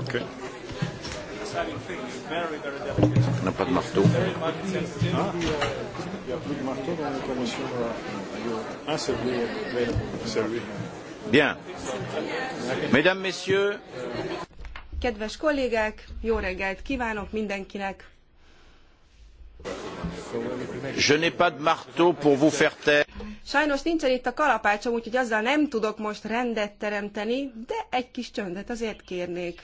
Ok. On n'a pas de marteau. Bien. Mesdames, Messieurs. Kedves kollégák, jó reggelt kívánok mindenkinek! Je n'ai pas de marteau pour vous faire taire. Sajnos nincsen itt a kalapácsom, úgyhogy azzal nem tudok most rendet teremteni, de egy kis csöndet azért kérnék.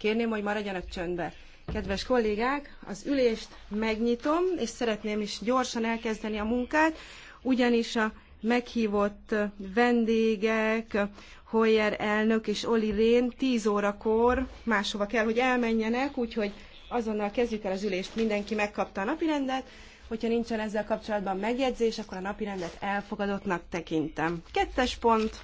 Kérném, hogy maradjanak csöndbe. Kedves kollégák, az ülést megnyitom, és szeretném is gyorsan elkezdeni a munkát, ugyanis a meghívott vendégek, Hoyer elnök és Oli Rén 10 órakor máshova kell, hogy elmenjenek, úgyhogy azonnal kezdjük el az ülést, mindenki megkapta a napirendet, hogyha nincsen ezzel kapcsolatban megjegyzés, akkor a napirendet elfogadottnak tekintem. Kettes pont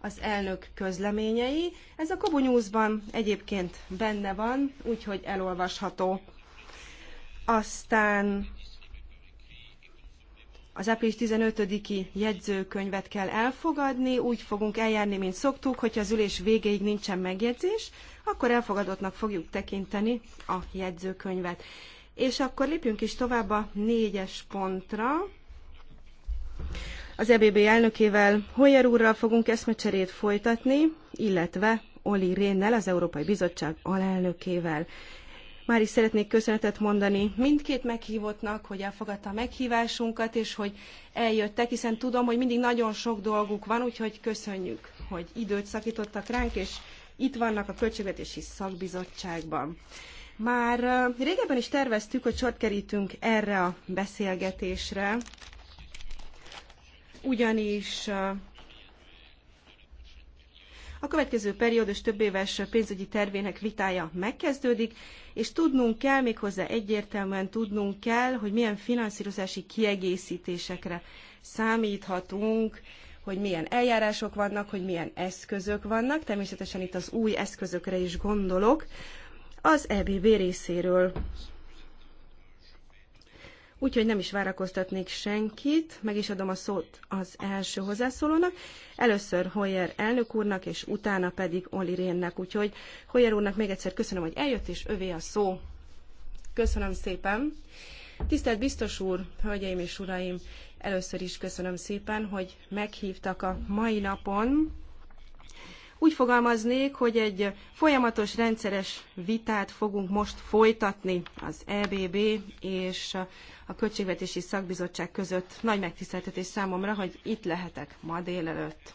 az elnök közleményei. Ez a Kobu News-ban egyébként benne van, úgyhogy elolvasható. Aztán az április 15-i jegyzőkönyvet kell elfogadni, úgy fogunk eljárni, mint szoktuk, hogyha az ülés végéig nincsen megjegyzés, akkor elfogadottnak fogjuk tekinteni a jegyzőkönyvet. És akkor lépjünk is tovább a négyes pontra. Az EBB elnökével Hoyer úrral fogunk eszmecserét folytatni, illetve Oli Rénnel, az Európai Bizottság alelnökével. Már is szeretnék köszönetet mondani mindkét meghívottnak, hogy elfogadta a meghívásunkat, és hogy eljöttek, hiszen tudom, hogy mindig nagyon sok dolguk van, úgyhogy köszönjük, hogy időt szakítottak ránk, és itt vannak a Költségvetési Szakbizottságban. Már régebben is terveztük, hogy sort kerítünk erre a beszélgetésre, ugyanis a következő periódus több éves pénzügyi tervének vitája megkezdődik, és tudnunk kell, méghozzá egyértelműen tudnunk kell, hogy milyen finanszírozási kiegészítésekre számíthatunk, hogy milyen eljárások vannak, hogy milyen eszközök vannak. Természetesen itt az új eszközökre is gondolok az EBB részéről úgyhogy nem is várakoztatnék senkit, meg is adom a szót az első hozzászólónak, először Hoyer elnök úrnak, és utána pedig Oli Rénnek, úgyhogy Hoyer úrnak még egyszer köszönöm, hogy eljött, és övé a szó. Köszönöm szépen. Tisztelt biztos úr, hölgyeim és uraim, először is köszönöm szépen, hogy meghívtak a mai napon, úgy fogalmaznék, hogy egy folyamatos, rendszeres vitát fogunk most folytatni az EBB és a Költségvetési Szakbizottság között. Nagy megtiszteltetés számomra, hogy itt lehetek ma délelőtt.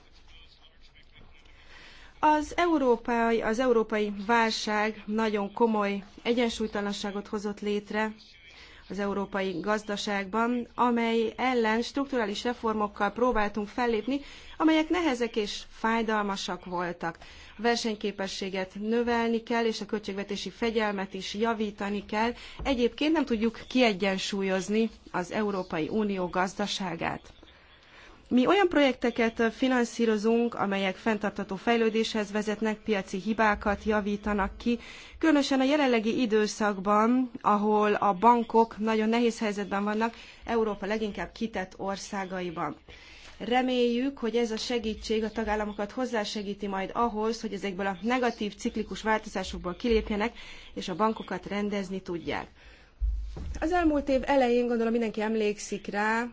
Az európai, az európai válság nagyon komoly egyensúlytalanságot hozott létre, az európai gazdaságban, amely ellen strukturális reformokkal próbáltunk fellépni, amelyek nehezek és fájdalmasak voltak. A versenyképességet növelni kell, és a költségvetési fegyelmet is javítani kell. Egyébként nem tudjuk kiegyensúlyozni az Európai Unió gazdaságát. Mi olyan projekteket finanszírozunk, amelyek fenntartató fejlődéshez vezetnek, piaci hibákat javítanak ki, különösen a jelenlegi időszakban, ahol a bankok nagyon nehéz helyzetben vannak, Európa leginkább kitett országaiban. Reméljük, hogy ez a segítség a tagállamokat hozzásegíti majd ahhoz, hogy ezekből a negatív ciklikus változásokból kilépjenek, és a bankokat rendezni tudják. Az elmúlt év elején gondolom mindenki emlékszik rá,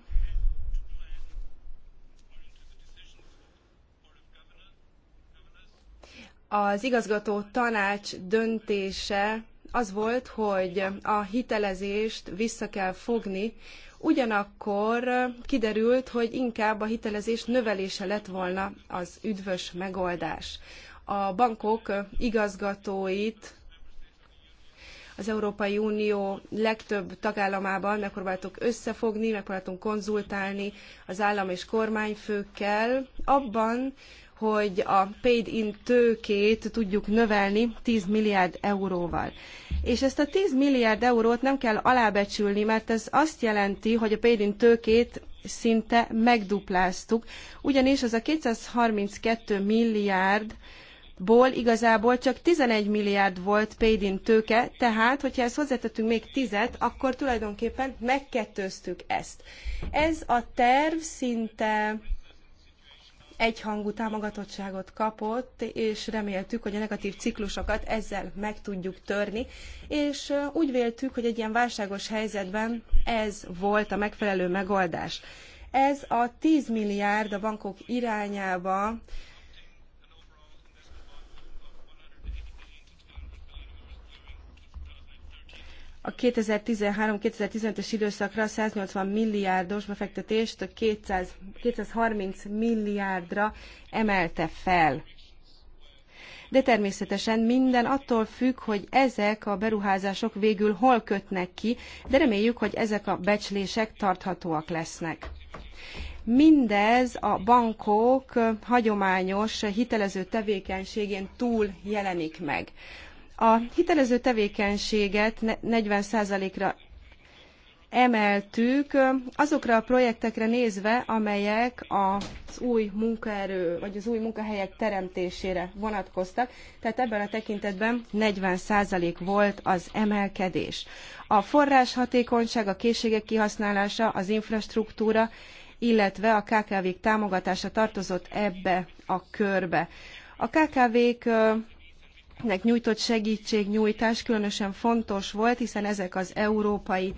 az igazgató tanács döntése az volt, hogy a hitelezést vissza kell fogni, ugyanakkor kiderült, hogy inkább a hitelezés növelése lett volna az üdvös megoldás. A bankok igazgatóit az Európai Unió legtöbb tagállamában megpróbáltuk összefogni, megpróbáltunk konzultálni az állam és kormányfőkkel abban, hogy a paid-in tőkét tudjuk növelni 10 milliárd euróval. És ezt a 10 milliárd eurót nem kell alábecsülni, mert ez azt jelenti, hogy a paid-in tőkét szinte megdupláztuk, ugyanis az a 232 milliárd ból igazából csak 11 milliárd volt paid-in tőke, tehát hogyha ezt hozzátettünk még 10 akkor tulajdonképpen megkettőztük ezt. Ez a terv szinte egyhangú támogatottságot kapott, és reméltük, hogy a negatív ciklusokat ezzel meg tudjuk törni, és úgy véltük, hogy egy ilyen válságos helyzetben ez volt a megfelelő megoldás. Ez a 10 milliárd a bankok irányába a 2013-2015-ös időszakra 180 milliárdos befektetést 200, 230 milliárdra emelte fel. De természetesen minden attól függ, hogy ezek a beruházások végül hol kötnek ki, de reméljük, hogy ezek a becslések tarthatóak lesznek. Mindez a bankok hagyományos hitelező tevékenységén túl jelenik meg. A hitelező tevékenységet 40%-ra emeltük azokra a projektekre nézve, amelyek az új munkaerő, vagy az új munkahelyek teremtésére vonatkoztak, tehát ebben a tekintetben 40% volt az emelkedés. A forráshatékonyság, a készségek kihasználása, az infrastruktúra, illetve a KKV-k támogatása tartozott ebbe a körbe. A KKV-k nek nyújtott segítségnyújtás különösen fontos volt, hiszen ezek az európai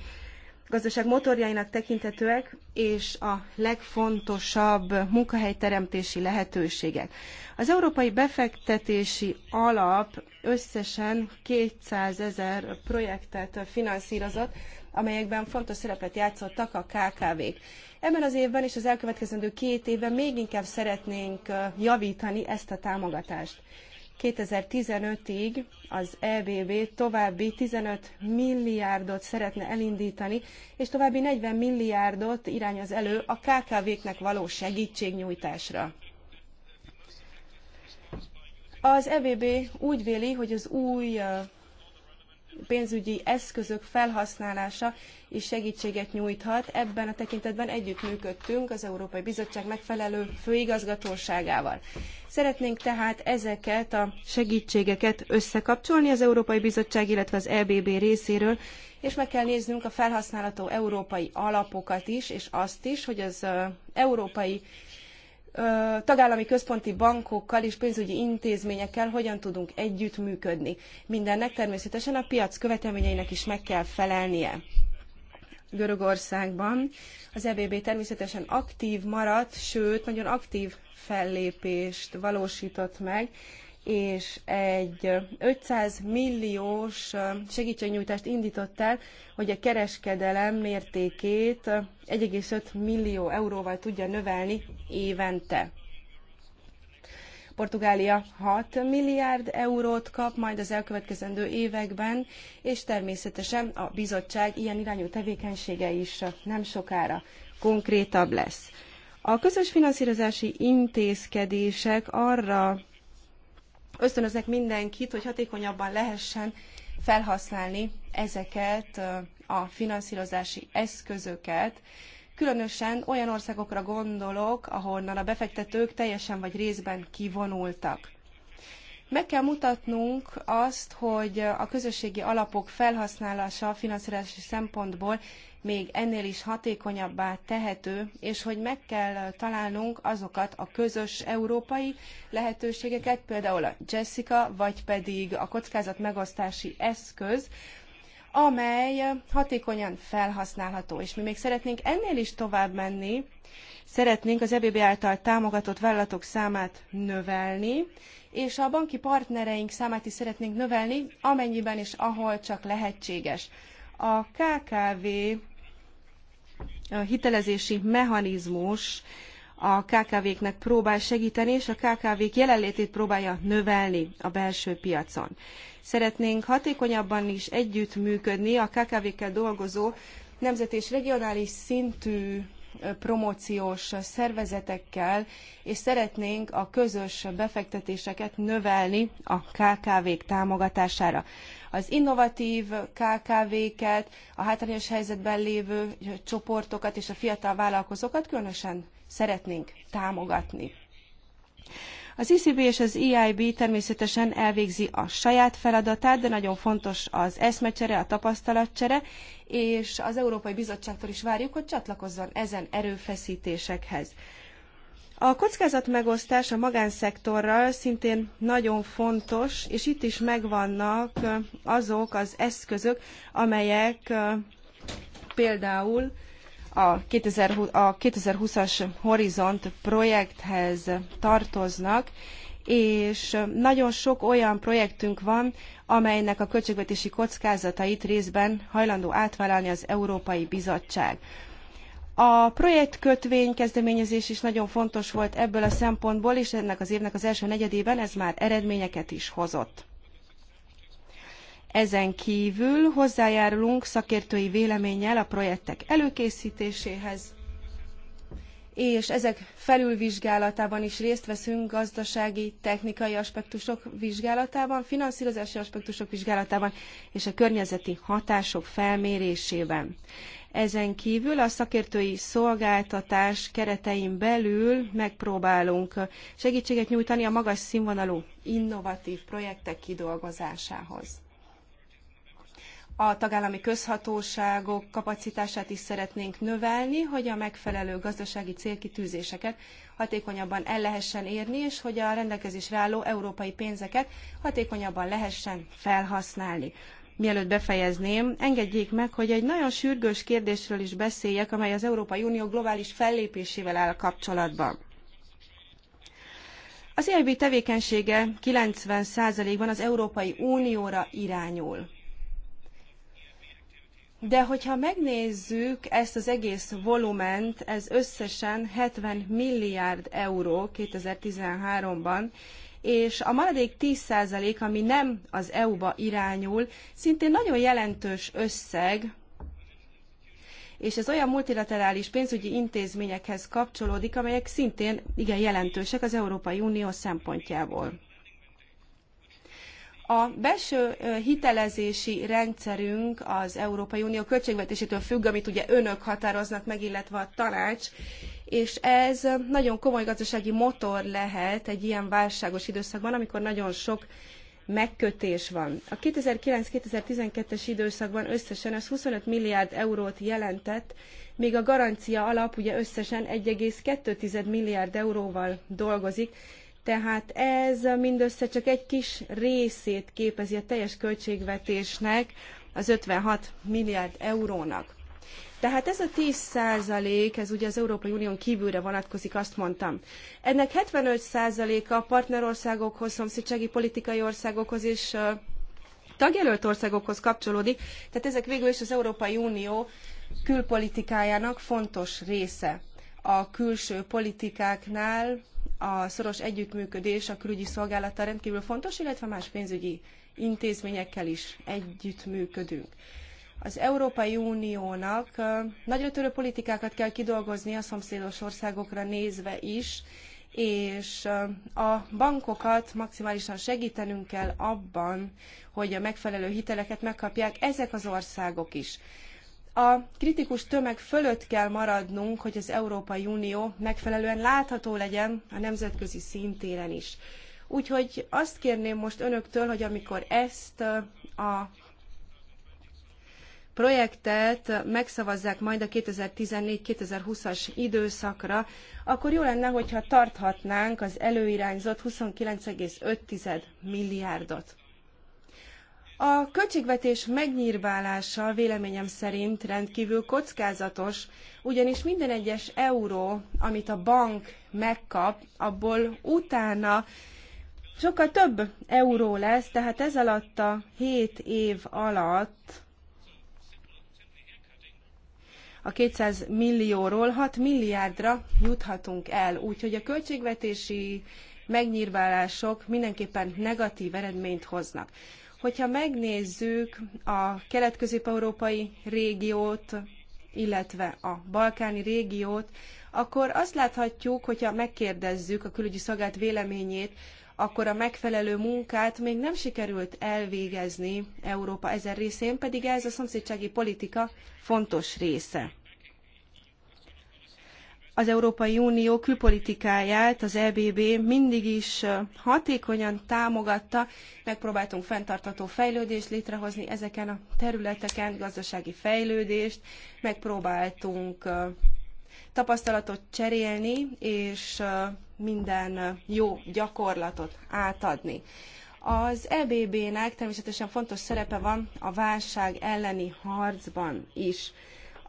gazdaság motorjainak tekintetőek, és a legfontosabb munkahelyteremtési lehetőségek. Az Európai Befektetési Alap összesen 200 ezer projektet finanszírozott, amelyekben fontos szerepet játszottak a KKV-k. Ebben az évben és az elkövetkezendő két évben még inkább szeretnénk javítani ezt a támogatást. 2015-ig az EBB további 15 milliárdot szeretne elindítani, és további 40 milliárdot irányoz elő a KKV-knek való segítségnyújtásra. Az EBB úgy véli, hogy az új pénzügyi eszközök felhasználása is segítséget nyújthat. Ebben a tekintetben együttműködtünk az Európai Bizottság megfelelő főigazgatóságával. Szeretnénk tehát ezeket a segítségeket összekapcsolni az Európai Bizottság, illetve az EBB részéről, és meg kell néznünk a felhasználható európai alapokat is, és azt is, hogy az európai tagállami központi bankokkal és pénzügyi intézményekkel hogyan tudunk együttműködni. Mindennek természetesen a piac követelményeinek is meg kell felelnie. Görögországban az EBB természetesen aktív maradt, sőt, nagyon aktív fellépést valósított meg, és egy 500 milliós segítségnyújtást indított el, hogy a kereskedelem mértékét 1,5 millió euróval tudja növelni évente. Portugália 6 milliárd eurót kap majd az elkövetkezendő években, és természetesen a bizottság ilyen irányú tevékenysége is nem sokára konkrétabb lesz. A közös finanszírozási intézkedések arra ösztönöznek mindenkit, hogy hatékonyabban lehessen felhasználni ezeket a finanszírozási eszközöket. Különösen olyan országokra gondolok, ahonnan a befektetők teljesen vagy részben kivonultak. Meg kell mutatnunk azt, hogy a közösségi alapok felhasználása finanszírozási szempontból még ennél is hatékonyabbá tehető, és hogy meg kell találnunk azokat a közös európai lehetőségeket, például a Jessica, vagy pedig a kockázat megosztási eszköz, amely hatékonyan felhasználható. És mi még szeretnénk ennél is tovább menni, szeretnénk az EBB által támogatott vállalatok számát növelni, és a banki partnereink számát is szeretnénk növelni, amennyiben és ahol csak lehetséges. A KKV hitelezési mechanizmus a KKV-knek próbál segíteni, és a KKV-k jelenlétét próbálja növelni a belső piacon. Szeretnénk hatékonyabban is együttműködni a KKV-kkel dolgozó nemzeti és regionális szintű promóciós szervezetekkel, és szeretnénk a közös befektetéseket növelni a KKV-k támogatására az innovatív KKV-ket, a hátrányos helyzetben lévő csoportokat és a fiatal vállalkozókat különösen szeretnénk támogatni. Az ECB és az EIB természetesen elvégzi a saját feladatát, de nagyon fontos az eszmecsere, a tapasztalatcsere, és az Európai Bizottságtól is várjuk, hogy csatlakozzon ezen erőfeszítésekhez. A kockázatmegosztás a magánszektorral szintén nagyon fontos, és itt is megvannak azok az eszközök, amelyek például a 2020-as Horizont projekthez tartoznak, és nagyon sok olyan projektünk van, amelynek a költségvetési kockázatait részben hajlandó átvállalni az Európai Bizottság. A projektkötvény kezdeményezés is nagyon fontos volt ebből a szempontból, és ennek az évnek az első negyedében ez már eredményeket is hozott. Ezen kívül hozzájárulunk szakértői véleménnyel a projektek előkészítéséhez, és ezek felülvizsgálatában is részt veszünk gazdasági, technikai aspektusok vizsgálatában, finanszírozási aspektusok vizsgálatában és a környezeti hatások felmérésében. Ezen kívül a szakértői szolgáltatás keretein belül megpróbálunk segítséget nyújtani a magas színvonalú innovatív projektek kidolgozásához. A tagállami közhatóságok kapacitását is szeretnénk növelni, hogy a megfelelő gazdasági célkitűzéseket hatékonyabban el lehessen érni, és hogy a rendelkezésre álló európai pénzeket hatékonyabban lehessen felhasználni. Mielőtt befejezném, engedjék meg, hogy egy nagyon sürgős kérdésről is beszéljek, amely az Európai Unió globális fellépésével áll kapcsolatban. Az EIB tevékenysége 90%-ban az Európai Unióra irányul. De hogyha megnézzük ezt az egész volument, ez összesen 70 milliárd euró 2013-ban, és a maradék 10% ami nem az EU-ba irányul, szintén nagyon jelentős összeg, és ez olyan multilaterális pénzügyi intézményekhez kapcsolódik, amelyek szintén igen jelentősek az Európai Unió szempontjából. A belső hitelezési rendszerünk az Európai Unió költségvetésétől függ, amit ugye önök határoznak meg, illetve a tanács, és ez nagyon komoly gazdasági motor lehet egy ilyen válságos időszakban, amikor nagyon sok megkötés van. A 2009-2012-es időszakban összesen ez 25 milliárd eurót jelentett, még a garancia alap ugye összesen 1,2 milliárd euróval dolgozik, tehát ez mindössze csak egy kis részét képezi a teljes költségvetésnek, az 56 milliárd eurónak. Tehát ez a 10 százalék, ez ugye az Európai Unión kívülre vonatkozik, azt mondtam. Ennek 75 százaléka a partnerországokhoz, szomszédsági politikai országokhoz és tagjelölt országokhoz kapcsolódik, tehát ezek végül is az Európai Unió külpolitikájának fontos része a külső politikáknál a szoros együttműködés a külügyi szolgálattal rendkívül fontos, illetve más pénzügyi intézményekkel is együttműködünk. Az Európai Uniónak nagyra törő politikákat kell kidolgozni a szomszédos országokra nézve is, és a bankokat maximálisan segítenünk kell abban, hogy a megfelelő hiteleket megkapják ezek az országok is a kritikus tömeg fölött kell maradnunk, hogy az Európai Unió megfelelően látható legyen a nemzetközi szintéren is. Úgyhogy azt kérném most önöktől, hogy amikor ezt a projektet megszavazzák majd a 2014-2020-as időszakra, akkor jó lenne, hogyha tarthatnánk az előirányzott 29,5 milliárdot. A költségvetés megnyírválása véleményem szerint rendkívül kockázatos, ugyanis minden egyes euró, amit a bank megkap, abból utána sokkal több euró lesz, tehát ez alatt a 7 év alatt a 200 millióról 6 milliárdra juthatunk el. Úgyhogy a költségvetési megnyírválások mindenképpen negatív eredményt hoznak. Hogyha megnézzük a kelet-közép-európai régiót, illetve a balkáni régiót, akkor azt láthatjuk, hogyha megkérdezzük a külügyi szagát véleményét, akkor a megfelelő munkát még nem sikerült elvégezni Európa ezen részén, pedig ez a szomszédsági politika fontos része az Európai Unió külpolitikáját az EBB mindig is hatékonyan támogatta, megpróbáltunk fenntartató fejlődést létrehozni ezeken a területeken, gazdasági fejlődést, megpróbáltunk tapasztalatot cserélni, és minden jó gyakorlatot átadni. Az EBB-nek természetesen fontos szerepe van a válság elleni harcban is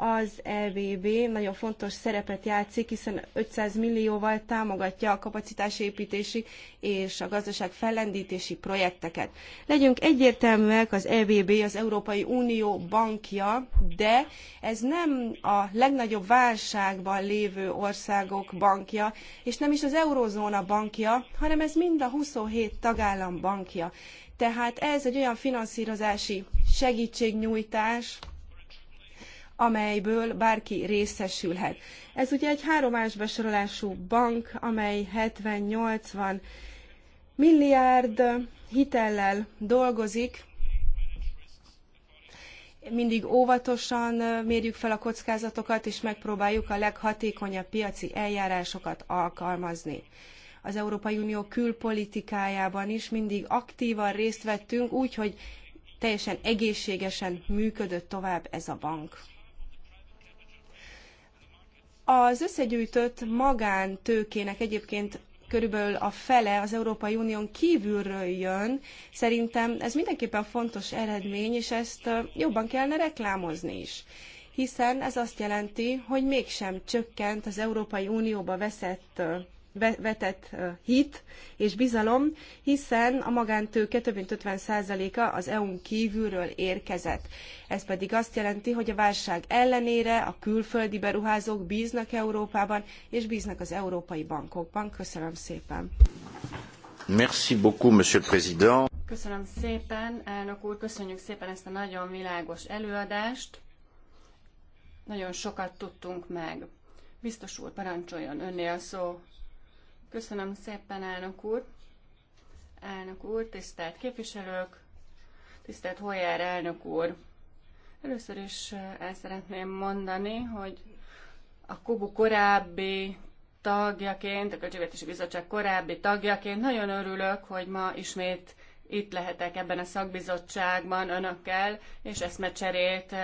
az EBB nagyon fontos szerepet játszik, hiszen 500 millióval támogatja a kapacitásépítési és a gazdaság fellendítési projekteket. Legyünk egyértelműek, az EBB az Európai Unió bankja, de ez nem a legnagyobb válságban lévő országok bankja, és nem is az eurozóna bankja, hanem ez mind a 27 tagállam bankja. Tehát ez egy olyan finanszírozási segítségnyújtás, amelyből bárki részesülhet. Ez ugye egy háromás besorolású bank, amely 70-80 milliárd hitellel dolgozik, mindig óvatosan mérjük fel a kockázatokat, és megpróbáljuk a leghatékonyabb piaci eljárásokat alkalmazni. Az Európai Unió külpolitikájában is mindig aktívan részt vettünk, úgy, hogy teljesen egészségesen működött tovább ez a bank. Az összegyűjtött magántőkének egyébként körülbelül a fele az Európai Unión kívülről jön. Szerintem ez mindenképpen fontos eredmény, és ezt jobban kellene reklámozni is. Hiszen ez azt jelenti, hogy mégsem csökkent az Európai Unióba veszett vetett hit és bizalom, hiszen a magántőke több mint 50%-a az EU-n kívülről érkezett. Ez pedig azt jelenti, hogy a válság ellenére a külföldi beruházók bíznak Európában, és bíznak az európai bankokban. Köszönöm szépen! Merci beaucoup, Monsieur le Président. Köszönöm szépen, elnök úr, köszönjük szépen ezt a nagyon világos előadást. Nagyon sokat tudtunk meg. Biztos úr, parancsoljon önnél a szó. Köszönöm szépen, elnök úr. Elnök úr, tisztelt képviselők, tisztelt Hoyer elnök úr. Először is el szeretném mondani, hogy a Kubu korábbi tagjaként, a Költségvetési Bizottság korábbi tagjaként nagyon örülök, hogy ma ismét itt lehetek ebben a szakbizottságban önökkel, és eszmecserét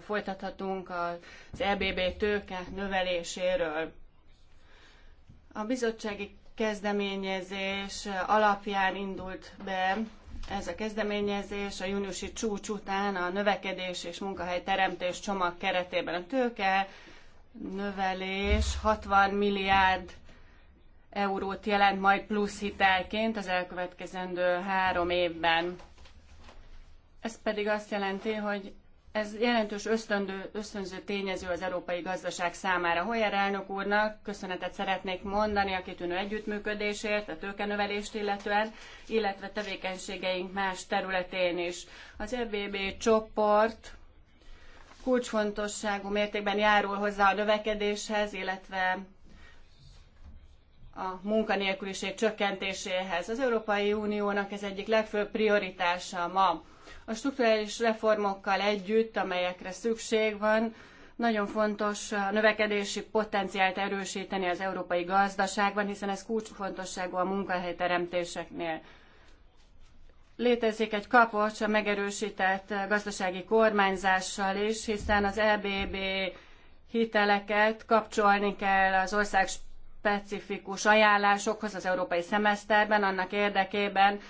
folytathatunk az EBB tőke növeléséről. A bizottsági kezdeményezés alapján indult be ez a kezdeményezés a júniusi csúcs után a növekedés és munkahelyteremtés csomag keretében a tőke növelés 60 milliárd eurót jelent majd plusz hitelként az elkövetkezendő három évben. Ez pedig azt jelenti, hogy ez jelentős ösztöndő, ösztönző tényező az európai gazdaság számára. Hoyer elnök úrnak köszönetet szeretnék mondani a kitűnő együttműködésért, a tőkenövelést illetően, illetve tevékenységeink más területén is. Az EBB csoport kulcsfontosságú mértékben járul hozzá a növekedéshez, illetve a munkanélküliség csökkentéséhez. Az Európai Uniónak ez egyik legfőbb prioritása ma. A strukturális reformokkal együtt, amelyekre szükség van, nagyon fontos a növekedési potenciált erősíteni az európai gazdaságban, hiszen ez kulcsfontosságú a munkahelyteremtéseknél. Létezik egy kapocs a megerősített gazdasági kormányzással is, hiszen az EBB hiteleket kapcsolni kell az ország specifikus ajánlásokhoz az európai szemeszterben, annak érdekében,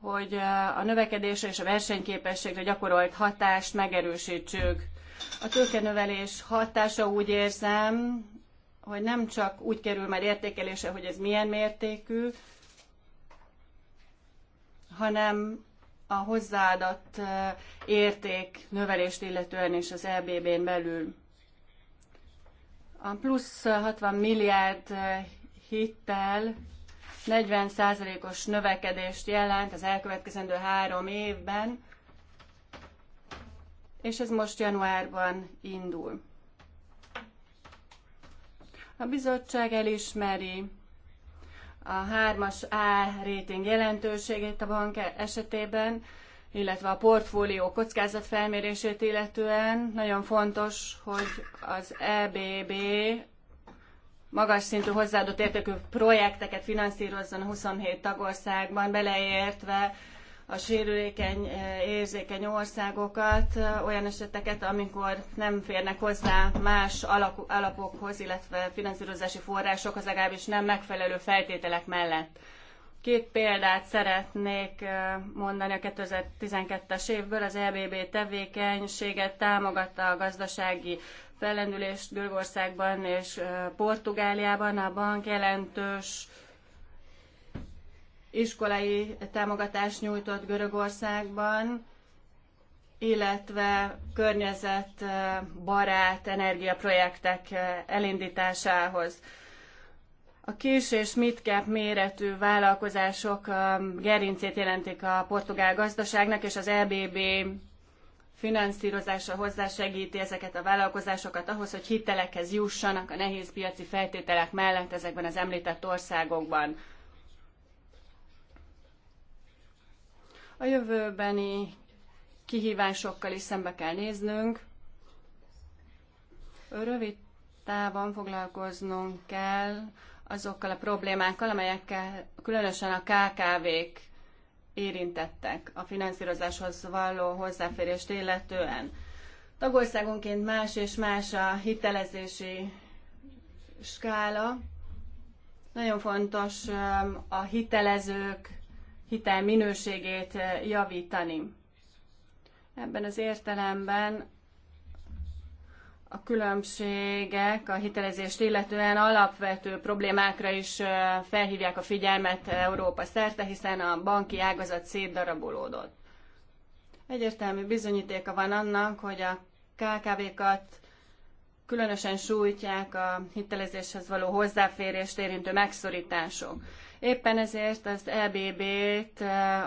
hogy a növekedésre és a versenyképességre gyakorolt hatást megerősítsük. A tőkenövelés hatása úgy érzem, hogy nem csak úgy kerül már értékelése, hogy ez milyen mértékű, hanem a hozzáadott érték növelést illetően is az EBB-n belül. A plusz 60 milliárd hittel 40 százalékos növekedést jelent az elkövetkezendő három évben, és ez most januárban indul. A bizottság elismeri a hármas A rating jelentőségét a bank esetében, illetve a portfólió felmérését illetően nagyon fontos, hogy az EBB magas szintű hozzáadott értékű projekteket finanszírozzon 27 tagországban, beleértve a sérülékeny, e, érzékeny országokat, olyan eseteket, amikor nem férnek hozzá más alapokhoz, illetve finanszírozási forrásokhoz, legalábbis nem megfelelő feltételek mellett. Két példát szeretnék mondani a 2012-es évből. Az EBB tevékenységet támogatta a gazdasági fellendülést Görögországban és Portugáliában. A bank jelentős iskolai támogatást nyújtott Görögországban, illetve környezetbarát energiaprojektek elindításához. A kis és midcap méretű vállalkozások gerincét jelentik a portugál gazdaságnak, és az EBB finanszírozása hozzásegíti ezeket a vállalkozásokat ahhoz, hogy hitelekhez jussanak a nehéz piaci feltételek mellett ezekben az említett országokban. A jövőbeni kihívásokkal is szembe kell néznünk. Rövid távon foglalkoznunk kell azokkal a problémákkal, amelyekkel különösen a KKV-k érintettek a finanszírozáshoz való hozzáférést illetően. Tagországonként más és más a hitelezési skála. Nagyon fontos a hitelezők hitel minőségét javítani. Ebben az értelemben a különbségek a hitelezést illetően alapvető problémákra is felhívják a figyelmet Európa szerte, hiszen a banki ágazat szétdarabolódott. Egyértelmű bizonyítéka van annak, hogy a KKV-kat különösen sújtják a hitelezéshez való hozzáférést érintő megszorítások. Éppen ezért az EBB-t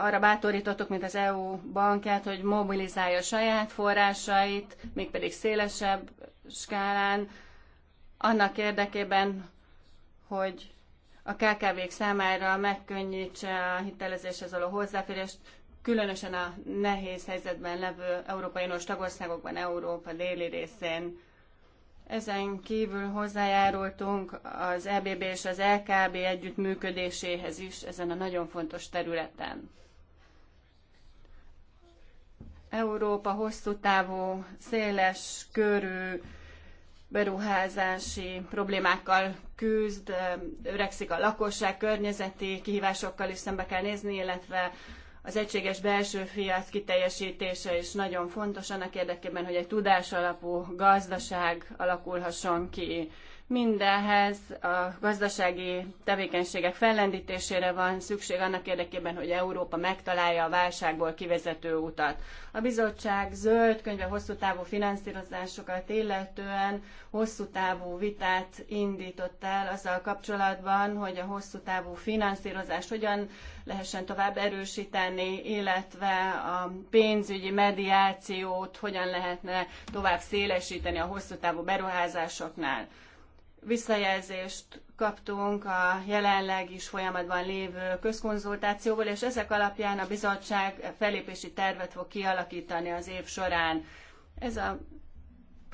arra bátorítottuk, mint az EU bankját, hogy mobilizálja saját forrásait, mégpedig szélesebb skálán annak érdekében, hogy a KKV-k számára megkönnyítse a hitelezéshez való hozzáférést, különösen a nehéz helyzetben levő Európai Uniós tagországokban, Európa déli részén. Ezen kívül hozzájárultunk az EBB és az LKB együttműködéséhez is ezen a nagyon fontos területen. Európa hosszú távú, széles körű beruházási problémákkal küzd, öregszik a lakosság, környezeti kihívásokkal is szembe kell nézni, illetve az egységes belső fiat kiteljesítése is nagyon fontos annak érdekében, hogy egy tudásalapú gazdaság alakulhasson ki. Mindenhez a gazdasági tevékenységek fellendítésére van szükség annak érdekében, hogy Európa megtalálja a válságból kivezető utat. A bizottság zöld könyve hosszú távú finanszírozásokat illetően hosszú távú vitát indított el azzal kapcsolatban, hogy a hosszú távú finanszírozást hogyan lehessen tovább erősíteni, illetve a pénzügyi mediációt hogyan lehetne tovább szélesíteni a hosszú távú beruházásoknál visszajelzést kaptunk a jelenleg is folyamatban lévő közkonzultációból, és ezek alapján a bizottság felépési tervet fog kialakítani az év során. Ez a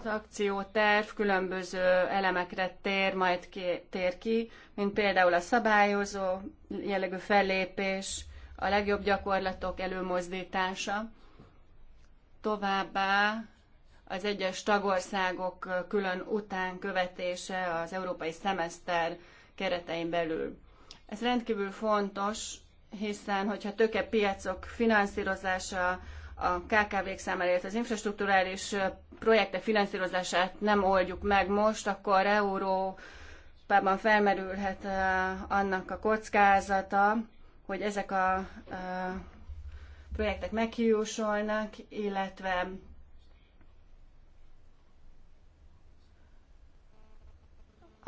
akcióterv különböző elemekre tér, majd ki, tér ki, mint például a szabályozó jellegű fellépés, a legjobb gyakorlatok előmozdítása, továbbá az egyes tagországok külön után követése az európai szemeszter keretein belül. Ez rendkívül fontos, hiszen hogyha piacok finanszírozása a KKV-k számára, illetve az infrastruktúrális projektek finanszírozását nem oldjuk meg most, akkor Európában felmerülhet annak a kockázata, hogy ezek a projektek meghiúsolnak, illetve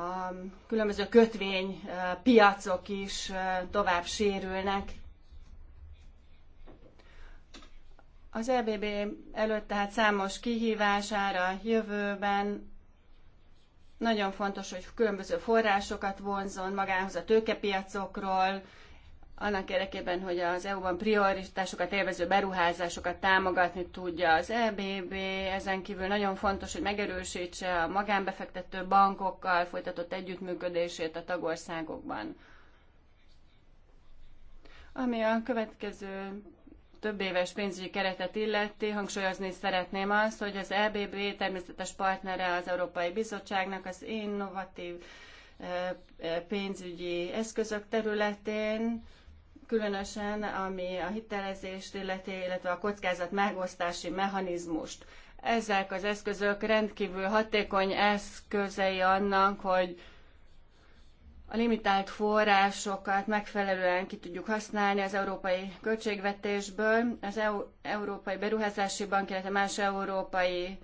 a különböző kötvénypiacok is tovább sérülnek. Az EBB előtt tehát számos kihívására jövőben nagyon fontos, hogy különböző forrásokat vonzon magához a tőkepiacokról, annak érdekében, hogy az EU-ban prioritásokat élvező beruházásokat támogatni tudja az EBB, ezen kívül nagyon fontos, hogy megerősítse a magánbefektető bankokkal folytatott együttműködését a tagországokban. Ami a következő több éves pénzügyi keretet illeti, hangsúlyozni szeretném azt, hogy az EBB természetes partnere az Európai Bizottságnak az innovatív eh, eh, pénzügyi eszközök területén, különösen ami a hitelezést illeti, illetve a kockázat megosztási mechanizmust. Ezek az eszközök rendkívül hatékony eszközei annak, hogy a limitált forrásokat megfelelően ki tudjuk használni az európai költségvetésből. Az EU, Európai Beruházási Bank, illetve más európai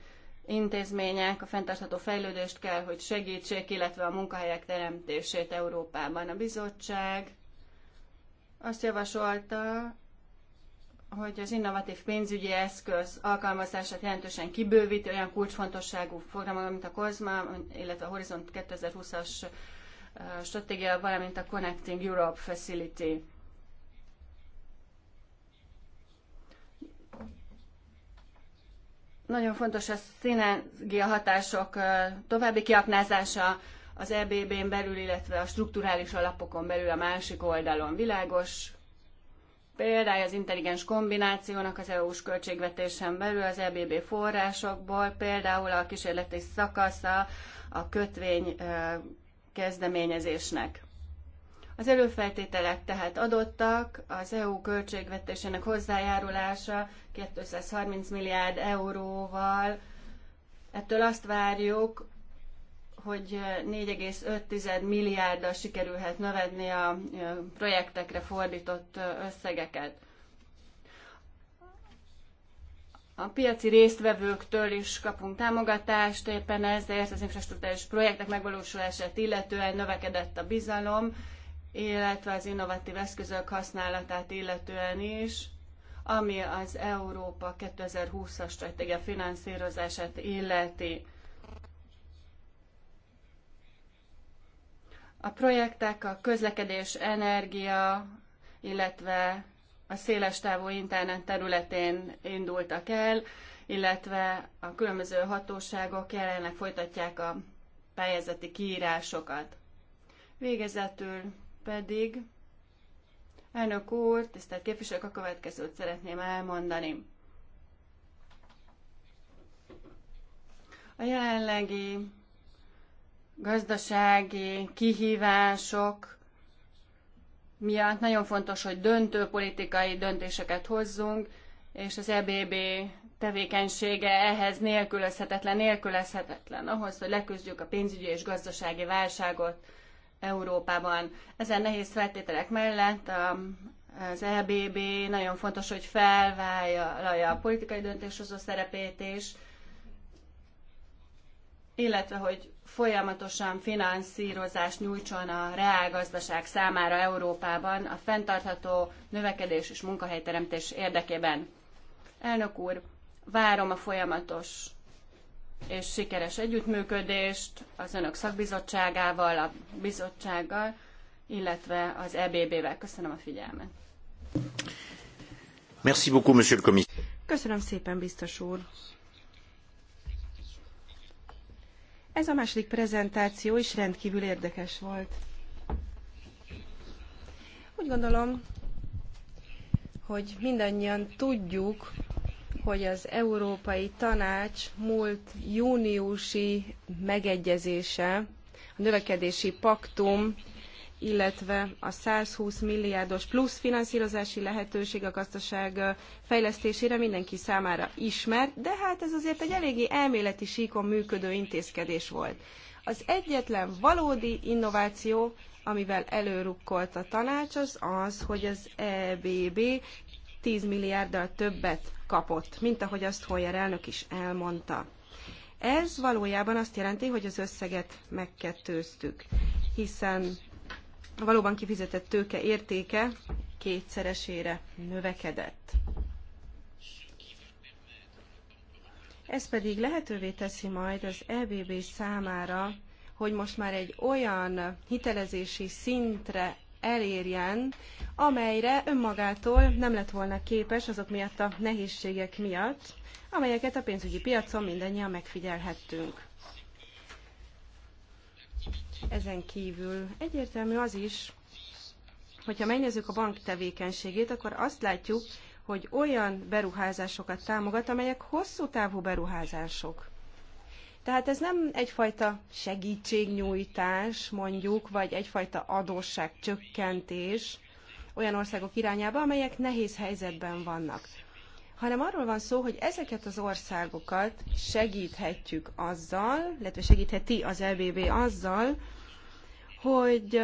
intézmények a fenntartható fejlődést kell, hogy segítsék, illetve a munkahelyek teremtését Európában. A bizottság azt javasolta, hogy az innovatív pénzügyi eszköz alkalmazását jelentősen kibővíti olyan kulcsfontosságú programok, mint a COSMA, illetve a Horizont 2020-as stratégia, valamint a Connecting Europe Facility. Nagyon fontos a szinergia hatások további kiaknázása, az EBB-n belül, illetve a strukturális alapokon belül a másik oldalon. Világos például az intelligens kombinációnak az EU-s költségvetésen belül az EBB forrásokból, például a kísérleti szakasza a kötvény kezdeményezésnek. Az előfeltételek tehát adottak, az EU költségvetésének hozzájárulása 230 milliárd euróval. Ettől azt várjuk, hogy 4,5 milliárddal sikerülhet növedni a projektekre fordított összegeket. A piaci résztvevőktől is kapunk támogatást, éppen ezért az infrastruktúrális projektek megvalósulását illetően növekedett a bizalom, illetve az innovatív eszközök használatát illetően is, ami az Európa 2020-as stratégia finanszírozását illeti. A projektek a közlekedés, energia, illetve a széles távú internet területén indultak el, illetve a különböző hatóságok jelenleg folytatják a pályázati kiírásokat. Végezetül pedig, elnök úr, tisztelt képviselők, a következőt szeretném elmondani. A jelenlegi gazdasági kihívások miatt nagyon fontos, hogy döntő politikai döntéseket hozzunk, és az EBB tevékenysége ehhez nélkülözhetetlen, nélkülözhetetlen ahhoz, hogy leküzdjük a pénzügyi és gazdasági válságot Európában. Ezen nehéz feltételek mellett az EBB nagyon fontos, hogy felvállalja a politikai döntéshozó szerepét és illetve hogy folyamatosan finanszírozást nyújtson a reálgazdaság számára Európában a fenntartható növekedés és munkahelyteremtés érdekében. Elnök úr, várom a folyamatos és sikeres együttműködést az önök szakbizottságával, a bizottsággal, illetve az EBB-vel. Köszönöm a figyelmet. Merci beaucoup, monsieur le commissaire. Köszönöm szépen, biztos úr. Ez a második prezentáció is rendkívül érdekes volt. Úgy gondolom, hogy mindannyian tudjuk, hogy az Európai Tanács múlt júniusi megegyezése, a növekedési paktum illetve a 120 milliárdos plusz finanszírozási lehetőség a gazdaság fejlesztésére mindenki számára ismert, de hát ez azért egy eléggé elméleti síkon működő intézkedés volt. Az egyetlen valódi innováció, amivel előrukkolt a tanács, az az, hogy az EBB 10 milliárddal többet kapott, mint ahogy azt Hoyer elnök is elmondta. Ez valójában azt jelenti, hogy az összeget megkettőztük, hiszen a valóban kifizetett tőke értéke kétszeresére növekedett. Ez pedig lehetővé teszi majd az EBB számára, hogy most már egy olyan hitelezési szintre elérjen, amelyre önmagától nem lett volna képes azok miatt a nehézségek miatt, amelyeket a pénzügyi piacon mindannyian megfigyelhettünk. Ezen kívül egyértelmű az is, hogyha megnézzük a bank tevékenységét, akkor azt látjuk, hogy olyan beruházásokat támogat, amelyek hosszú távú beruházások. Tehát ez nem egyfajta segítségnyújtás, mondjuk, vagy egyfajta adósságcsökkentés olyan országok irányába, amelyek nehéz helyzetben vannak hanem arról van szó, hogy ezeket az országokat segíthetjük azzal, illetve segítheti az EBB azzal, hogy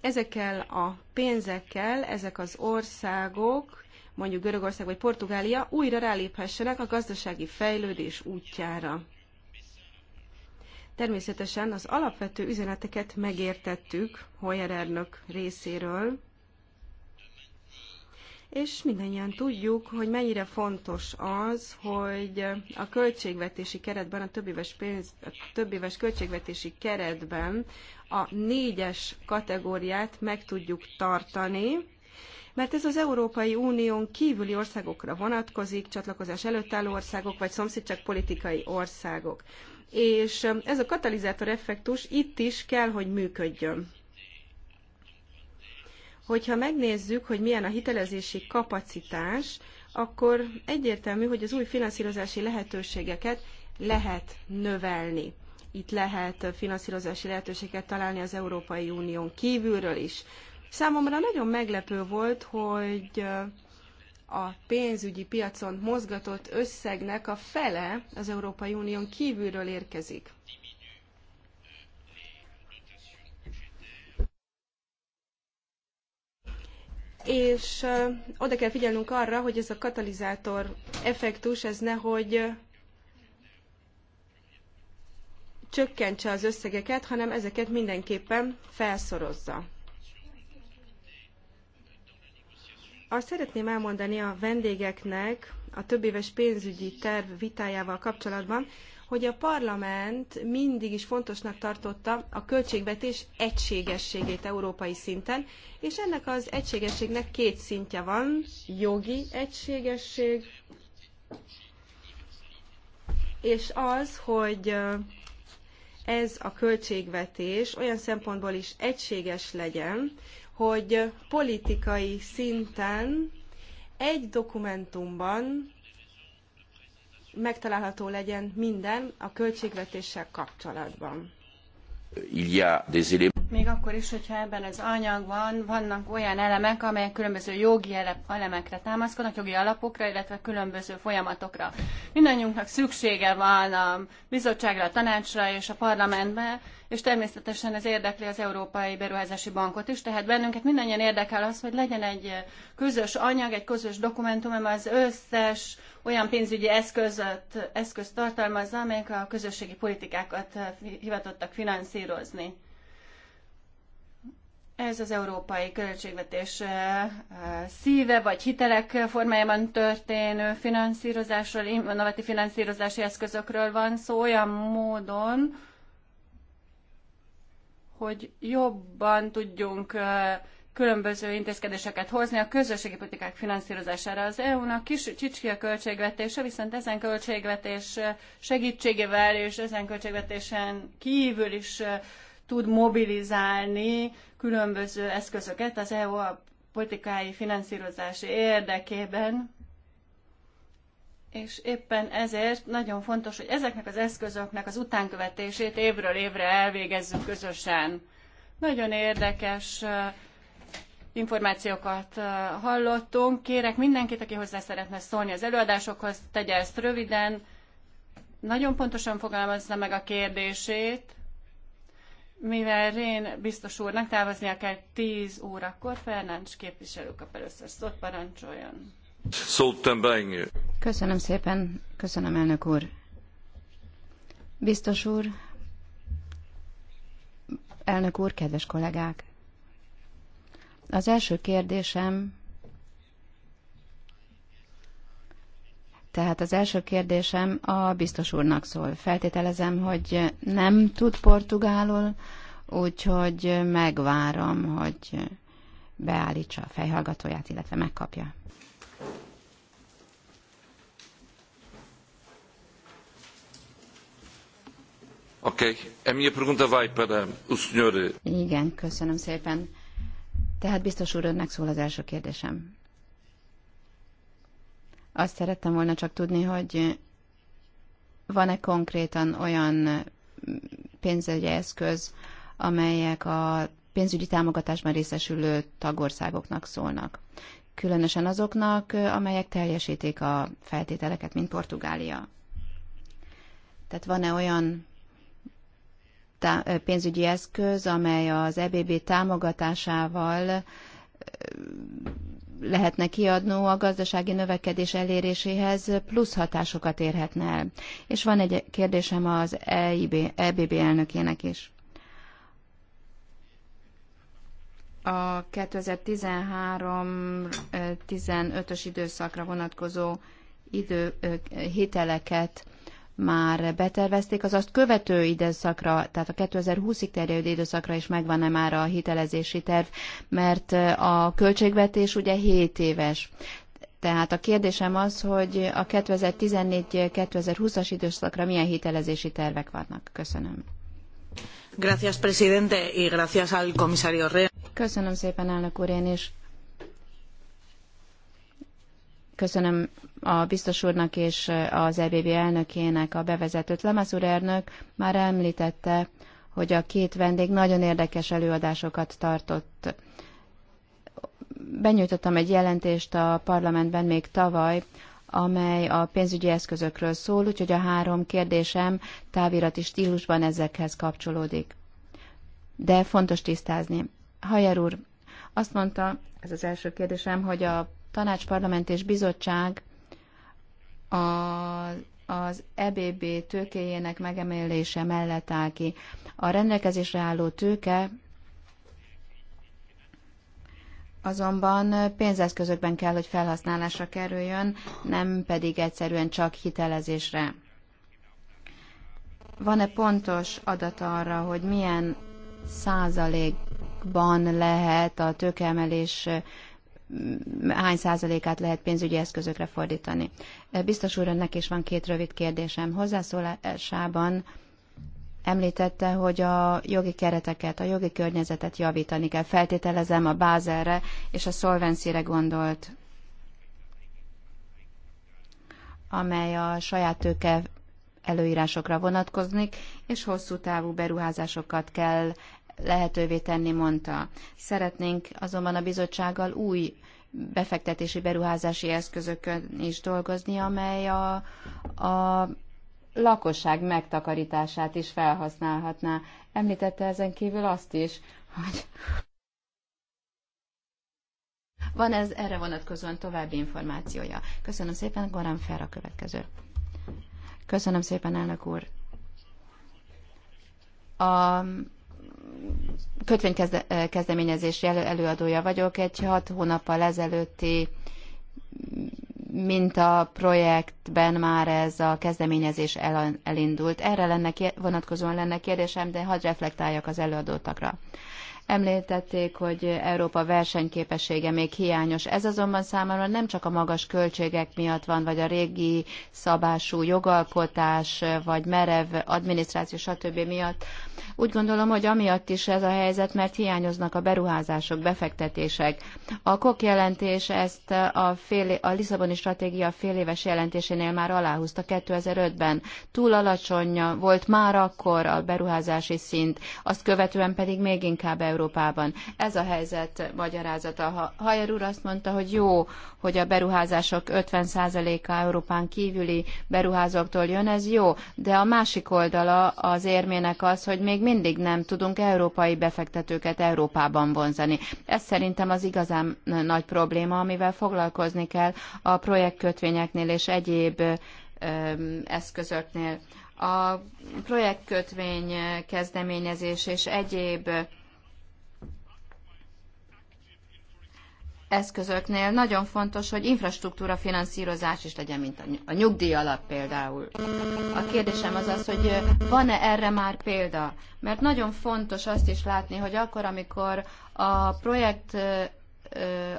ezekkel a pénzekkel ezek az országok, mondjuk Görögország vagy Portugália újra ráléphessenek a gazdasági fejlődés útjára. Természetesen az alapvető üzeneteket megértettük Hoyer részéről, és mindannyian tudjuk, hogy mennyire fontos az, hogy a költségvetési keretben, a többéves, pénz, a többéves költségvetési keretben a négyes kategóriát meg tudjuk tartani, mert ez az Európai Unión kívüli országokra vonatkozik, csatlakozás előtt álló országok, vagy szomszédság politikai országok. És ez a katalizátor effektus itt is kell, hogy működjön. Hogyha megnézzük, hogy milyen a hitelezési kapacitás, akkor egyértelmű, hogy az új finanszírozási lehetőségeket lehet növelni. Itt lehet finanszírozási lehetőséget találni az Európai Unión kívülről is. Számomra nagyon meglepő volt, hogy a pénzügyi piacon mozgatott összegnek a fele az Európai Unión kívülről érkezik. és oda kell figyelnünk arra, hogy ez a katalizátor effektus, ez nehogy csökkentse az összegeket, hanem ezeket mindenképpen felszorozza. Azt szeretném elmondani a vendégeknek a többéves pénzügyi terv vitájával kapcsolatban, hogy a parlament mindig is fontosnak tartotta a költségvetés egységességét európai szinten, és ennek az egységességnek két szintje van, jogi egységesség, és az, hogy ez a költségvetés olyan szempontból is egységes legyen, hogy politikai szinten egy dokumentumban megtalálható legyen minden a költségvetéssel kapcsolatban. Il y a des éléments még akkor is, hogyha ebben az anyagban vannak olyan elemek, amelyek különböző jogi elemekre támaszkodnak, jogi alapokra, illetve különböző folyamatokra. Mindannyiunknak szüksége van a bizottságra, a tanácsra és a parlamentbe, és természetesen ez érdekli az Európai Beruházási Bankot is, tehát bennünket mindannyian érdekel az, hogy legyen egy közös anyag, egy közös dokumentum, amely az összes olyan pénzügyi eszközt, eszközt tartalmazza, amelyek a közösségi politikákat hivatottak finanszírozni. Ez az európai költségvetés szíve, vagy hitelek formájában történő finanszírozásról, innovatív finanszírozási eszközökről van szó olyan módon, hogy jobban tudjunk különböző intézkedéseket hozni a közösségi politikák finanszírozására. Az EU-nak kis csicski a költségvetése, viszont ezen költségvetés segítségével és ezen költségvetésen kívül is tud mobilizálni különböző eszközöket az EU a politikai finanszírozási érdekében, és éppen ezért nagyon fontos, hogy ezeknek az eszközöknek az utánkövetését évről évre elvégezzük közösen. Nagyon érdekes információkat hallottunk. Kérek mindenkit, aki hozzá szeretne szólni az előadásokhoz, tegye ezt röviden, nagyon pontosan fogalmazza meg a kérdését, mivel Rén biztos úrnak távoznia kell 10 órakor, Fernáncs képviselő kap először szót, parancsoljon. Köszönöm szépen, köszönöm elnök úr. Biztos úr, elnök úr, kedves kollégák! Az első kérdésem Tehát az első kérdésem a biztos úrnak szól. Feltételezem, hogy nem tud portugálul, úgyhogy megvárom, hogy beállítsa a fejhallgatóját, illetve megkapja. Okay. A minha pergunta vai para o senhor... Eh, Igen, köszönöm szépen. Tehát biztos úr, önnek szól az első kérdésem. Azt szerettem volna csak tudni, hogy van-e konkrétan olyan pénzügyi eszköz, amelyek a pénzügyi támogatásban részesülő tagországoknak szólnak. Különösen azoknak, amelyek teljesítik a feltételeket, mint Portugália. Tehát van-e olyan pénzügyi eszköz, amely az EBB támogatásával lehetne kiadnó a gazdasági növekedés eléréséhez plusz hatásokat érhetne el. És van egy kérdésem az EIB, EBB elnökének is. A 2013-15-ös időszakra vonatkozó idő, hiteleket már betervezték, az azt követő időszakra, tehát a 2020-ig terjedő időszakra is megvan-e már a hitelezési terv, mert eh, a költségvetés ugye 7 éves. Tehát a kérdésem az, hogy a 2014-2020-as időszakra milyen hitelezési tervek vannak. Köszönöm. Gracias, presidente, y gracias al comisario Rea. Köszönöm szépen, elnök úr, én is Köszönöm a biztos úrnak és az EBB elnökének a bevezetőt. Lemász úr elnök már említette, hogy a két vendég nagyon érdekes előadásokat tartott. Benyújtottam egy jelentést a parlamentben még tavaly, amely a pénzügyi eszközökről szól, úgyhogy a három kérdésem távirati stílusban ezekhez kapcsolódik. De fontos tisztázni. Hajer úr, azt mondta, ez az első kérdésem, hogy a tanács, parlament és bizottság a, az EBB tőkéjének megemelése mellett áll ki. A rendelkezésre álló tőke azonban pénzeszközökben kell, hogy felhasználásra kerüljön, nem pedig egyszerűen csak hitelezésre. Van-e pontos adat arra, hogy milyen százalékban lehet a tőkeemelés hány százalékát lehet pénzügyi eszközökre fordítani. Eh, biztos úr, önnek is van két rövid kérdésem. Hozzászólásában említette, hogy a jogi kereteket, a jogi környezetet javítani kell. Feltételezem a Bázelre és a solvency gondolt, amely a saját tőke előírásokra vonatkoznik, és hosszú távú beruházásokat kell lehetővé tenni, mondta. Szeretnénk azonban a bizottsággal új befektetési beruházási eszközökön is dolgozni, amely a, a lakosság megtakarítását is felhasználhatná. Említette ezen kívül azt is, hogy van ez erre vonatkozóan további információja. Köszönöm szépen, Goran Fer a következő. Köszönöm szépen, elnök úr. A kötvénykezdeményezés eh, előadója vagyok. Egy hat hónappal ezelőtti mint a projektben már ez a kezdeményezés el, elindult. Erre lenne, vonatkozóan lenne kérdésem, de hadd reflektáljak az előadótakra. Említették, hogy Európa versenyképessége még hiányos. Ez azonban számomra nem csak a magas költségek miatt van, vagy a régi szabású jogalkotás, vagy merev adminisztráció, stb. miatt, úgy gondolom, hogy amiatt is ez a helyzet, mert hiányoznak a beruházások, befektetések. A KOK jelentés ezt a, fél, a Lisszaboni stratégia féléves jelentésénél már aláhúzta 2005-ben. Túl alacsony volt már akkor a beruházási szint, azt követően pedig még inkább Európában. Ez a helyzet magyarázata. Hajer úr azt mondta, hogy jó, hogy a beruházások 50%-a Európán kívüli beruházóktól jön, ez jó, de a másik oldala az érmének az, hogy még mindig nem tudunk európai befektetőket Európában vonzani. Ez szerintem az igazán nagy probléma, amivel foglalkozni kell a projektkötvényeknél és egyéb eszközöknél. A projektkötvény kezdeményezés és egyéb eszközöknél nagyon fontos, hogy infrastruktúra finanszírozás is legyen, mint a nyugdíj alap például. A kérdésem az az, hogy van-e erre már példa? Mert nagyon fontos azt is látni, hogy akkor, amikor a projekt,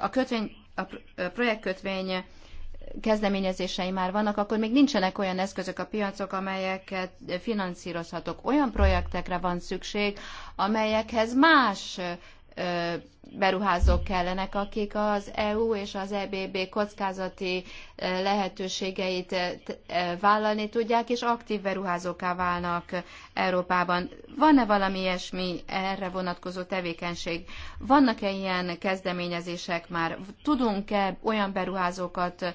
a kötvény, a projektkötvény kezdeményezései már vannak, akkor még nincsenek olyan eszközök a piacok, amelyeket finanszírozhatok. Olyan projektekre van szükség, amelyekhez más beruházók kellenek, akik az EU és az EBB kockázati lehetőségeit vállalni tudják, és aktív beruházóká válnak Európában. Van-e valami ilyesmi erre vonatkozó tevékenység? Vannak-e ilyen kezdeményezések már? Tudunk-e olyan beruházókat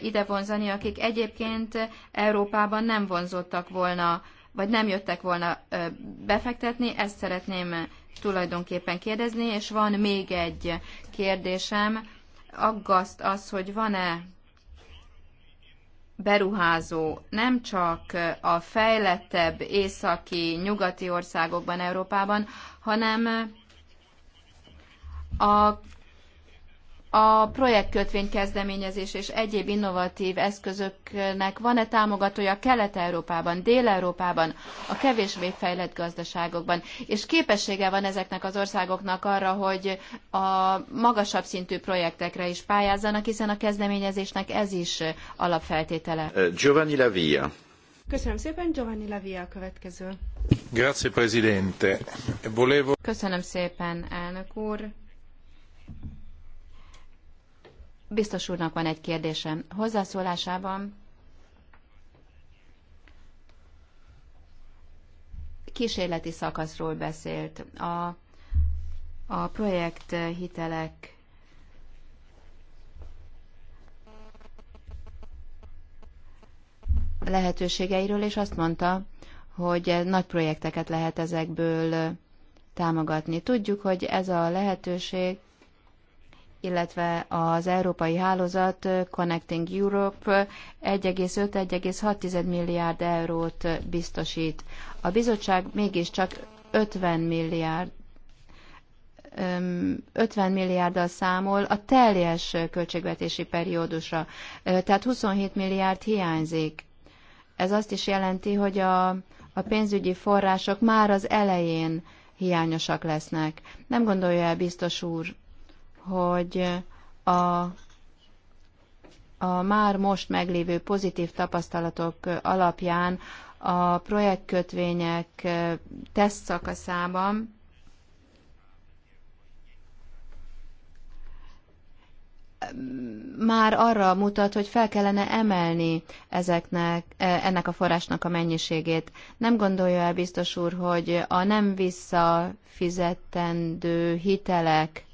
ide vonzani, akik egyébként Európában nem vonzottak volna, vagy nem jöttek volna befektetni? Ezt szeretném tulajdonképpen kérdezni, és van még egy kérdésem. Aggaszt az, hogy van-e beruházó nem csak a fejlettebb északi, nyugati országokban, Európában, hanem a a projektkötvény kezdeményezés és egyéb innovatív eszközöknek van-e támogatója Kelet-Európában, Dél-Európában, a kevésbé fejlett gazdaságokban, és képessége van ezeknek az országoknak arra, hogy a magasabb szintű projektekre is pályázzanak, hiszen a kezdeményezésnek ez is alapfeltétele. Eh, Giovanni Lavia. Köszönöm szépen, Giovanni Lavia a következő. Grazie, Presidente. Volevo... Köszönöm szépen, elnök úr. Biztos úrnak van egy kérdésem. Hozzászólásában kísérleti szakaszról beszélt. A, a projekt hitelek lehetőségeiről, és azt mondta, hogy nagy projekteket lehet ezekből támogatni. Tudjuk, hogy ez a lehetőség illetve az európai hálózat Connecting Europe 1,5-1,6 milliárd eurót biztosít. A bizottság mégiscsak 50 milliárd 50 milliárddal számol a teljes költségvetési periódusra, tehát 27 milliárd hiányzik. Ez azt is jelenti, hogy a, a pénzügyi források már az elején hiányosak lesznek. Nem gondolja el biztos úr, hogy a, a már most meglévő pozitív tapasztalatok alapján a projektkötvények teszt szakaszában már arra mutat, hogy fel kellene emelni ezeknek, e, ennek a forrásnak a mennyiségét. Nem gondolja el biztos úr, hogy a nem visszafizetendő hitelek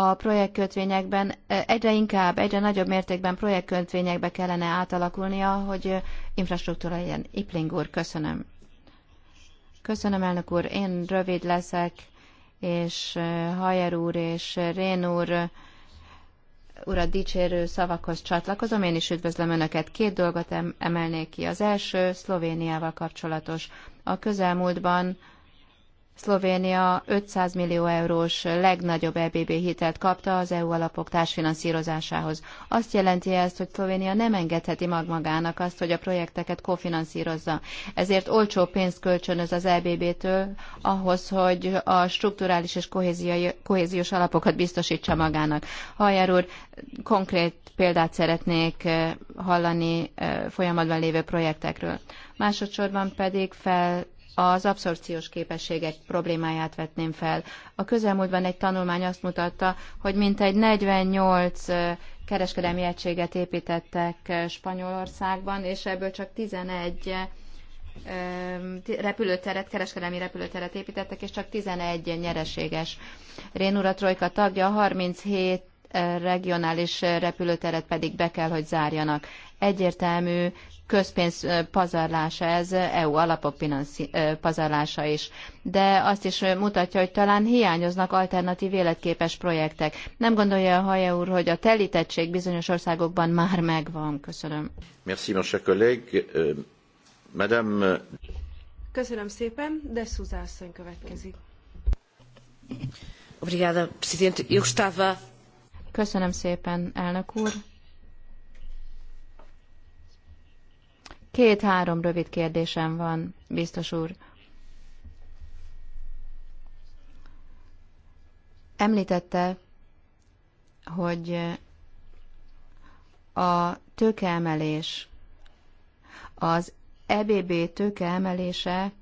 a projektkötvényekben egyre inkább, egyre nagyobb mértékben projektkötvényekbe kellene átalakulnia, hogy infrastruktúra legyen. Ipling úr, köszönöm. Köszönöm, elnök úr. Én rövid leszek, és Hajer úr és Rén úr urat dicsérő szavakhoz csatlakozom. Én is üdvözlöm Önöket. Két dolgot emelnék ki. Az első Szlovéniával kapcsolatos. A közelmúltban Szlovénia 500 millió eurós legnagyobb EBB hitelt kapta az EU alapok társfinanszírozásához. Azt jelenti ezt, hogy Szlovénia nem engedheti mag magának azt, hogy a projekteket kofinanszírozza. Ezért olcsó pénzt kölcsönöz az EBB-től ahhoz, hogy a strukturális és kohéziós alapokat biztosítsa magának. Hajár úr, konkrét példát szeretnék eh, hallani eh, folyamatban lévő projektekről. Másodszorban pedig fel az abszorpciós képességek problémáját vetném fel. A közelmúltban egy tanulmány azt mutatta, hogy mintegy 48 kereskedelmi egységet építettek Spanyolországban, és ebből csak 11 repülőteret, kereskedelmi repülőteret építettek, és csak 11 nyereséges. Rénura Trojka tagja, 37 regionális repülőteret pedig be kell, hogy zárjanak egyértelmű közpénz pazarlása ez, EU alapok finanszi, pazarlása is. De azt is mutatja, hogy talán hiányoznak alternatív életképes projektek. Nem gondolja a Haja úr, hogy a telítettség bizonyos országokban már megvan. Köszönöm. Merci, mon cher collègue. Euh, madame... Köszönöm szépen, de Szuzá asszony következik. Obrigada, presidente. Eu gostava... Köszönöm szépen, elnök úr. Két-három rövid kérdésem van, biztos úr. Említette, hogy a tőkeemelés, az EBB tőkeemelése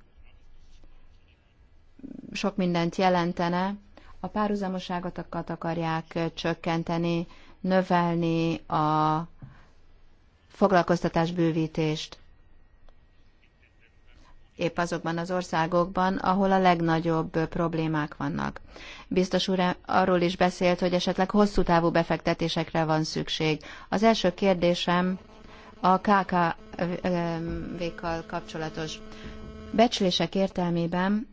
sok mindent jelentene, a párhuzamoságot akarják csökkenteni, növelni a foglalkoztatás bővítést. Épp azokban az országokban, ahol a legnagyobb problémák vannak. Biztos úr arról is beszélt, hogy esetleg hosszú távú befektetésekre van szükség. Az első kérdésem a KKV-kkal kapcsolatos. Becslések értelmében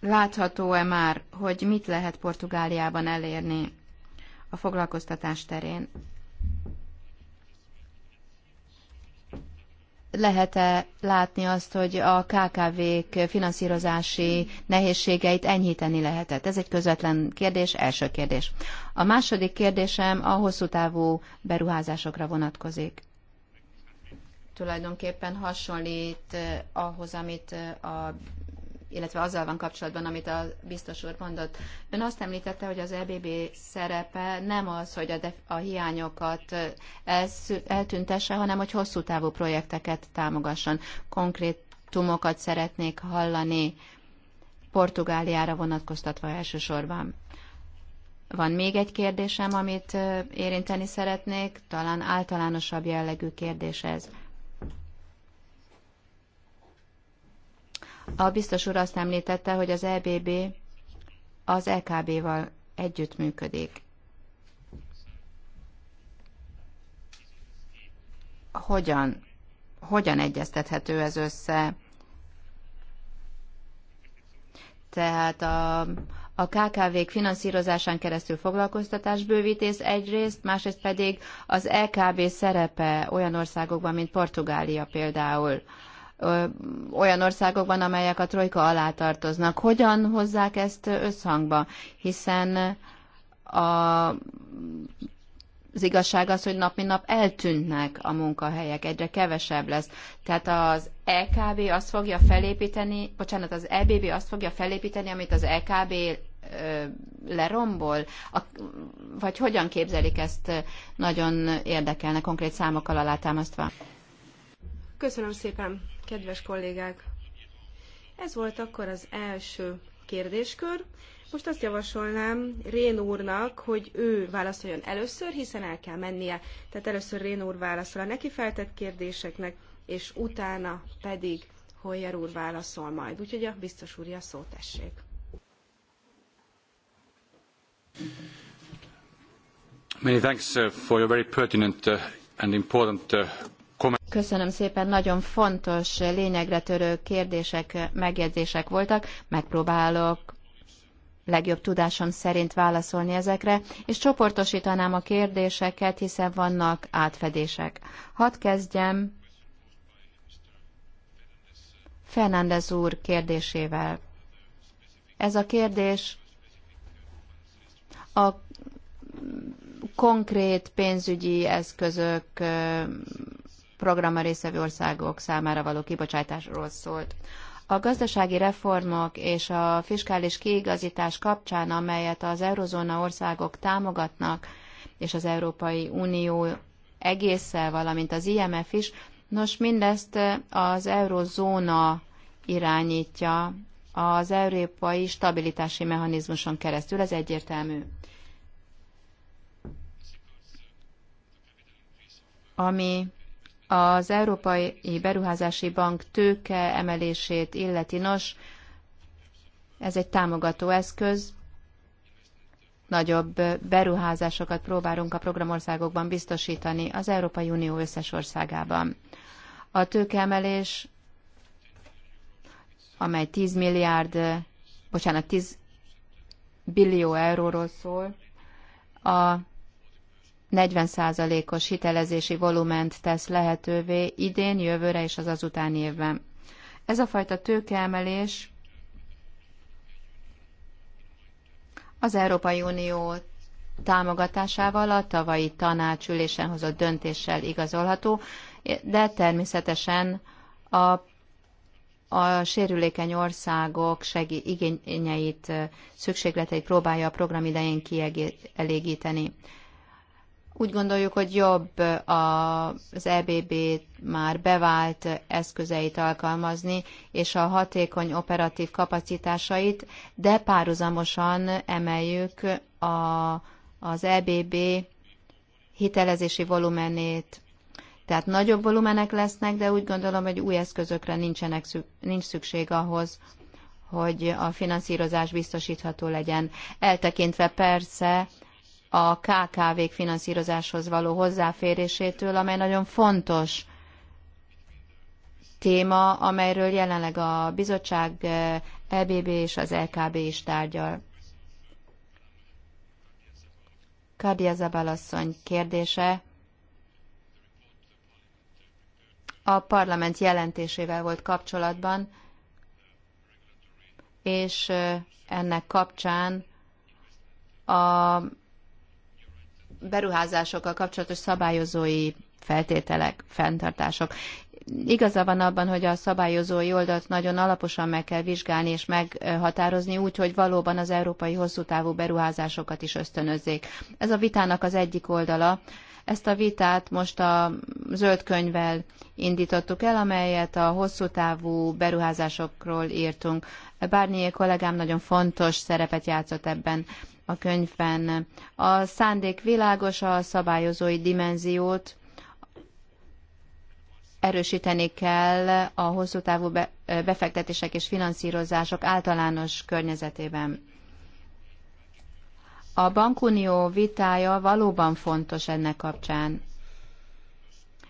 látható-e már, hogy mit lehet Portugáliában elérni a foglalkoztatás terén? lehet-e látni azt, hogy a KKV-k finanszírozási nehézségeit enyhíteni lehetett? Ez egy közvetlen kérdés, első kérdés. A második kérdésem a hosszú távú beruházásokra vonatkozik. Tulajdonképpen hasonlít eh, ahhoz, amit eh, a illetve azzal van kapcsolatban, amit a biztos úr mondott. Ön azt említette, hogy az EBB szerepe nem az, hogy a, def- a hiányokat eltüntesse, hanem hogy hosszú távú projekteket támogasson. Konkrét szeretnék hallani Portugáliára vonatkoztatva elsősorban. Van még egy kérdésem, amit érinteni szeretnék, talán általánosabb jellegű kérdés ez. A biztos úr azt említette, hogy az EBB az LKB-val e együtt működik. Hogyan? Hogyan egyeztethető ez össze? Tehát a, a KKV-k finanszírozásán keresztül foglalkoztatás bővítés egyrészt, másrészt pedig az LKB e szerepe olyan országokban, mint Portugália például olyan országokban, amelyek a trojka alá tartoznak. Hogyan hozzák ezt összhangba? Hiszen a, az igazság az, hogy nap mint nap eltűnnek a munkahelyek, egyre kevesebb lesz. Tehát az EKB azt fogja felépíteni, bocsánat, az EBB azt fogja felépíteni, amit az EKB lerombol? A, vagy hogyan képzelik ezt nagyon érdekelne konkrét számokkal alátámasztva? Köszönöm szépen! Kedves kollégák, ez volt akkor az első kérdéskör. Most azt javasolnám Rén úrnak, hogy ő válaszoljon először, hiszen el kell mennie. Tehát először Rén úr válaszol a neki feltett kérdéseknek, és utána pedig Hoyer úr válaszol majd. Úgyhogy a biztos úrja szó tessék. Many thanks uh, for your very pertinent uh, and important uh, Köszönöm szépen, nagyon fontos, lényegre törő kérdések, megjegyzések voltak. Megpróbálok legjobb tudásom szerint válaszolni ezekre, és csoportosítanám a kérdéseket, hiszen vannak átfedések. Hadd kezdjem Fernández úr kérdésével. Ez a kérdés a konkrét pénzügyi eszközök programra részvevő országok számára való kibocsátásról szólt. A gazdasági reformok és a fiskális kiigazítás kapcsán, amelyet az eurozóna országok támogatnak, és az Európai Unió egésszel, valamint az IMF is, nos mindezt az eurozóna irányítja az európai stabilitási mechanizmuson keresztül, ez egyértelmű. Ami az Európai Beruházási Bank tőke emelését illeti nos, ez egy támogató eszköz, nagyobb beruházásokat próbálunk a programországokban biztosítani az Európai Unió összes országában. A tőkeemelés, amely 10 milliárd, bocsánat, 10 billió euróról szól, a 40%-os hitelezési volument tesz lehetővé idén, jövőre és az azután évben. Ez a fajta tőkeemelés az Európai Unió támogatásával a tavalyi tanácsülésen hozott döntéssel igazolható, de természetesen a, a sérülékeny országok segí, igényeit, szükségleteit próbálja a program idején kielégíteni. Úgy gondoljuk, hogy jobb az EBB már bevált eszközeit alkalmazni, és a hatékony operatív kapacitásait, de párhuzamosan emeljük a, az EBB hitelezési volumenét. Tehát nagyobb volumenek lesznek, de úgy gondolom, hogy új eszközökre nincsenek, nincs szükség ahhoz, hogy a finanszírozás biztosítható legyen. Eltekintve persze a KKV-k finanszírozáshoz való hozzáférésétől, amely nagyon fontos téma, amelyről jelenleg a bizottság, EBB eh, e és az LKB e is tárgyal. Kardia asszony kérdése a parlament jelentésével volt kapcsolatban, és eh, ennek kapcsán a beruházásokkal kapcsolatos szabályozói feltételek, fenntartások. Igaza van abban, hogy a szabályozói oldalt nagyon alaposan meg kell vizsgálni és meghatározni úgy, hogy valóban az európai hosszú távú beruházásokat is ösztönözzék. Ez a vitának az egyik oldala. Ezt a vitát most a zöld könyvvel indítottuk el, amelyet a hosszú távú beruházásokról írtunk. Bárnyi kollégám nagyon fontos szerepet játszott ebben a könyvben. A szándék világos, a szabályozói dimenziót erősíteni kell a hosszú távú befektetések és finanszírozások általános környezetében. A bankunió vitája valóban fontos ennek kapcsán.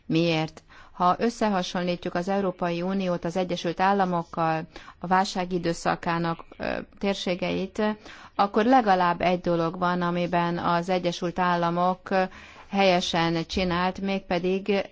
Miért? Ha összehasonlítjuk az Európai Uniót az Egyesült Államokkal, a válság időszakának térségeit, akkor legalább egy dolog van, amiben az Egyesült Államok helyesen csinált, mégpedig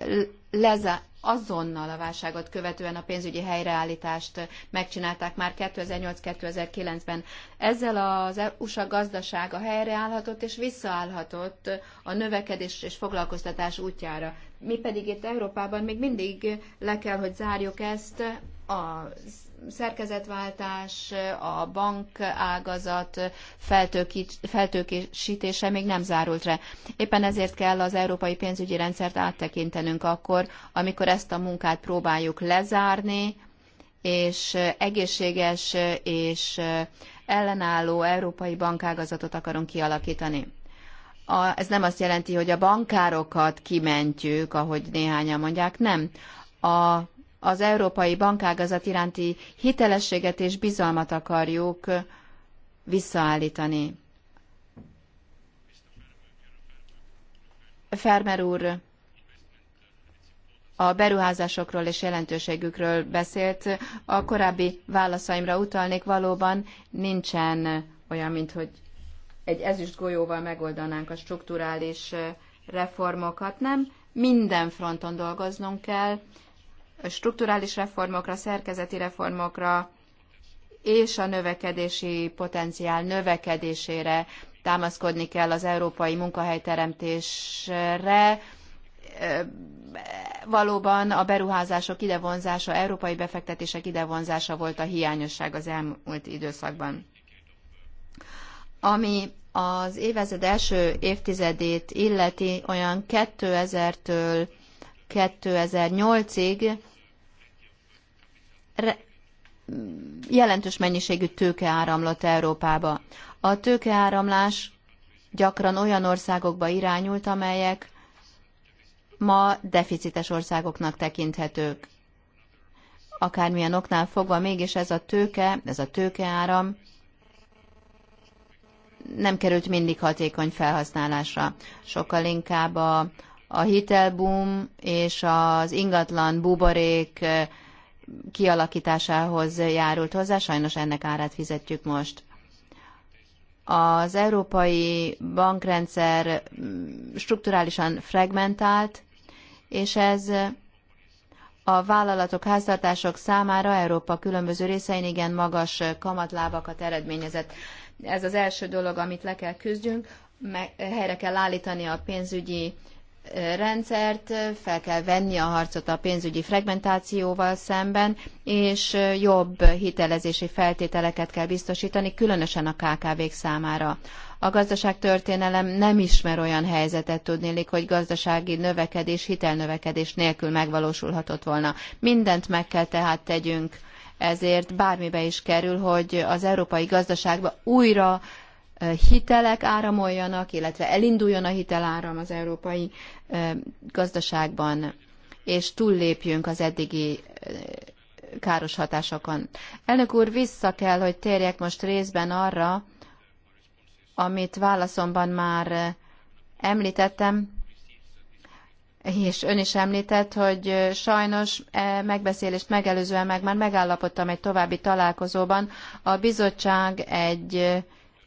leza- azonnal a válságot követően a pénzügyi helyreállítást megcsinálták már 2008-2009-ben. Ezzel az USA gazdasága helyreállhatott és visszaállhatott a növekedés és foglalkoztatás útjára. Mi pedig itt Európában még mindig le kell, hogy zárjuk ezt az szerkezetváltás, a ágazat feltőkésítése még nem zárult le. Éppen ezért kell az európai pénzügyi rendszert áttekintenünk akkor, amikor ezt a munkát próbáljuk lezárni, és egészséges és ellenálló európai bankágazatot akarunk kialakítani. A, ez nem azt jelenti, hogy a bankárokat kimentjük, ahogy néhányan mondják, nem. A az európai bankágazat iránti hitelességet és bizalmat akarjuk visszaállítani. Fermer úr a beruházásokról és jelentőségükről beszélt. A korábbi válaszaimra utalnék, valóban nincsen olyan, mint hogy egy ezüst golyóval megoldanánk a strukturális eh, reformokat, nem? Minden fronton dolgoznunk kell, strukturális reformokra, szerkezeti reformokra és a növekedési potenciál növekedésére támaszkodni kell az európai munkahelyteremtésre. Valóban a beruházások idevonzása, európai befektetések idevonzása volt a hiányosság az elmúlt időszakban. Ami az évezred első évtizedét illeti olyan 2000-től 2008-ig jelentős mennyiségű tőke áramlott Európába. A tőkeáramlás gyakran olyan országokba irányult, amelyek ma deficites országoknak tekinthetők. Akármilyen oknál fogva mégis ez a tőke, ez a tőkeáram nem került mindig hatékony felhasználásra. Sokkal inkább a, a hitelboom és az ingatlan buborék kialakításához járult hozzá, sajnos ennek árát fizetjük most. Az európai bankrendszer strukturálisan fragmentált, és ez a vállalatok, háztartások számára Európa különböző részein igen magas kamatlábakat eredményezett. Ez az első dolog, amit le kell küzdjünk, helyre kell állítani a pénzügyi rendszert, fel kell venni a harcot a pénzügyi fragmentációval szemben, és jobb hitelezési feltételeket kell biztosítani, különösen a KKV-k számára. A gazdaságtörténelem nem ismer olyan helyzetet tudnélik, hogy gazdasági növekedés, hitelnövekedés nélkül megvalósulhatott volna. Mindent meg kell tehát tegyünk ezért bármibe is kerül, hogy az európai gazdaságba újra hitelek áramoljanak, illetve elinduljon a hiteláram az európai gazdaságban, és túllépjünk az eddigi káros hatásokon. Elnök úr, vissza kell, hogy térjek most részben arra, amit válaszomban már említettem, és ön is említett, hogy sajnos e, megbeszélést megelőzően meg már megállapodtam egy további találkozóban. A bizottság egy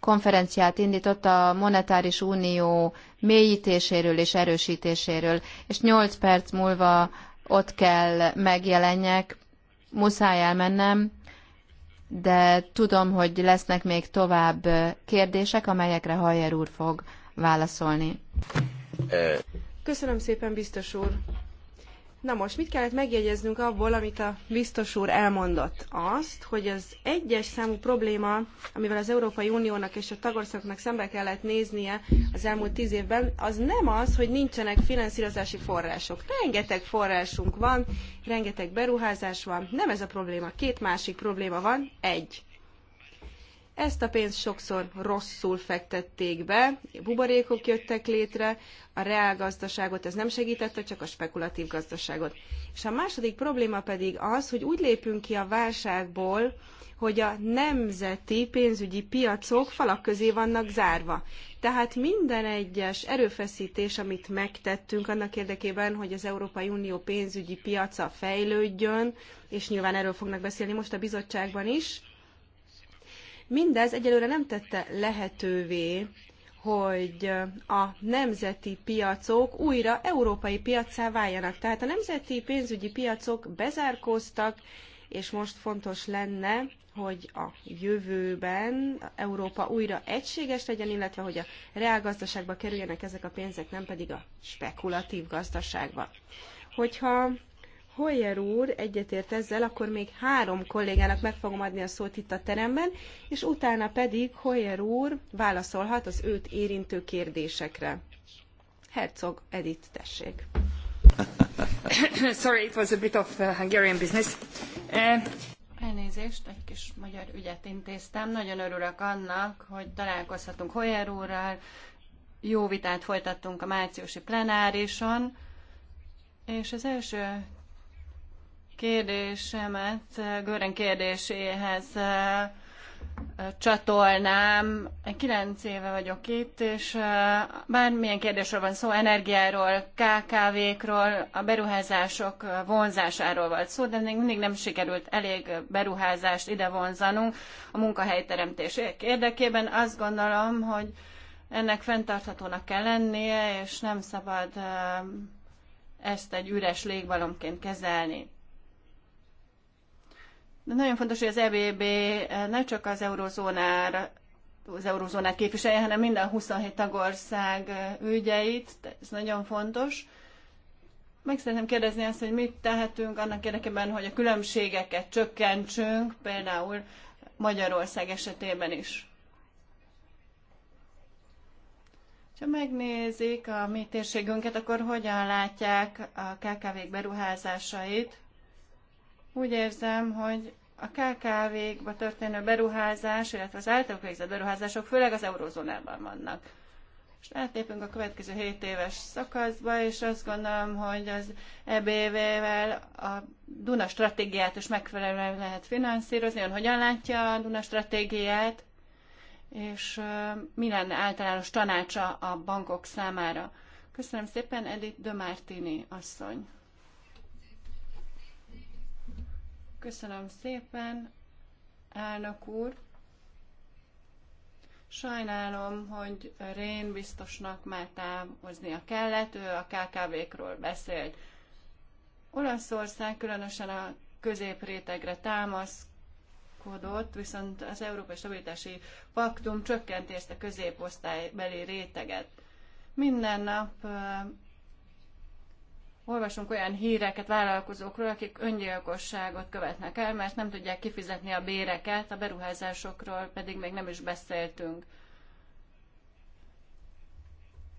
konferenciát indított a Monetáris Unió mélyítéséről és erősítéséről, és nyolc perc múlva ott kell megjelenjek, muszáj elmennem, de tudom, hogy lesznek még tovább kérdések, amelyekre Hajer úr fog válaszolni. Köszönöm szépen, biztos úr! Na most, mit kellett megjegyeznünk abból, amit a biztos úr elmondott? Azt, hogy az egyes számú probléma, amivel az Európai Uniónak és a tagországoknak szembe kellett néznie az elmúlt tíz évben, az nem az, hogy nincsenek finanszírozási források. Rengeteg forrásunk van, rengeteg beruházás van, nem ez a probléma. Két másik probléma van, egy ezt a pénzt sokszor rosszul fektették be, buborékok jöttek létre, a reálgazdaságot ez nem segítette, csak a spekulatív gazdaságot. És a második probléma pedig az, hogy úgy lépünk ki a válságból, hogy a nemzeti pénzügyi piacok falak közé vannak zárva. Tehát minden egyes erőfeszítés, amit megtettünk annak érdekében, hogy az Európai Unió pénzügyi piaca fejlődjön, és nyilván erről fognak beszélni most a bizottságban is, Mindez egyelőre nem tette lehetővé, hogy a nemzeti piacok újra európai piacá váljanak. Tehát a nemzeti pénzügyi piacok bezárkóztak, és most fontos lenne, hogy a jövőben Európa újra egységes legyen, illetve hogy a reálgazdaságba kerüljenek ezek a pénzek, nem pedig a spekulatív gazdaságba. Hogyha Hoyer úr egyetért ezzel, akkor még három kollégának meg fogom adni a szót itt a teremben, és utána pedig Hoyer úr válaszolhat az őt érintő kérdésekre. Herzog Edith, tessék. Sorry, it was a bit of uh, Hungarian business. Uh... Elnézést, egy kis magyar ügyet intéztem. Nagyon örülök annak, hogy találkozhatunk Hoyer úrral, jó vitát folytattunk a márciusi plenárison, és az első kérdésemet Gören kérdéséhez eh, csatolnám. Kilenc éve vagyok itt, és eh, bármilyen kérdésről van szó, energiáról, KKV-król, a beruházások eh, vonzásáról volt szó, de még mindig nem sikerült elég beruházást ide vonzanunk a munkahelyteremtés érdekében. Azt gondolom, hogy ennek fenntarthatónak kell lennie, és nem szabad ezt egy üres légbalomként kezelni. De nagyon fontos, hogy az EBB ne csak az eurozónára az eurozónát képviselje, hanem minden 27 tagország ügyeit, ez nagyon fontos. Meg szeretném kérdezni azt, hogy mit tehetünk annak érdekében, hogy a különbségeket csökkentsünk, például Magyarország esetében is. Ha megnézik a mi térségünket, akkor hogyan látják a KKV-k beruházásait? Úgy érzem, hogy a KKV-kba történő beruházás, illetve az általuk végzett beruházások főleg az eurózónában vannak. És átlépünk a következő 7 éves szakaszba, és azt gondolom, hogy az EBV-vel a Duna stratégiát is megfelelően lehet finanszírozni. Ön hogyan látja a Duna stratégiát, és mi lenne általános tanácsa a bankok számára? Köszönöm szépen, Edith De Martini asszony. Köszönöm szépen, elnök úr. Sajnálom, hogy Rén biztosnak már távoznia kellett, ő a KKV-król beszélt. Olaszország különösen a középrétegre támaszkodott, viszont az Európai Stabilitási Paktum csökkentést a középosztálybeli réteget. Minden nap olvasunk olyan híreket vállalkozókról, akik öngyilkosságot követnek el, mert nem tudják kifizetni a béreket, a beruházásokról pedig még nem is beszéltünk.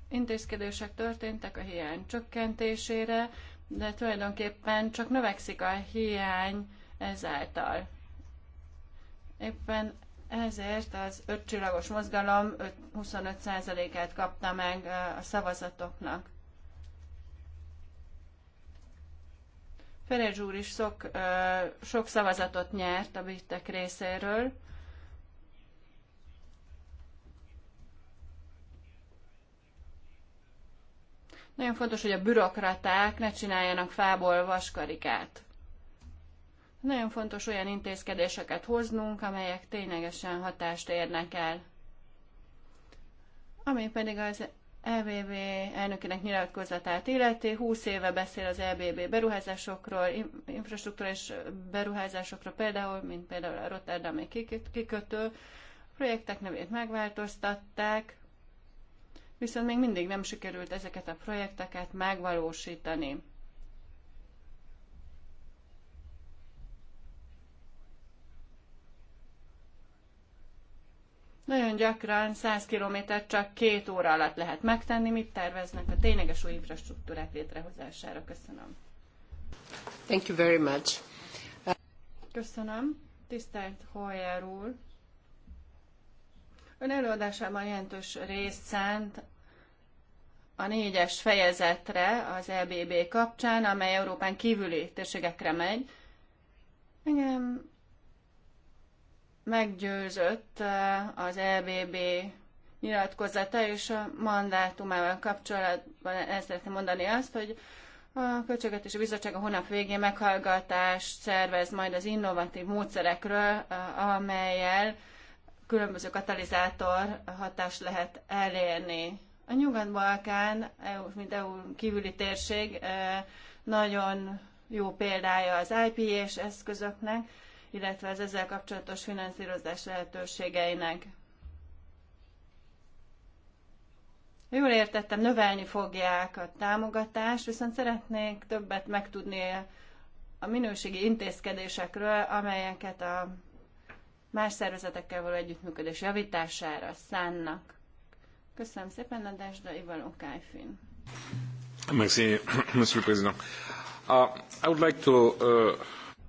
Intézkedések történtek a hiány csökkentésére, de tulajdonképpen csak növekszik a hiány ezáltal. Éppen ezért az ötcsillagos mozgalom 25%-át kapta meg a szavazatoknak. Ferenc úr is sok, sok szavazatot nyert a britek részéről. Nagyon fontos, hogy a bürokraták ne csináljanak fából vaskarikát. Nagyon fontos olyan intézkedéseket hoznunk, amelyek ténylegesen hatást érnek el. Ami pedig az EBB elnökének nyilatkozatát illeti. 20 éve beszél az EBB beruházásokról, infrastruktúrás beruházásokról, például, mint például a Rotterdami kikötő. A projektek nevét megváltoztatták, viszont még mindig nem sikerült ezeket a projekteket megvalósítani. Nagyon gyakran 100 kilométert csak két óra alatt lehet megtenni. Mit terveznek a tényleges új infrastruktúrák létrehozására? Köszönöm. Thank you very much. Köszönöm. Tisztelt Hoyer úr! Ön előadásában jelentős részt szánt a négyes fejezetre az EBB kapcsán, amely Európán kívüli térségekre megy. Engem meggyőzött eh, az EBB nyilatkozata és a mandátumával kapcsolatban el szeretném mondani azt, hogy a Költségvetési Bizottság a hónap végén meghallgatást szervez majd az innovatív módszerekről, eh, amelyel különböző katalizátor hatást lehet elérni. A Nyugat-Balkán, e mint EU kívüli térség, eh, nagyon jó példája az IP és eszközöknek, illetve az ezzel kapcsolatos finanszírozás lehetőségeinek. Jól értettem, növelni fogják a támogatást, viszont szeretnék többet megtudni a minőségi intézkedésekről, amelyeket a más szervezetekkel való együttműködés javítására szánnak. Köszönöm szépen, Adásda Ivaló Kájfin. Merci, Monsieur le Président. Uh, I would like to uh,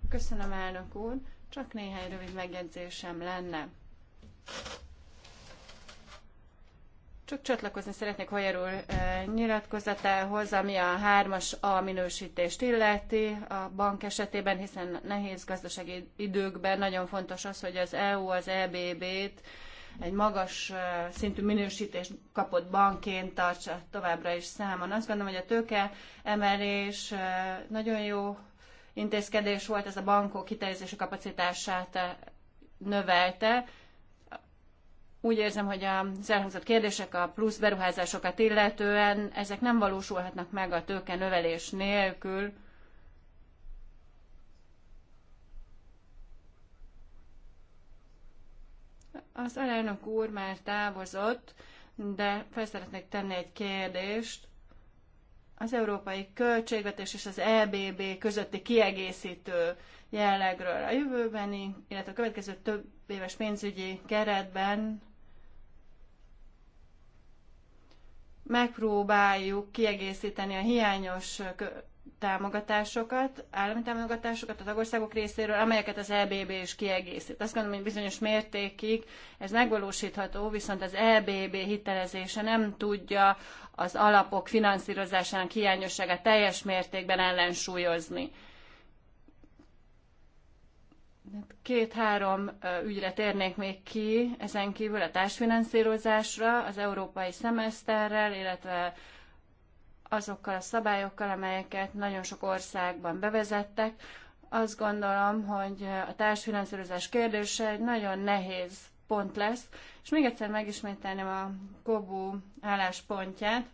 Köszönöm, elnök úr. Csak néhány rövid megjegyzésem lenne. Csak csatlakozni szeretnék Hoyer úr eh, nyilatkozatához, ami a hármas A minősítést illeti a bank esetében, hiszen nehéz gazdasági időkben nagyon fontos az, hogy az EU az EBB-t egy magas eh, szintű minősítést kapott bankként tartsa továbbra is számon. Azt gondolom, hogy a tőke emelés eh, nagyon jó intézkedés volt, ez a bankok hitelezési kapacitását eh, növelte. Úgy érzem, hogy az elhangzott kérdések a plusz beruházásokat illetően, ezek nem valósulhatnak meg a tőke növelés nélkül. Az elnök úr már távozott, de fel szeretnék tenni egy kérdést az európai költségvetés és az EBB közötti kiegészítő jellegről a jövőbeni, illetve a következő több éves pénzügyi keretben megpróbáljuk kiegészíteni a hiányos támogatásokat, állami támogatásokat a tagországok részéről, amelyeket az EBB is kiegészít. Azt gondolom, hogy bizonyos mértékig ez megvalósítható, viszont az EBB hitelezése nem tudja az alapok finanszírozásának hiányosságát teljes mértékben ellensúlyozni. Két-három ügyre térnék még ki, ezen kívül a társfinanszírozásra, az európai szemeszterrel, illetve azokkal a szabályokkal, amelyeket nagyon sok országban bevezettek. Azt gondolom, hogy a társfinanszírozás kérdése egy nagyon nehéz pont lesz, és még egyszer megismételném a Kobu álláspontját.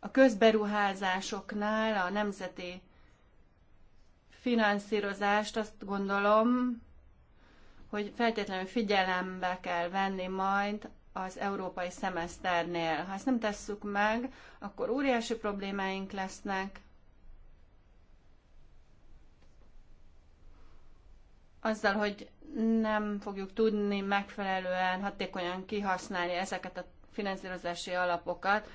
A közberuházásoknál a nemzeti finanszírozást azt gondolom, hogy feltétlenül figyelembe kell venni majd az európai szemeszternél. Ha ezt nem tesszük meg, akkor óriási problémáink lesznek. Azzal, hogy nem fogjuk tudni megfelelően, hatékonyan kihasználni ezeket a finanszírozási alapokat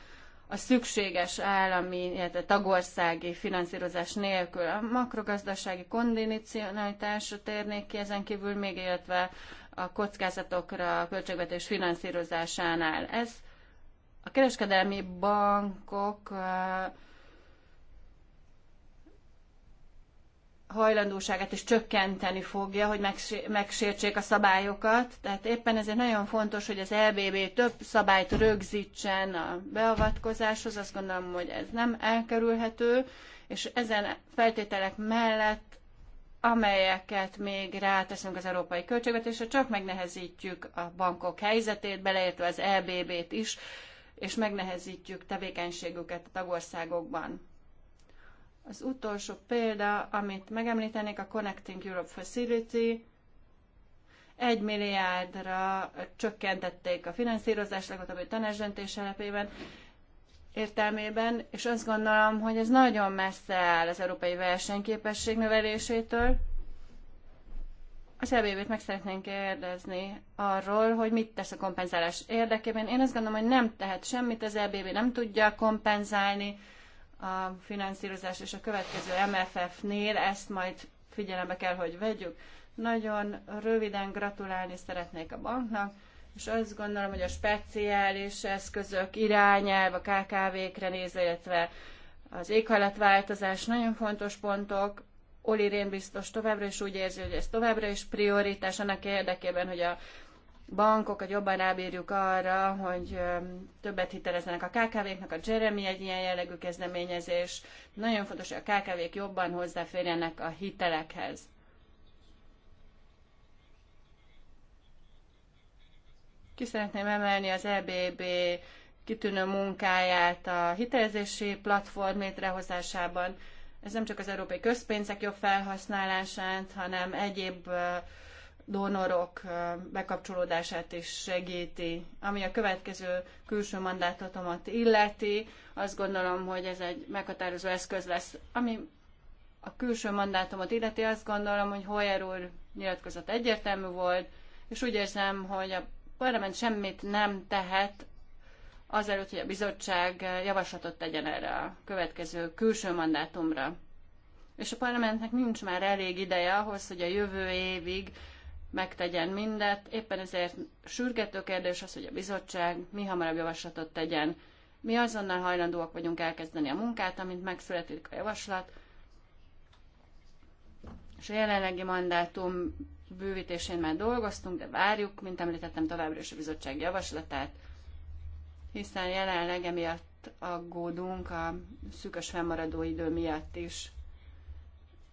a szükséges állami, illetve tagországi finanszírozás nélkül. A makrogazdasági kondicionalitásra térnék ki ezen kívül még, illetve a kockázatokra a költségvetés finanszírozásánál. Ez a kereskedelmi bankok hajlandóságát is csökkenteni fogja, hogy megsértsék a szabályokat. Tehát éppen ezért nagyon fontos, hogy az LBB több szabályt rögzítsen a beavatkozáshoz. Azt gondolom, hogy ez nem elkerülhető, és ezen feltételek mellett amelyeket még ráteszünk az európai költségvetésre, csak megnehezítjük a bankok helyzetét, beleértve az LBB-t is, és megnehezítjük tevékenységüket a tagországokban. Az utolsó példa, amit megemlítenék, a Connecting Europe Facility. Egy milliárdra csökkentették a finanszírozás legutóbbi tanácsdöntés alapjában értelmében, és azt gondolom, hogy ez nagyon messze áll az európai versenyképesség növelésétől. Az EBB-t meg szeretnénk kérdezni arról, hogy mit tesz a kompenzálás érdekében. Én azt gondolom, hogy nem tehet semmit, az EBB nem tudja kompenzálni a finanszírozás és a következő MFF-nél, ezt majd figyelembe kell, hogy vegyük. Nagyon röviden gratulálni szeretnék a banknak, és azt gondolom, hogy a speciális eszközök irányelv a KKV-kre nézve, illetve az éghajlatváltozás nagyon fontos pontok. Oli Rén biztos továbbra is úgy érzi, hogy ez továbbra is prioritás annak érdekében, hogy a bankokat jobban rábírjuk arra, hogy többet hitelezzenek a KKV-knak, a Jeremy egy ilyen jellegű kezdeményezés. Nagyon fontos, hogy a KKV-k jobban hozzáférjenek a hitelekhez. Ki szeretném emelni az EBB kitűnő munkáját a hitelezési platform létrehozásában. Ez nem csak az európai közpénzek jobb felhasználását, hanem egyéb uh, donorok bekapcsolódását is segíti. Ami a következő külső mandátumot illeti, azt gondolom, hogy ez egy meghatározó eszköz lesz. Ami a külső mandátumot illeti, azt gondolom, hogy Hoyer úr nyilatkozat egyértelmű volt, és úgy érzem, hogy a parlament semmit nem tehet azelőtt, hogy a bizottság javaslatot tegyen erre a következő külső mandátumra. És a parlamentnek nincs már elég ideje ahhoz, hogy a jövő évig megtegyen mindet. Éppen ezért sürgető kérdés az, hogy a bizottság mi hamarabb javaslatot tegyen. Mi azonnal hajlandóak vagyunk elkezdeni a munkát, amint megszületik a javaslat, és a jelenlegi mandátum bővítésén már dolgoztunk, de várjuk, mint említettem, továbbra is a bizottság javaslatát, hiszen jelenleg emiatt aggódunk a szűkös fennmaradó idő miatt is.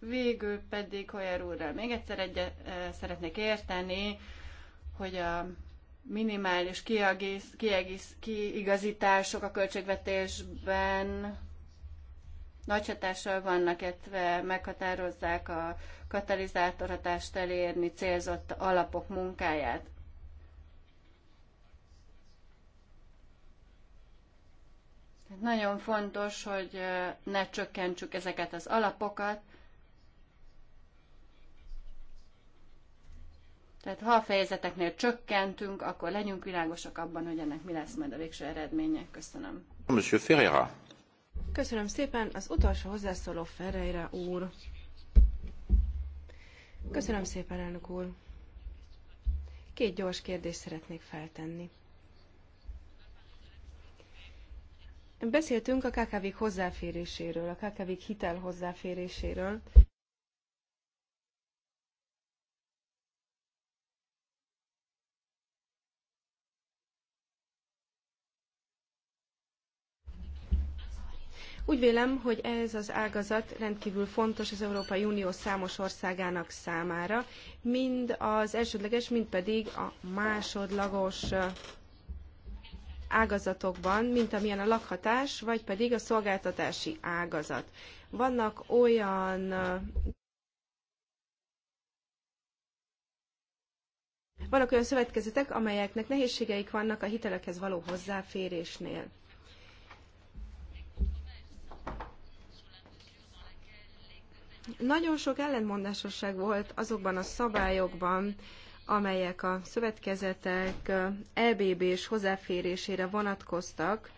Végül pedig Hoyer úrral még egyszer egyet szeretnék érteni, hogy a minimális kiegész, kiegész, kiigazítások a költségvetésben nagy hatással vannak, illetve meghatározzák a katalizátor hatást elérni célzott alapok munkáját. Nagyon fontos, hogy ne csökkentsük ezeket az alapokat, Tehát ha a fejezeteknél csökkentünk, akkor legyünk világosak abban, hogy ennek mi lesz majd a végső eredménye. Köszönöm. Monsieur Ferreira. Köszönöm szépen. Az utolsó hozzászóló Ferreira úr. Köszönöm szépen, elnök úr. Két gyors kérdést szeretnék feltenni. Beszéltünk a KKV-k hozzáféréséről, a KKV-k hitel hozzáféréséről. Úgy vélem, hogy ez az ágazat rendkívül fontos az Európai Unió számos országának számára, mind az elsődleges, mind pedig a másodlagos ágazatokban, mint amilyen a lakhatás, vagy pedig a szolgáltatási ágazat. Vannak olyan Vannak olyan szövetkezetek, amelyeknek nehézségeik vannak a hitelekhez való hozzáférésnél. Nagyon sok ellentmondásosság volt azokban a szabályokban, amelyek a szövetkezetek EBB-s hozzáférésére vonatkoztak,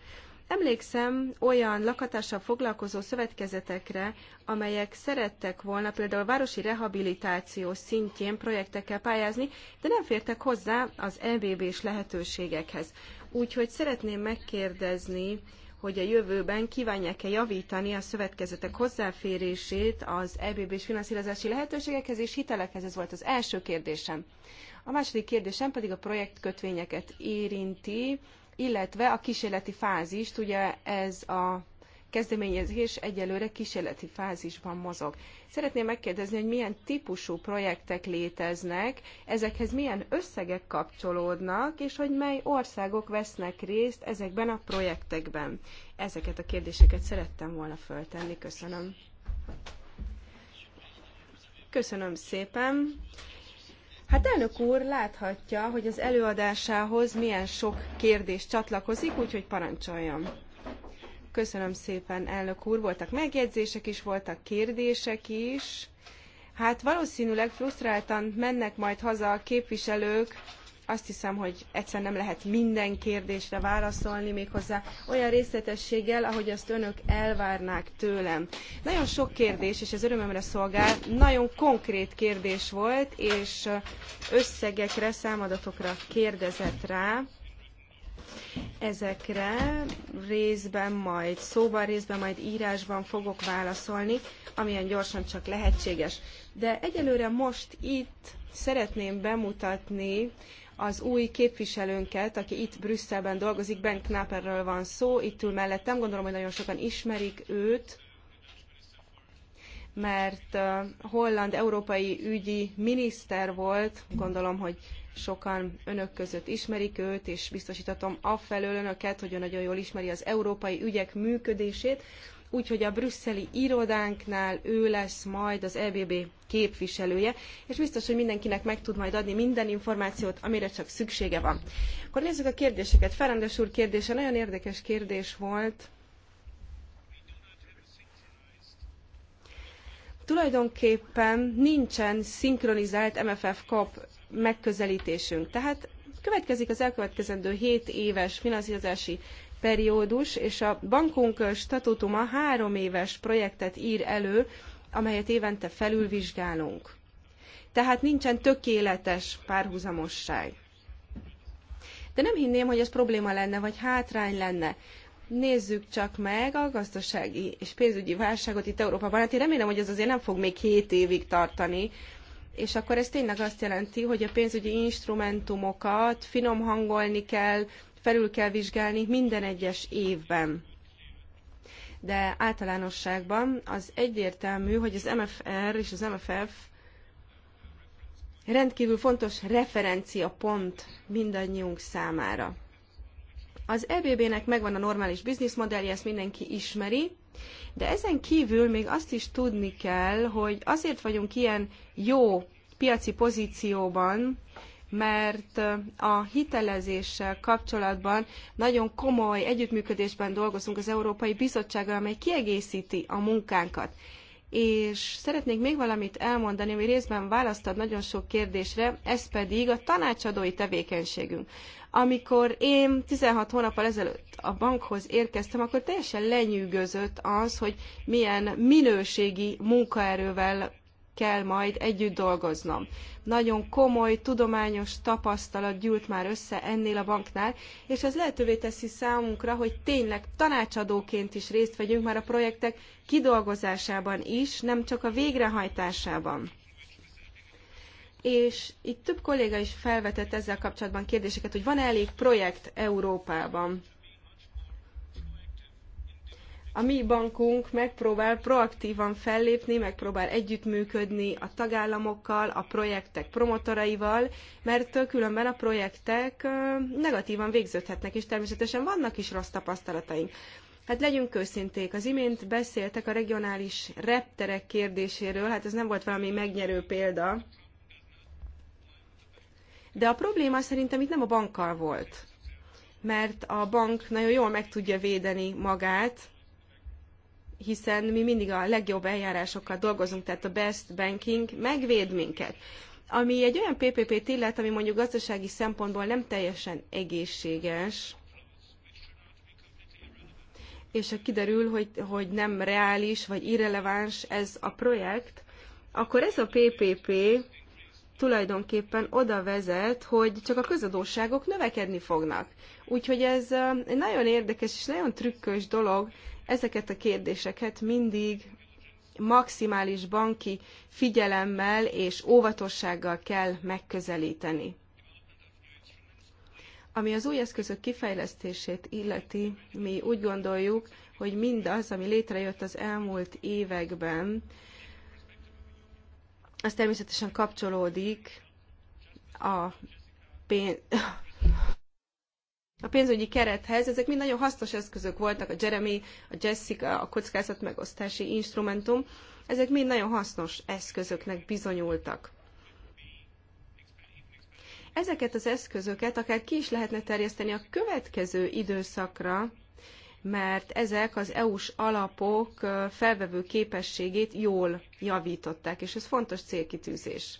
Emlékszem olyan lakatással foglalkozó szövetkezetekre, amelyek szerettek volna például városi rehabilitáció szintjén projektekkel pályázni, de nem fértek hozzá az EBB-s lehetőségekhez. Úgyhogy szeretném megkérdezni hogy a jövőben kívánják-e javítani a szövetkezetek hozzáférését az EBB-s finanszírozási lehetőségekhez és hitelekhez. Ez volt az első kérdésem. A második kérdésem pedig a projektkötvényeket érinti, illetve a kísérleti fázist, ugye ez a kezdeményezés egyelőre kísérleti fázisban mozog. Szeretném megkérdezni, hogy milyen típusú projektek léteznek, ezekhez milyen összegek kapcsolódnak, és hogy mely országok vesznek részt ezekben a projektekben. Ezeket a kérdéseket szerettem volna föltenni. Köszönöm. Köszönöm szépen. Hát elnök úr láthatja, hogy az előadásához milyen sok kérdés csatlakozik, úgyhogy parancsoljam. Köszönöm szépen, elnök úr. Voltak megjegyzések is, voltak kérdések is. Hát valószínűleg frusztráltan mennek majd haza a képviselők, azt hiszem, hogy egyszer nem lehet minden kérdésre válaszolni, méghozzá olyan részletességgel, ahogy azt önök elvárnák tőlem. Nagyon sok kérdés, és ez örömömre szolgál, nagyon konkrét kérdés volt, és összegekre, számadatokra kérdezett rá. Ezekre részben majd szóban, részben majd írásban fogok válaszolni, amilyen gyorsan csak lehetséges. De egyelőre most itt szeretném bemutatni az új képviselőnket, aki itt Brüsszelben dolgozik, Ben Knapperről van szó, itt ül mellettem, gondolom, hogy nagyon sokan ismerik őt mert holland európai ügyi miniszter volt, gondolom, hogy sokan önök között ismerik őt, és biztosítatom afelől önöket, hogy ő nagyon jól ismeri az európai ügyek működését, úgyhogy a brüsszeli irodánknál ő lesz majd az EBB képviselője, és biztos, hogy mindenkinek meg tud majd adni minden információt, amire csak szüksége van. Akkor nézzük a kérdéseket. Ferendes úr kérdése nagyon érdekes kérdés volt Tulajdonképpen nincsen szinkronizált MFF-kap megközelítésünk. Tehát következik az elkövetkezendő 7 éves finanszírozási periódus, és a bankunk statútuma három éves projektet ír elő, amelyet évente felülvizsgálunk. Tehát nincsen tökéletes párhuzamosság. De nem hinném, hogy ez probléma lenne, vagy hátrány lenne. Nézzük csak meg a gazdasági és pénzügyi válságot itt Európában. Hát én remélem, hogy ez azért nem fog még két évig tartani, és akkor ez tényleg azt jelenti, hogy a pénzügyi instrumentumokat finom hangolni kell, felül kell vizsgálni minden egyes évben. De általánosságban az egyértelmű, hogy az MFR és az MFF rendkívül fontos referencia pont mindannyiunk számára. Az EBB-nek megvan a normális bizniszmodellje, ezt mindenki ismeri, de ezen kívül még azt is tudni kell, hogy azért vagyunk ilyen jó piaci pozícióban, mert a hitelezéssel kapcsolatban nagyon komoly együttműködésben dolgozunk az Európai Bizottsággal, amely kiegészíti a munkánkat. És szeretnék még valamit elmondani, ami részben választad nagyon sok kérdésre, ez pedig a tanácsadói tevékenységünk. Amikor én 16 hónappal ezelőtt a bankhoz érkeztem, akkor teljesen lenyűgözött az, hogy milyen minőségi munkaerővel kell majd együtt dolgoznom. Nagyon komoly, tudományos tapasztalat gyűlt már össze ennél a banknál, és ez lehetővé teszi számunkra, hogy tényleg tanácsadóként is részt vegyünk már a projektek kidolgozásában is, nem csak a végrehajtásában és itt több kolléga is felvetett ezzel kapcsolatban kérdéseket, hogy van -e elég projekt Európában. A mi bankunk megpróbál proaktívan fellépni, megpróbál együttműködni a tagállamokkal, a projektek promotoraival, mert különben a projektek negatívan végződhetnek, és természetesen vannak is rossz tapasztalataink. Hát legyünk őszinték, az imént beszéltek a regionális repterek kérdéséről, hát ez nem volt valami megnyerő példa. De a probléma szerintem itt nem a bankkal volt, mert a bank nagyon jól meg tudja védeni magát, hiszen mi mindig a legjobb eljárásokkal dolgozunk, tehát a best banking megvéd minket. Ami egy olyan PPP-t illet, ami mondjuk gazdasági szempontból nem teljesen egészséges, és ha kiderül, hogy, hogy nem reális vagy irreleváns ez a projekt, akkor ez a PPP tulajdonképpen oda vezet, hogy csak a közadóságok növekedni fognak. Úgyhogy ez egy nagyon érdekes és nagyon trükkös dolog, Ezeket a kérdéseket mindig maximális banki figyelemmel és óvatossággal kell megközelíteni. Ami az új eszközök kifejlesztését illeti, mi úgy gondoljuk, hogy mindaz, ami létrejött az elmúlt években, az természetesen kapcsolódik a pénz, a pénzügyi kerethez, ezek mind nagyon hasznos eszközök voltak, a Jeremy, a Jessica, a kockázat megosztási instrumentum, ezek mind nagyon hasznos eszközöknek bizonyultak. Ezeket az eszközöket akár ki is lehetne terjeszteni a következő időszakra, mert ezek az EU-s alapok felvevő képességét jól javították, és ez fontos célkitűzés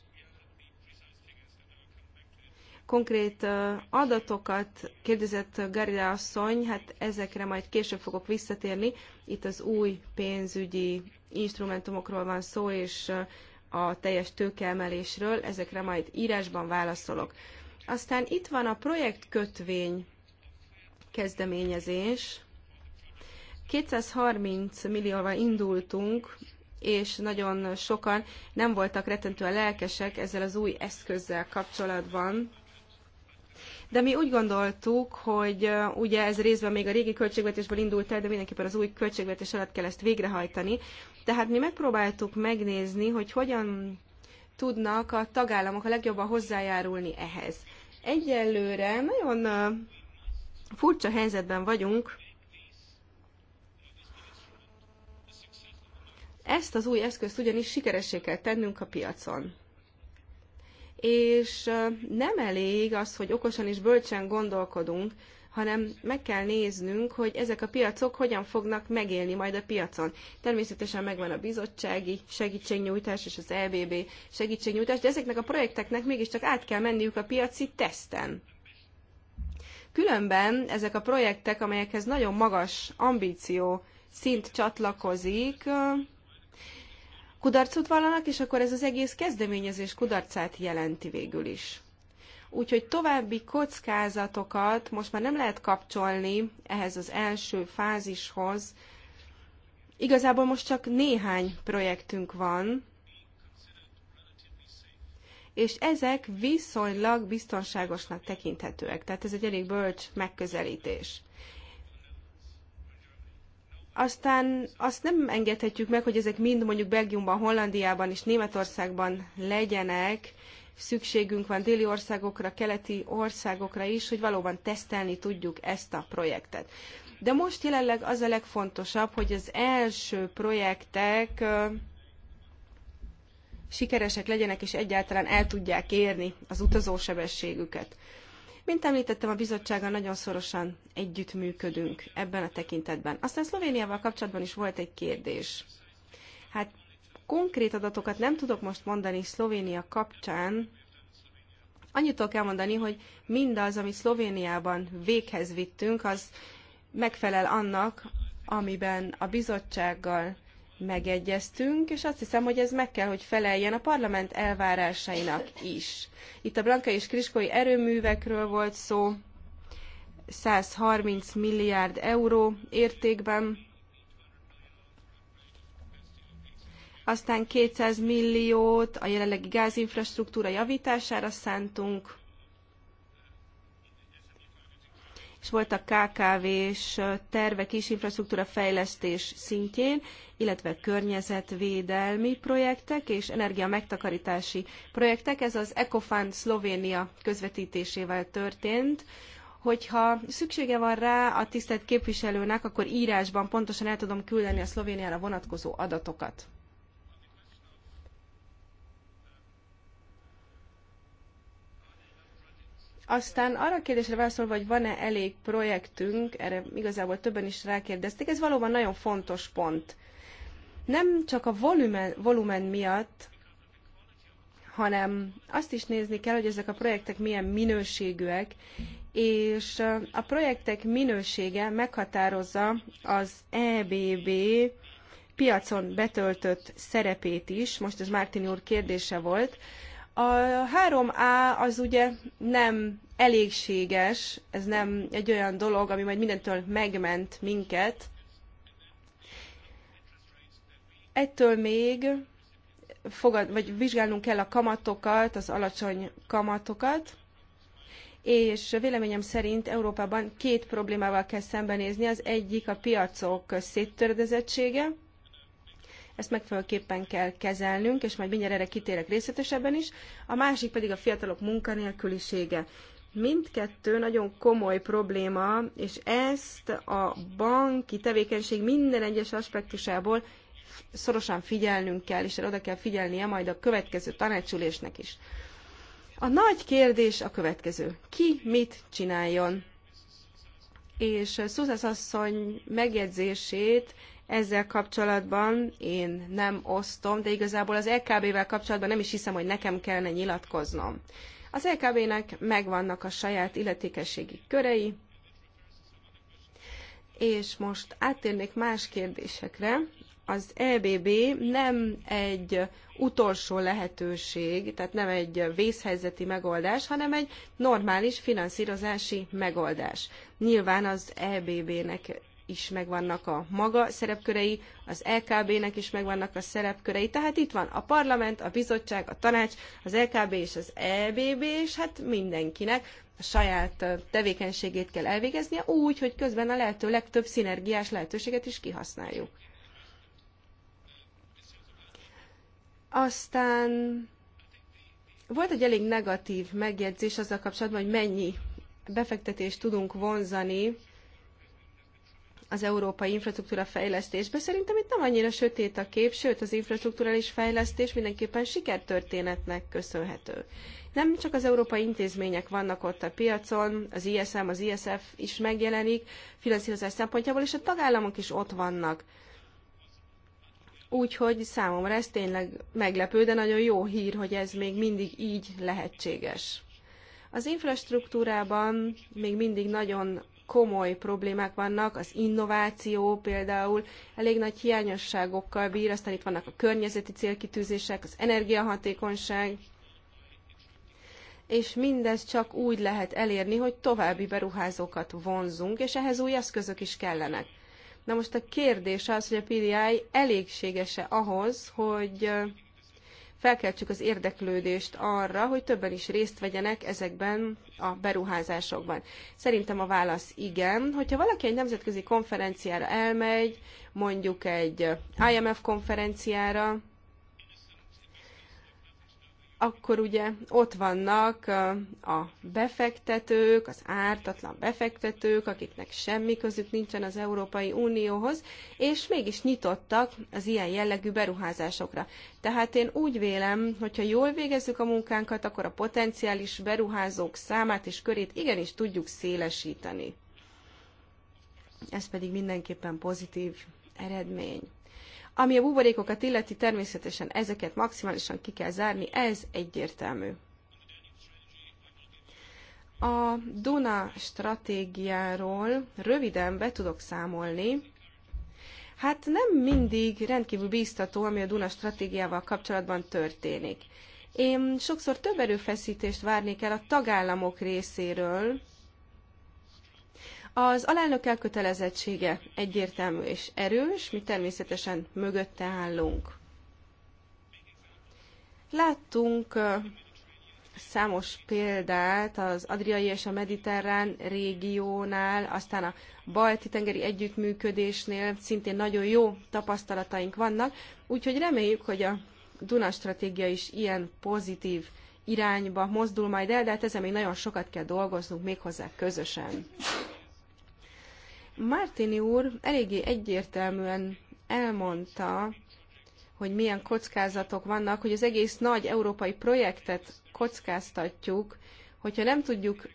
konkrét adatokat kérdezett Gerida asszony, hát ezekre majd később fogok visszatérni. Itt az új pénzügyi instrumentumokról van szó, és a teljes tőkeemelésről, ezekre majd írásban válaszolok. Aztán itt van a projektkötvény kezdeményezés. 230 millióval indultunk, és nagyon sokan nem voltak rettentően lelkesek ezzel az új eszközzel kapcsolatban de mi úgy gondoltuk, hogy ugye ez részben még a régi költségvetésből indult el, de mindenképpen az új költségvetés alatt kell ezt végrehajtani. Tehát mi megpróbáltuk megnézni, hogy hogyan tudnak a tagállamok a legjobban hozzájárulni ehhez. Egyelőre nagyon furcsa helyzetben vagyunk, Ezt az új eszközt ugyanis sikeressé kell tennünk a piacon és nem elég az, hogy okosan és bölcsen gondolkodunk, hanem meg kell néznünk, hogy ezek a piacok hogyan fognak megélni majd a piacon. Természetesen megvan a bizottsági segítségnyújtás és az EBB segítségnyújtás, de ezeknek a projekteknek mégiscsak át kell menniük a piaci teszten. Különben ezek a projektek, amelyekhez nagyon magas ambíció szint csatlakozik, kudarcot vallanak, és akkor ez az egész kezdeményezés kudarcát jelenti végül is. Úgyhogy további kockázatokat most már nem lehet kapcsolni ehhez az első fázishoz. Igazából most csak néhány projektünk van, és ezek viszonylag biztonságosnak tekinthetőek. Tehát ez egy elég bölcs megközelítés. Aztán azt nem engedhetjük meg, hogy ezek mind mondjuk Belgiumban, Hollandiában és Németországban legyenek, szükségünk van déli országokra, keleti országokra is, hogy valóban tesztelni tudjuk ezt a projektet. De most jelenleg az a legfontosabb, hogy az első projektek sikeresek legyenek, és egyáltalán el tudják érni az utazósebességüket. Mint említettem, a bizottsággal nagyon szorosan együttműködünk ebben a tekintetben. Aztán Szlovéniával kapcsolatban is volt egy kérdés. Hát konkrét adatokat nem tudok most mondani Szlovénia kapcsán, Annyit tudok elmondani, hogy mindaz, amit Szlovéniában véghez vittünk, az megfelel annak, amiben a bizottsággal megegyeztünk, és azt hiszem, hogy ez meg kell, hogy feleljen a parlament elvárásainak is. Itt a Blanka és Kriskói erőművekről volt szó, 130 milliárd euró értékben, aztán 200 milliót a jelenlegi gázinfrastruktúra javítására szántunk, és voltak KKV-s tervek is infrastruktúra fejlesztés szintjén, illetve környezetvédelmi projektek és energia megtakarítási projektek. Ez az Ecofund Szlovénia közvetítésével történt hogyha szüksége van rá a tisztelt képviselőnek, akkor írásban pontosan el tudom küldeni a Szlovéniára vonatkozó adatokat. Aztán arra a kérdésre válaszolva, hogy van-e elég projektünk, erre igazából többen is rákérdezték, ez valóban nagyon fontos pont. Nem csak a volumen, volumen miatt, hanem azt is nézni kell, hogy ezek a projektek milyen minőségűek, és a projektek minősége meghatározza az EBB piacon betöltött szerepét is, most ez Mártin úr kérdése volt, a 3A az ugye nem elégséges, ez nem egy olyan dolog, ami majd mindentől megment minket. Ettől még fogad, vagy vizsgálnunk kell a kamatokat, az alacsony kamatokat, és véleményem szerint Európában két problémával kell szembenézni. Az egyik a piacok széttöredezettsége, ezt megfelelőképpen kell kezelnünk, és majd mindjárt erre kitérek részletesebben is. A másik pedig a fiatalok munkanélkülisége. Mindkettő nagyon komoly probléma, és ezt a banki tevékenység minden egyes aspektusából szorosan figyelnünk kell, és oda kell figyelnie majd a következő tanácsülésnek is. A nagy kérdés a következő. Ki mit csináljon? És Szuzász asszony megjegyzését ezzel kapcsolatban én nem osztom, de igazából az LKB-vel kapcsolatban nem is hiszem, hogy nekem kellene nyilatkoznom. Az LKB-nek megvannak a saját illetékességi körei, és most áttérnék más kérdésekre. Az EBB nem egy utolsó lehetőség, tehát nem egy vészhelyzeti megoldás, hanem egy normális finanszírozási megoldás. Nyilván az EBB-nek is megvannak a maga szerepkörei, az LKB-nek is megvannak a szerepkörei. Tehát itt van a parlament, a bizottság, a tanács, az LKB és az EBB, és hát mindenkinek a saját tevékenységét kell elvégeznie úgy, hogy közben a lehető legtöbb szinergiás lehetőséget is kihasználjuk. Aztán volt egy elég negatív megjegyzés azzal kapcsolatban, hogy mennyi befektetést tudunk vonzani az európai infrastruktúra fejlesztésbe. Szerintem itt nem annyira sötét a kép, sőt az infrastruktúrális fejlesztés mindenképpen sikertörténetnek köszönhető. Nem csak az európai intézmények vannak ott a piacon, az ISM, az ISF is megjelenik finanszírozás szempontjából, és a tagállamok is ott vannak. Úgyhogy számomra ez tényleg meglepő, de nagyon jó hír, hogy ez még mindig így lehetséges. Az infrastruktúrában még mindig nagyon komoly problémák vannak, az innováció például elég nagy hiányosságokkal bír, aztán itt vannak a környezeti célkitűzések, az energiahatékonyság, és mindez csak úgy lehet elérni, hogy további beruházókat vonzunk, és ehhez új eszközök is kellenek. Na most a kérdés az, hogy a PDI elégséges-e ahhoz, hogy felkeltsük az érdeklődést arra, hogy többen is részt vegyenek ezekben a beruházásokban. Szerintem a válasz igen. Hogyha valaki egy nemzetközi konferenciára elmegy, mondjuk egy IMF konferenciára, akkor ugye ott vannak a befektetők, az ártatlan befektetők, akiknek semmi közük nincsen az Európai Unióhoz, és mégis nyitottak az ilyen jellegű beruházásokra. Tehát én úgy vélem, hogyha jól végezzük a munkánkat, akkor a potenciális beruházók számát és körét igenis tudjuk szélesíteni. Ez pedig mindenképpen pozitív eredmény. Ami a buborékokat illeti, természetesen ezeket maximálisan ki kell zárni, ez egyértelmű. A Duna stratégiáról röviden be tudok számolni. Hát nem mindig rendkívül bíztató, ami a Duna stratégiával kapcsolatban történik. Én sokszor több erőfeszítést várnék el a tagállamok részéről, az alelnök elkötelezettsége egyértelmű és erős, mi természetesen mögötte állunk. Láttunk számos példát az Adriai és a Mediterrán régiónál, aztán a Balti-tengeri együttműködésnél szintén nagyon jó tapasztalataink vannak, úgyhogy reméljük, hogy a Duna stratégia is ilyen pozitív irányba mozdul majd el, de hát ezen még nagyon sokat kell dolgoznunk méghozzá közösen. Martini úr eléggé egyértelműen elmondta, hogy milyen kockázatok vannak, hogy az egész nagy európai projektet kockáztatjuk, hogyha nem tudjuk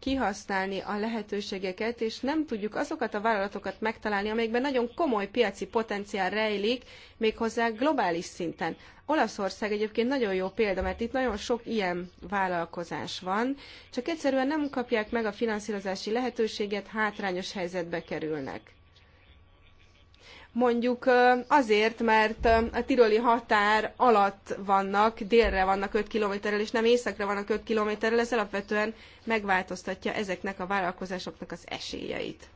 kihasználni a lehetőségeket, és nem tudjuk azokat a vállalatokat megtalálni, amelyekben nagyon komoly piaci potenciál rejlik, méghozzá globális szinten. Olaszország egyébként nagyon jó példa, mert itt nagyon sok ilyen vállalkozás van, csak egyszerűen nem kapják meg a finanszírozási lehetőséget, hátrányos helyzetbe kerülnek. Mondjuk azért, mert a tiroli határ alatt vannak, délre vannak 5 kilométerrel, és nem északra vannak 5 kilométerrel, ez alapvetően megváltoztatja ezeknek a vállalkozásoknak az esélyeit.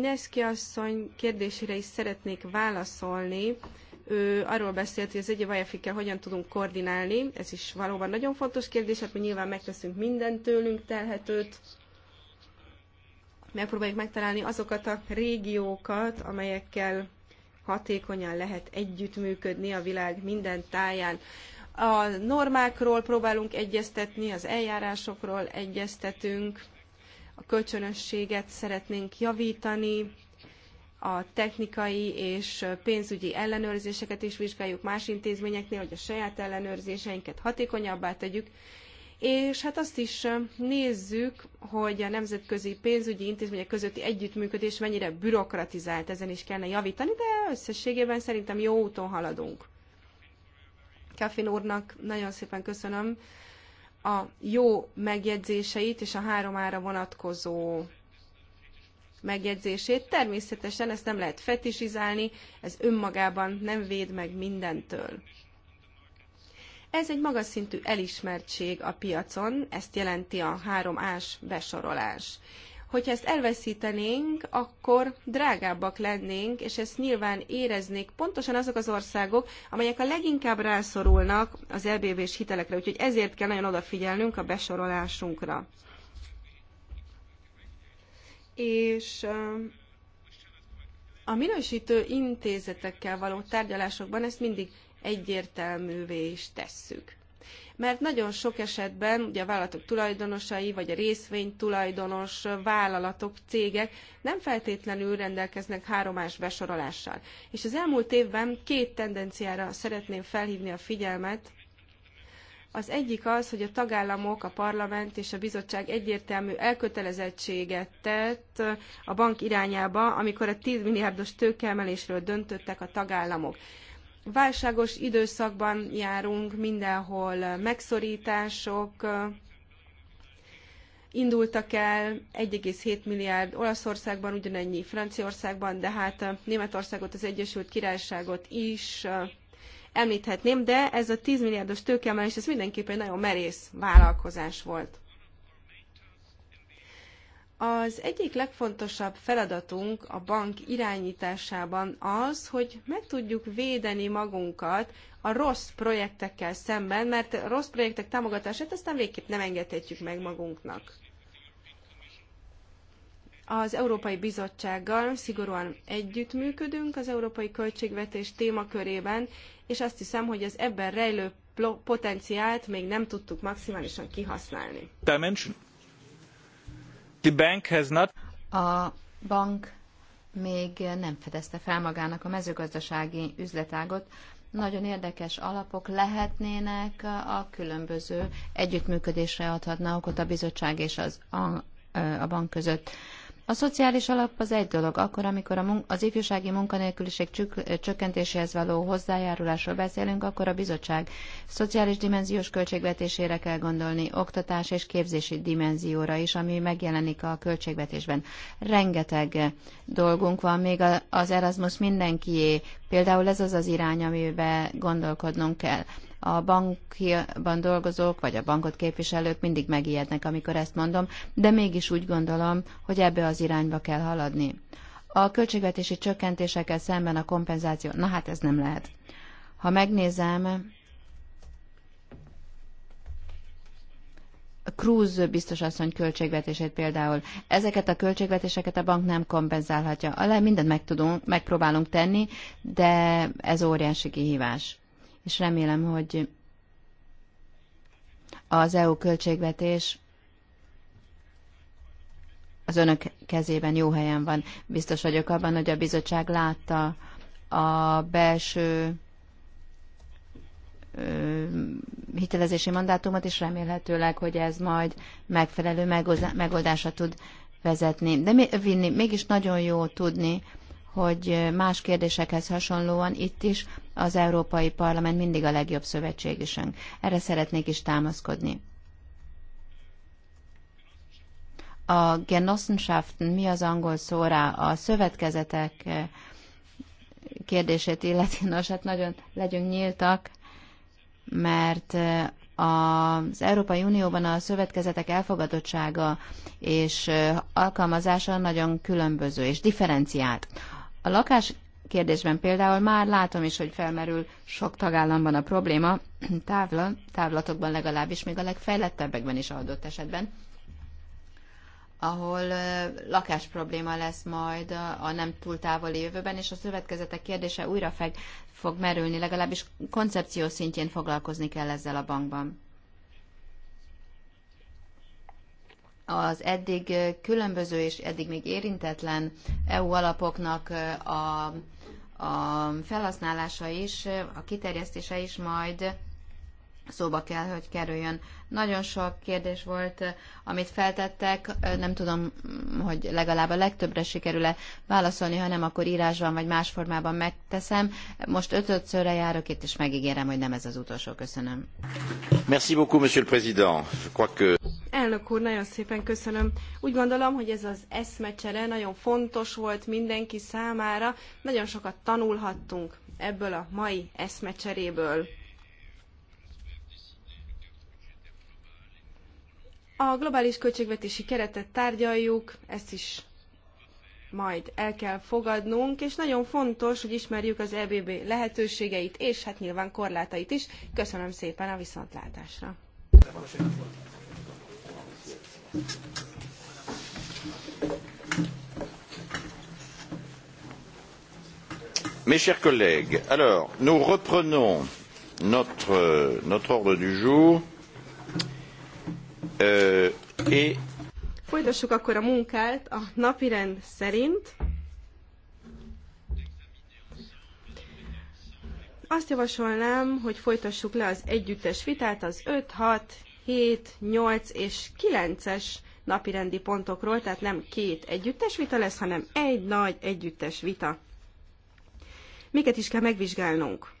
Neszki asszony kérdésére is szeretnék válaszolni. Ő arról beszélt, hogy az egyébájafikkel hogyan tudunk koordinálni. Ez is valóban nagyon fontos kérdés, hát mi nyilván megteszünk mindent tőlünk telhetőt, megpróbáljuk megtalálni azokat a régiókat, amelyekkel hatékonyan lehet együttműködni a világ minden táján. A normákról próbálunk egyeztetni, az eljárásokról egyeztetünk, a kölcsönösséget szeretnénk javítani, a technikai és pénzügyi ellenőrzéseket is vizsgáljuk más intézményeknél, hogy a saját ellenőrzéseinket hatékonyabbá tegyük, és hát azt is nézzük, hogy a nemzetközi pénzügyi intézmények közötti együttműködés mennyire bürokratizált, ezen is kellene javítani, de összességében szerintem jó úton haladunk. Kaffin úrnak nagyon szépen köszönöm a jó megjegyzéseit és a három ára vonatkozó megjegyzését. Természetesen ezt nem lehet fetisizálni, ez önmagában nem véd meg mindentől. Ez egy magas szintű elismertség a piacon, ezt jelenti a 3A-s besorolás. Hogyha ezt elveszítenénk, akkor drágábbak lennénk, és ezt nyilván éreznék pontosan azok az országok, amelyek a leginkább rászorulnak az EBV-s hitelekre, úgyhogy ezért kell nagyon odafigyelnünk a besorolásunkra. És a minősítő intézetekkel való tárgyalásokban ezt mindig egyértelművé is tesszük. Mert nagyon sok esetben ugye a vállalatok tulajdonosai, vagy a részvény tulajdonos vállalatok, cégek nem feltétlenül rendelkeznek háromás besorolással. És az elmúlt évben két tendenciára szeretném felhívni a figyelmet, az egyik az, hogy a tagállamok, a parlament és a bizottság egyértelmű elkötelezettséget tett a bank irányába, amikor a 10 milliárdos tőkeemelésről döntöttek a tagállamok válságos időszakban járunk, mindenhol megszorítások indultak el, 1,7 milliárd Olaszországban, ugyanennyi Franciaországban, de hát Németországot, az Egyesült Királyságot is említhetném, de ez a 10 milliárdos tőkeemelés, ez mindenképpen egy nagyon merész vállalkozás volt. Az egyik legfontosabb feladatunk a bank irányításában az, hogy meg tudjuk védeni magunkat a rossz projektekkel szemben, mert a rossz projektek támogatását aztán végképp nem engedhetjük meg magunknak. Az Európai Bizottsággal szigorúan együttműködünk az európai költségvetés témakörében, és azt hiszem, hogy az ebben rejlő potenciált még nem tudtuk maximálisan kihasználni. Dimension. The bank has not... A bank még nem fedezte fel magának a mezőgazdasági üzletágot. Nagyon érdekes alapok lehetnének a különböző együttműködésre adhatna okot a bizottság és az, a, a bank között. A szociális alap az egy dolog, akkor, amikor a mun- az ifjúsági munkanélküliség csük- csökkentéséhez való hozzájárulásról beszélünk, akkor a bizottság szociális dimenziós költségvetésére kell gondolni, oktatás és képzési dimenzióra is, ami megjelenik a költségvetésben. Rengeteg dolgunk van, még az Erasmus mindenkié, például ez az az irány, amiben gondolkodnunk kell a bankban dolgozók, vagy a bankot képviselők mindig megijednek, amikor ezt mondom, de mégis úgy gondolom, hogy ebbe az irányba kell haladni. A költségvetési csökkentésekkel szemben a kompenzáció, na hát ez nem lehet. Ha megnézem, Cruz biztos asszony költségvetését például. Ezeket a költségvetéseket a bank nem kompenzálhatja. Alá mindent meg tudunk, megpróbálunk tenni, de ez óriási kihívás és remélem, hogy az EU költségvetés az önök kezében jó helyen van. Biztos vagyok abban, hogy a bizottság látta a belső hitelezési mandátumot, és remélhetőleg, hogy ez majd megfelelő megoldásra tud vezetni. De vinni, mégis nagyon jó tudni, hogy más kérdésekhez hasonlóan itt is az Európai Parlament mindig a legjobb szövetségesünk. Erre szeretnék is támaszkodni. A Genossenschaften, mi az angol szóra, a szövetkezetek eh, kérdését illeti, nos, hát nagyon legyünk nyíltak, mert eh, az Európai Unióban a szövetkezetek elfogadottsága és eh, alkalmazása nagyon különböző és differenciált. A lakás kérdésben például már látom is, hogy felmerül sok tagállamban a probléma, távla, távlatokban legalábbis, még a legfejlettebbekben is adott esetben, ahol lakás probléma lesz majd a nem túl távoli jövőben, és a szövetkezetek kérdése újra feg, fog merülni, legalábbis koncepció szintjén foglalkozni kell ezzel a bankban. az eddig különböző és eddig még érintetlen EU alapoknak a a felhasználása is, a kiterjesztése is majd szóba kell, hogy kerüljön. Nagyon sok kérdés volt, amit feltettek, nem tudom, hogy legalább a legtöbbre sikerül-e válaszolni, ha nem, akkor írásban vagy más formában megteszem. Most ötödszörre járok itt, és megígérem, hogy nem ez az utolsó. Köszönöm. Merci beaucoup, monsieur le président. Je crois que... Elnök úr, nagyon szépen köszönöm. Úgy gondolom, hogy ez az eszmecsere nagyon fontos volt mindenki számára. Nagyon sokat tanulhattunk ebből a mai eszmecseréből. A globális költségvetési keretet tárgyaljuk, ezt is majd el kell fogadnunk, és nagyon fontos, hogy ismerjük az EBB lehetőségeit, és hát nyilván korlátait is. Köszönöm szépen a viszontlátásra! Mes chers collègues, alors nous reprenons notre, euh, notre ordre du jour. Ö, é... Folytassuk akkor a munkát a napirend szerint. Azt javasolnám, hogy folytassuk le az együttes vitát az 5, 6, 7, 8 és 9-es napirendi pontokról, tehát nem két együttes vita lesz, hanem egy nagy együttes vita. Miket is kell megvizsgálnunk?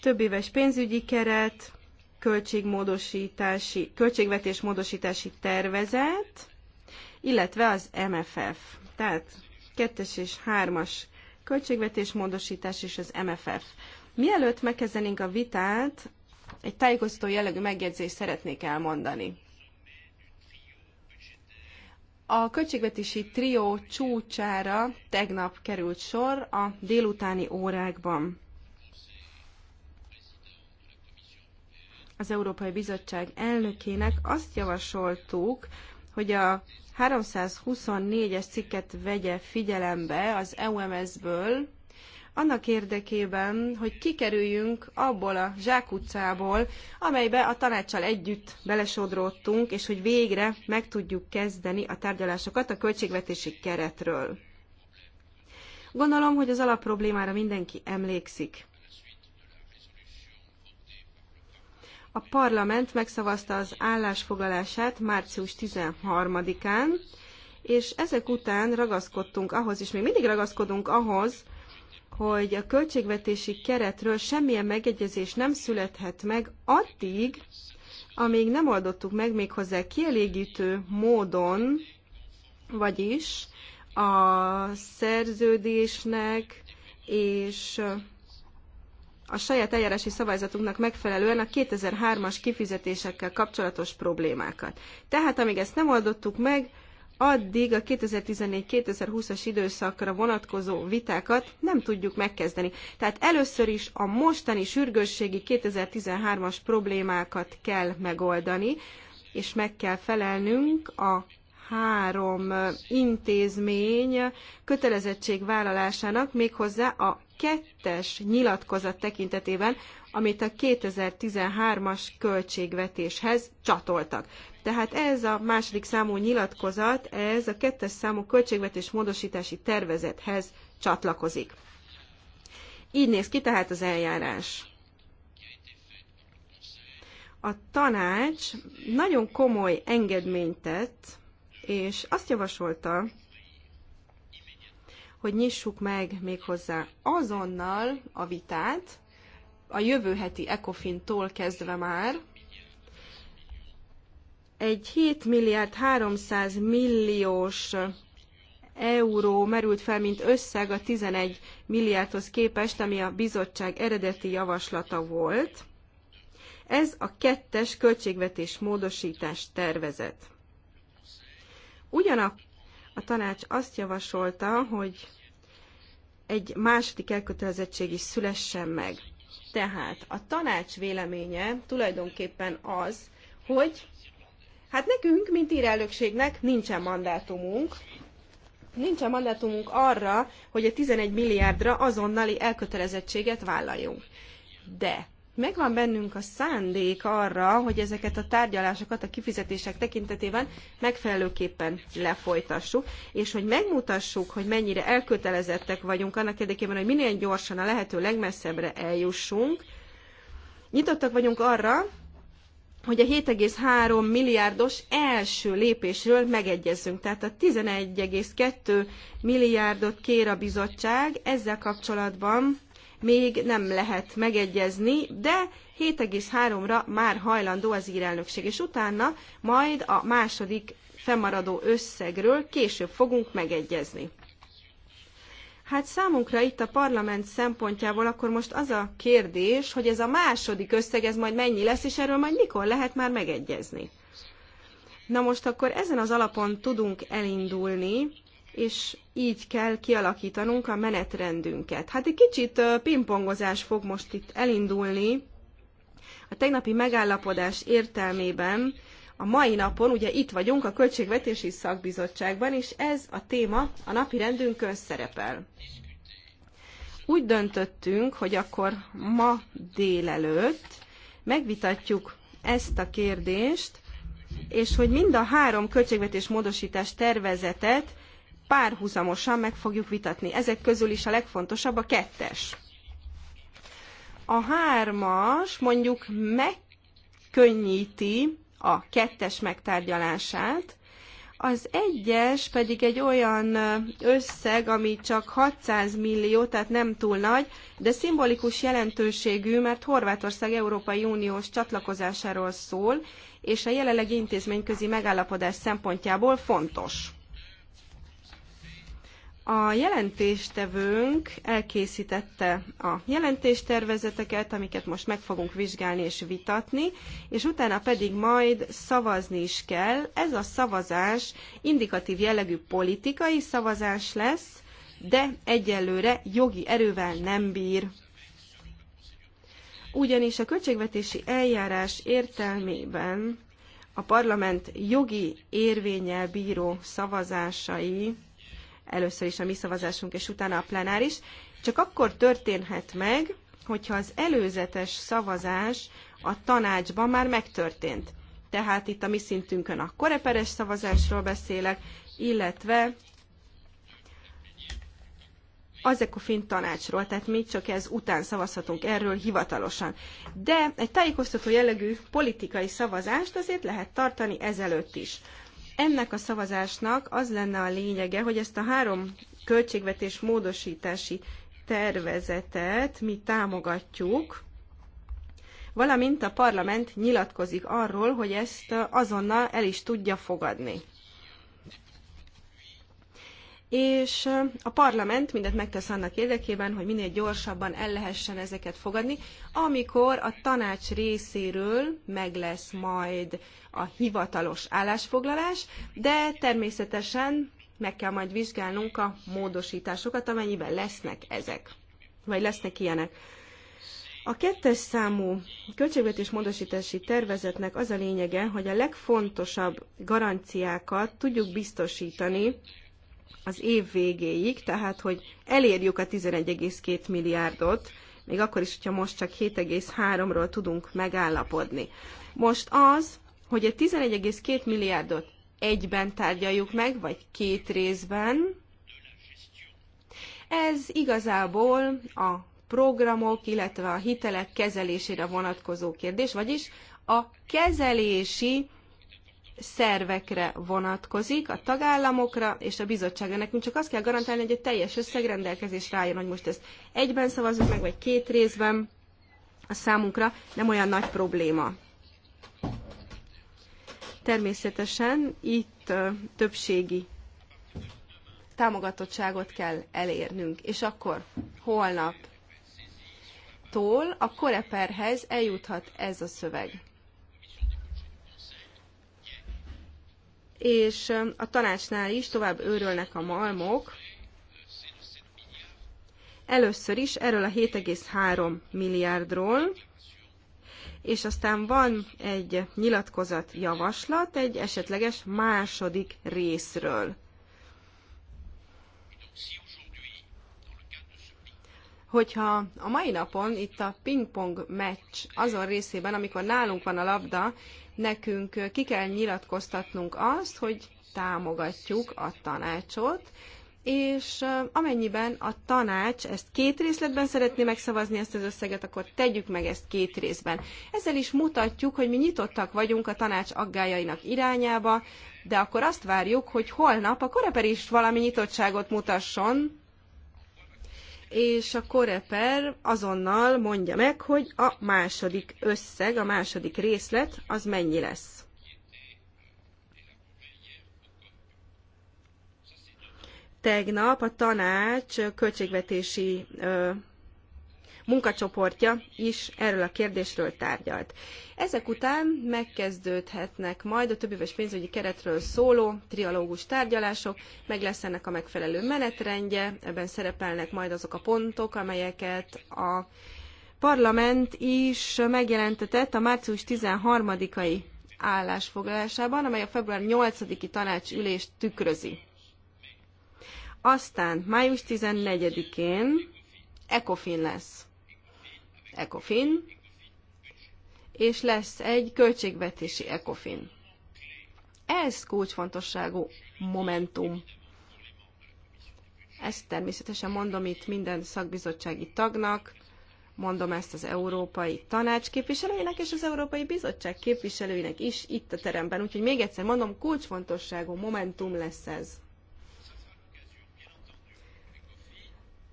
Több éves pénzügyi keret, költségmódosítási, költségvetés módosítási tervezet, illetve az MFF. Tehát kettes és hármas költségvetés módosítás és az MFF. Mielőtt megkezdenénk a vitát, egy tájékoztató jellegű megjegyzést szeretnék elmondani. A költségvetési trió csúcsára tegnap került sor a délutáni órákban. az Európai Bizottság elnökének azt javasoltuk, hogy a 324-es cikket vegye figyelembe az EUMS-ből, annak érdekében, hogy kikerüljünk abból a zsákutcából, amelybe a tanácssal együtt belesodródtunk, és hogy végre meg tudjuk kezdeni a tárgyalásokat a költségvetési keretről. Gondolom, hogy az alapproblémára mindenki emlékszik. A parlament megszavazta az állásfoglalását március 13-án, és ezek után ragaszkodtunk ahhoz, és még mindig ragaszkodunk ahhoz, hogy a költségvetési keretről semmilyen megegyezés nem születhet meg addig, amíg nem oldottuk meg méghozzá kielégítő módon, vagyis a szerződésnek és a saját eljárási szabályzatunknak megfelelően a 2003-as kifizetésekkel kapcsolatos problémákat. Tehát amíg ezt nem oldottuk meg, addig a 2014-2020-as időszakra vonatkozó vitákat nem tudjuk megkezdeni. Tehát először is a mostani sürgősségi 2013-as problémákat kell megoldani, és meg kell felelnünk a három intézmény kötelezettségvállalásának méghozzá a kettes nyilatkozat tekintetében, amit a 2013-as költségvetéshez csatoltak. Tehát ez a második számú nyilatkozat, ez a kettes számú költségvetés módosítási tervezethez csatlakozik. Így néz ki tehát az eljárás. A tanács nagyon komoly engedményt tett és azt javasolta, hogy nyissuk meg méghozzá azonnal a vitát, a jövő heti ECOFIN-tól kezdve már, egy 7 milliárd 300 milliós euró merült fel, mint összeg a 11 milliárdhoz képest, ami a bizottság eredeti javaslata volt. Ez a kettes költségvetés módosítás tervezet. Ugyanak a tanács azt javasolta, hogy egy második elkötelezettség is szülessen meg. Tehát a tanács véleménye tulajdonképpen az, hogy hát nekünk, mint írelnökségnek nincsen mandátumunk, nincsen mandátumunk arra, hogy a 11 milliárdra azonnali elkötelezettséget vállaljunk. De megvan bennünk a szándék arra, hogy ezeket a tárgyalásokat a kifizetések tekintetében megfelelőképpen lefolytassuk, és hogy megmutassuk, hogy mennyire elkötelezettek vagyunk annak érdekében, hogy minél gyorsan a lehető legmesszebbre eljussunk. Nyitottak vagyunk arra, hogy a 7,3 milliárdos első lépésről megegyezzünk. Tehát a 11,2 milliárdot kér a bizottság, ezzel kapcsolatban még nem lehet megegyezni, de 7,3-ra már hajlandó az írelnökség, és utána majd a második fennmaradó összegről később fogunk megegyezni. Hát számunkra itt a parlament szempontjából akkor most az a kérdés, hogy ez a második összeg, ez majd mennyi lesz, és erről majd mikor lehet már megegyezni. Na most akkor ezen az alapon tudunk elindulni, és így kell kialakítanunk a menetrendünket. Hát egy kicsit pingpongozás fog most itt elindulni. A tegnapi megállapodás értelmében a mai napon, ugye itt vagyunk a Költségvetési Szakbizottságban, és ez a téma a napi rendünkön szerepel. Úgy döntöttünk, hogy akkor ma délelőtt megvitatjuk ezt a kérdést, és hogy mind a három költségvetés módosítás tervezetet párhuzamosan meg fogjuk vitatni. Ezek közül is a legfontosabb a kettes. A hármas mondjuk megkönnyíti a kettes megtárgyalását, az egyes pedig egy olyan összeg, ami csak 600 millió, tehát nem túl nagy, de szimbolikus jelentőségű, mert Horvátország Európai Uniós csatlakozásáról szól, és a jelenlegi intézményközi megállapodás szempontjából fontos. A jelentéstevőnk elkészítette a jelentéstervezeteket, amiket most meg fogunk vizsgálni és vitatni, és utána pedig majd szavazni is kell. Ez a szavazás indikatív jellegű politikai szavazás lesz, de egyelőre jogi erővel nem bír. Ugyanis a költségvetési eljárás értelmében a parlament jogi érvényel bíró szavazásai először is a mi szavazásunk, és utána a plenáris, csak akkor történhet meg, hogyha az előzetes szavazás a tanácsban már megtörtént. Tehát itt a mi szintünkön a koreperes szavazásról beszélek, illetve az ECOFIN tanácsról, tehát mi csak ez után szavazhatunk erről hivatalosan. De egy tájékoztató jellegű politikai szavazást azért lehet tartani ezelőtt is. Ennek a szavazásnak az lenne a lényege, hogy ezt a három költségvetés módosítási tervezetet mi támogatjuk, valamint a parlament nyilatkozik arról, hogy ezt azonnal el is tudja fogadni és a parlament mindent megtesz annak érdekében, hogy minél gyorsabban el lehessen ezeket fogadni, amikor a tanács részéről meg lesz majd a hivatalos állásfoglalás, de természetesen meg kell majd vizsgálnunk a módosításokat, amennyiben lesznek ezek, vagy lesznek ilyenek. A kettes számú költségvetés módosítási tervezetnek az a lényege, hogy a legfontosabb garanciákat tudjuk biztosítani az év végéig, tehát hogy elérjük a 11,2 milliárdot, még akkor is, hogyha most csak 7,3-ról tudunk megállapodni. Most az, hogy a 11,2 milliárdot egyben tárgyaljuk meg, vagy két részben, ez igazából a programok, illetve a hitelek kezelésére vonatkozó kérdés, vagyis a kezelési szervekre vonatkozik, a tagállamokra és a bizottságra. Nekünk csak azt kell garantálni, hogy egy teljes összeg rendelkezésre álljon, hogy most ezt egyben szavazzuk meg, vagy két részben. A számunkra nem olyan nagy probléma. Természetesen itt többségi támogatottságot kell elérnünk, és akkor holnap tól a koreperhez eljuthat ez a szöveg. és a tanácsnál is tovább őrölnek a malmok. Először is erről a 7,3 milliárdról, és aztán van egy nyilatkozat javaslat egy esetleges második részről. hogyha a mai napon itt a pingpong meccs azon részében, amikor nálunk van a labda, nekünk ki kell nyilatkoztatnunk azt, hogy támogatjuk a tanácsot, és amennyiben a tanács ezt két részletben szeretné megszavazni ezt az összeget, akkor tegyük meg ezt két részben. Ezzel is mutatjuk, hogy mi nyitottak vagyunk a tanács aggájainak irányába, de akkor azt várjuk, hogy holnap a koreper is valami nyitottságot mutasson, és a Koreper azonnal mondja meg, hogy a második összeg, a második részlet az mennyi lesz. Tegnap a tanács költségvetési munkacsoportja is erről a kérdésről tárgyalt. Ezek után megkezdődhetnek majd a többéves pénzügyi keretről szóló trialógus tárgyalások, meg lesz ennek a megfelelő menetrendje, ebben szerepelnek majd azok a pontok, amelyeket a parlament is megjelentetett a március 13-ai állásfoglalásában, amely a február 8-i tanácsülést tükrözi. Aztán május 14-én ECOFIN lesz. ECOFIN, és lesz egy költségvetési ECOFIN. Ez kulcsfontosságú momentum. Ezt természetesen mondom itt minden szakbizottsági tagnak, mondom ezt az Európai Tanács képviselőinek és az Európai Bizottság képviselőinek is itt a teremben. Úgyhogy még egyszer mondom, kulcsfontosságú momentum lesz ez.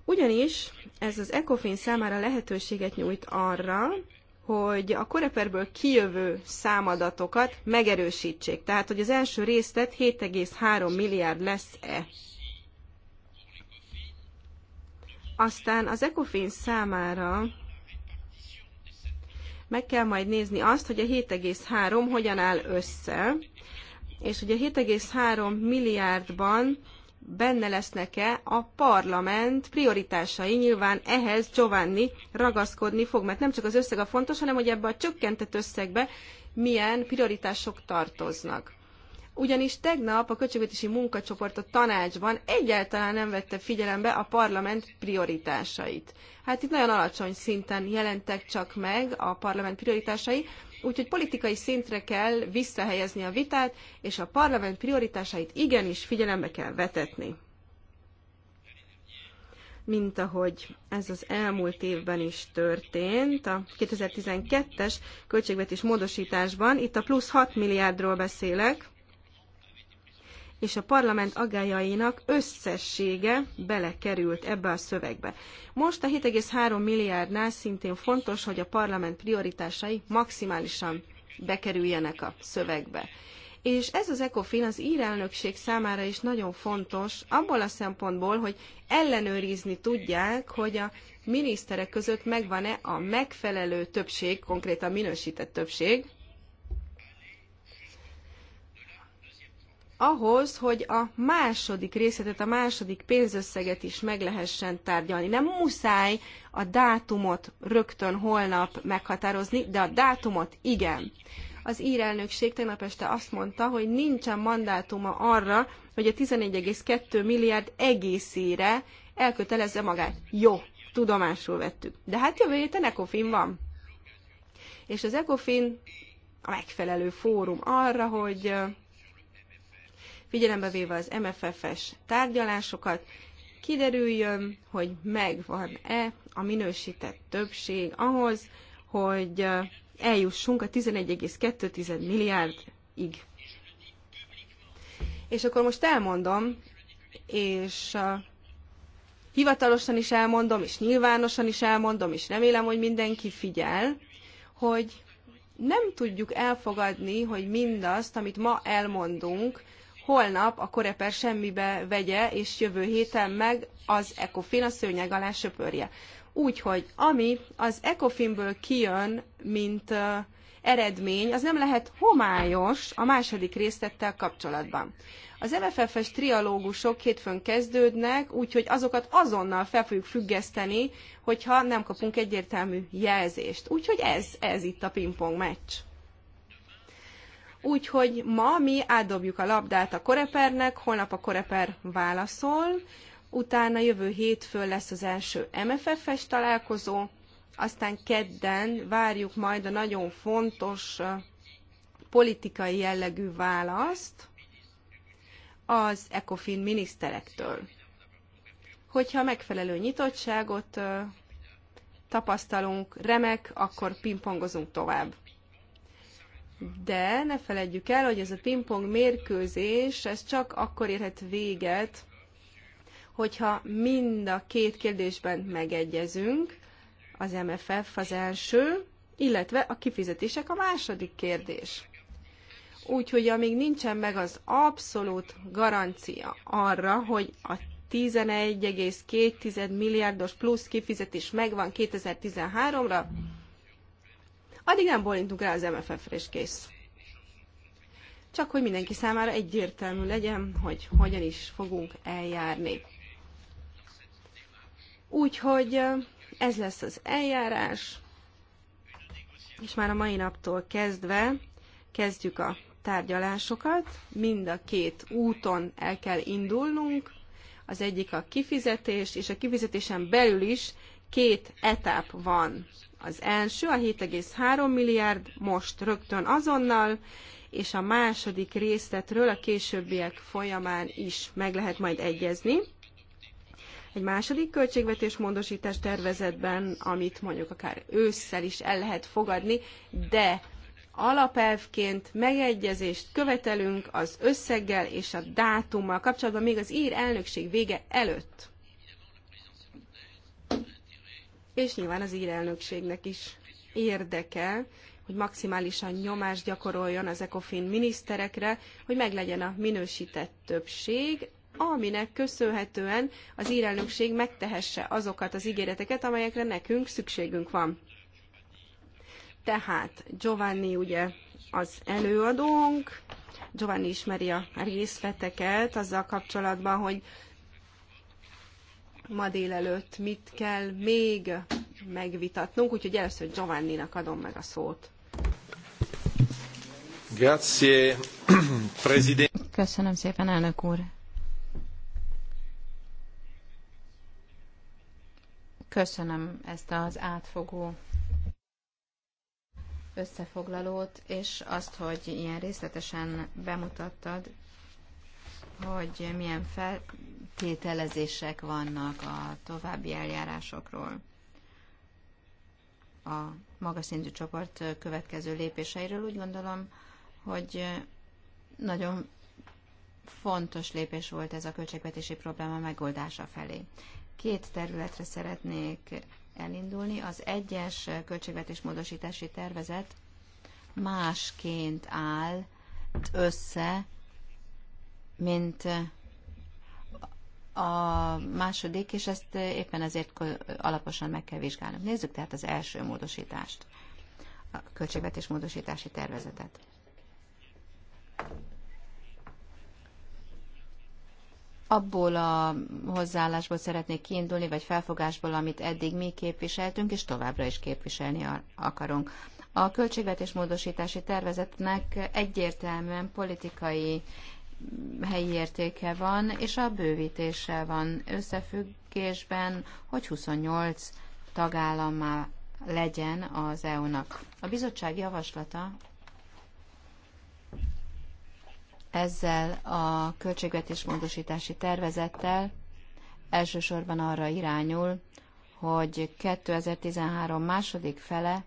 Ugyanis ez az ECOFIN számára lehetőséget nyújt arra, hogy a koreperből kijövő számadatokat megerősítsék. Tehát, hogy az első részlet 7,3 milliárd lesz-e. Aztán az ECOFIN számára meg kell majd nézni azt, hogy a 7,3 hogyan áll össze, és hogy a 7,3 milliárdban benne lesznek-e a parlament prioritásai. Nyilván ehhez Giovanni ragaszkodni fog, mert nem csak az összeg a fontos, hanem hogy ebbe a csökkentett összegbe milyen prioritások tartoznak ugyanis tegnap a költségvetési munkacsoport a tanácsban egyáltalán nem vette figyelembe a parlament prioritásait. Hát itt nagyon alacsony szinten jelentek csak meg a parlament prioritásai, úgyhogy politikai szintre kell visszahelyezni a vitát, és a parlament prioritásait igenis figyelembe kell vetetni. Mint ahogy ez az elmúlt évben is történt, a 2012-es költségvetés módosításban, itt a plusz 6 milliárdról beszélek, és a parlament agályainak összessége belekerült ebbe a szövegbe. Most a 7,3 milliárdnál szintén fontos, hogy a parlament prioritásai maximálisan bekerüljenek a szövegbe. És ez az ECOFIN az írelnökség számára is nagyon fontos, abból a szempontból, hogy ellenőrizni tudják, hogy a miniszterek között megvan-e a megfelelő többség, konkrétan minősített többség, ahhoz, hogy a második részletet, a második pénzösszeget is meg lehessen tárgyalni. Nem muszáj a dátumot rögtön holnap meghatározni, de a dátumot igen. Az írelnökség tegnap este azt mondta, hogy nincsen mandátuma arra, hogy a 11,2 milliárd egészére elkötelezze magát. Jó, tudomásul vettük. De hát jövő héten ECOFIN van. És az ECOFIN a megfelelő fórum arra, hogy figyelembe véve az MFF-es tárgyalásokat, kiderüljön, hogy megvan-e a minősített többség ahhoz, hogy eljussunk a 11,2 milliárdig. És akkor most elmondom, és hivatalosan is elmondom, és nyilvánosan is elmondom, és remélem, hogy mindenki figyel, hogy nem tudjuk elfogadni, hogy mindazt, amit ma elmondunk, holnap a Koreper semmibe vegye, és jövő héten meg az ECOFIN a szőnyeg alá söpörje. Úgyhogy ami az ECOFIN-ből kijön, mint eredmény, az nem lehet homályos a második részlettel kapcsolatban. Az MFF-es trialógusok hétfőn kezdődnek, úgyhogy azokat azonnal fel fogjuk függeszteni, hogyha nem kapunk egyértelmű jelzést. Úgyhogy ez, ez itt a pingpong meccs. Úgyhogy ma mi átdobjuk a labdát a korepernek, holnap a koreper válaszol, utána jövő hétfő lesz az első MFF-es találkozó, aztán kedden várjuk majd a nagyon fontos politikai jellegű választ az ECOFIN miniszterektől. Hogyha megfelelő nyitottságot tapasztalunk, remek, akkor pingpongozunk tovább de ne feledjük el, hogy ez a pingpong mérkőzés, ez csak akkor érhet véget, hogyha mind a két kérdésben megegyezünk, az MFF az első, illetve a kifizetések a második kérdés. Úgyhogy amíg nincsen meg az abszolút garancia arra, hogy a 11,2 milliárdos plusz kifizetés megvan 2013-ra, addig nem bolintunk rá az MFF-re, és kész. Csak hogy mindenki számára egyértelmű legyen, hogy hogyan is fogunk eljárni. Úgyhogy ez lesz az eljárás, és már a mai naptól kezdve kezdjük a tárgyalásokat. Mind a két úton el kell indulnunk. Az egyik a kifizetés, és a kifizetésen belül is két etap van. Az első a 7,3 milliárd, most rögtön azonnal, és a második részletről a későbbiek folyamán is meg lehet majd egyezni. Egy második költségvetés módosítás tervezetben, amit mondjuk akár ősszel is el lehet fogadni, de alapelvként megegyezést követelünk az összeggel és a dátummal kapcsolatban még az ír elnökség vége előtt és nyilván az elnökségnek is érdeke, hogy maximálisan nyomást gyakoroljon az ECOFIN miniszterekre, hogy meglegyen a minősített többség, aminek köszönhetően az elnökség megtehesse azokat az ígéreteket, amelyekre nekünk szükségünk van. Tehát Giovanni ugye az előadónk, Giovanni ismeri a részleteket azzal kapcsolatban, hogy ma délelőtt mit kell még megvitatnunk, úgyhogy először Giovanninak adom meg a szót. Grazie, president. Köszönöm szépen, elnök úr. Köszönöm ezt az átfogó összefoglalót, és azt, hogy ilyen részletesen bemutattad, hogy milyen fel, tételezések vannak a további eljárásokról, a magas szintű csoport következő lépéseiről. Úgy gondolom, hogy nagyon fontos lépés volt ez a költségvetési probléma megoldása felé. Két területre szeretnék elindulni. Az egyes költségvetés módosítási tervezet másként áll össze, mint a második, és ezt éppen ezért alaposan meg kell vizsgálnunk. Nézzük tehát az első módosítást, a költségvetés módosítási tervezetet. Abból a hozzáállásból szeretnék kiindulni, vagy felfogásból, amit eddig mi képviseltünk, és továbbra is képviselni akarunk. A költségvetés módosítási tervezetnek egyértelműen politikai uh, helyi értéke van, és a bővítéssel van összefüggésben, hogy 28 tagállammá legyen az EU-nak. A bizottság javaslata ezzel a költségvetés módosítási tervezettel elsősorban arra irányul, hogy 2013 második fele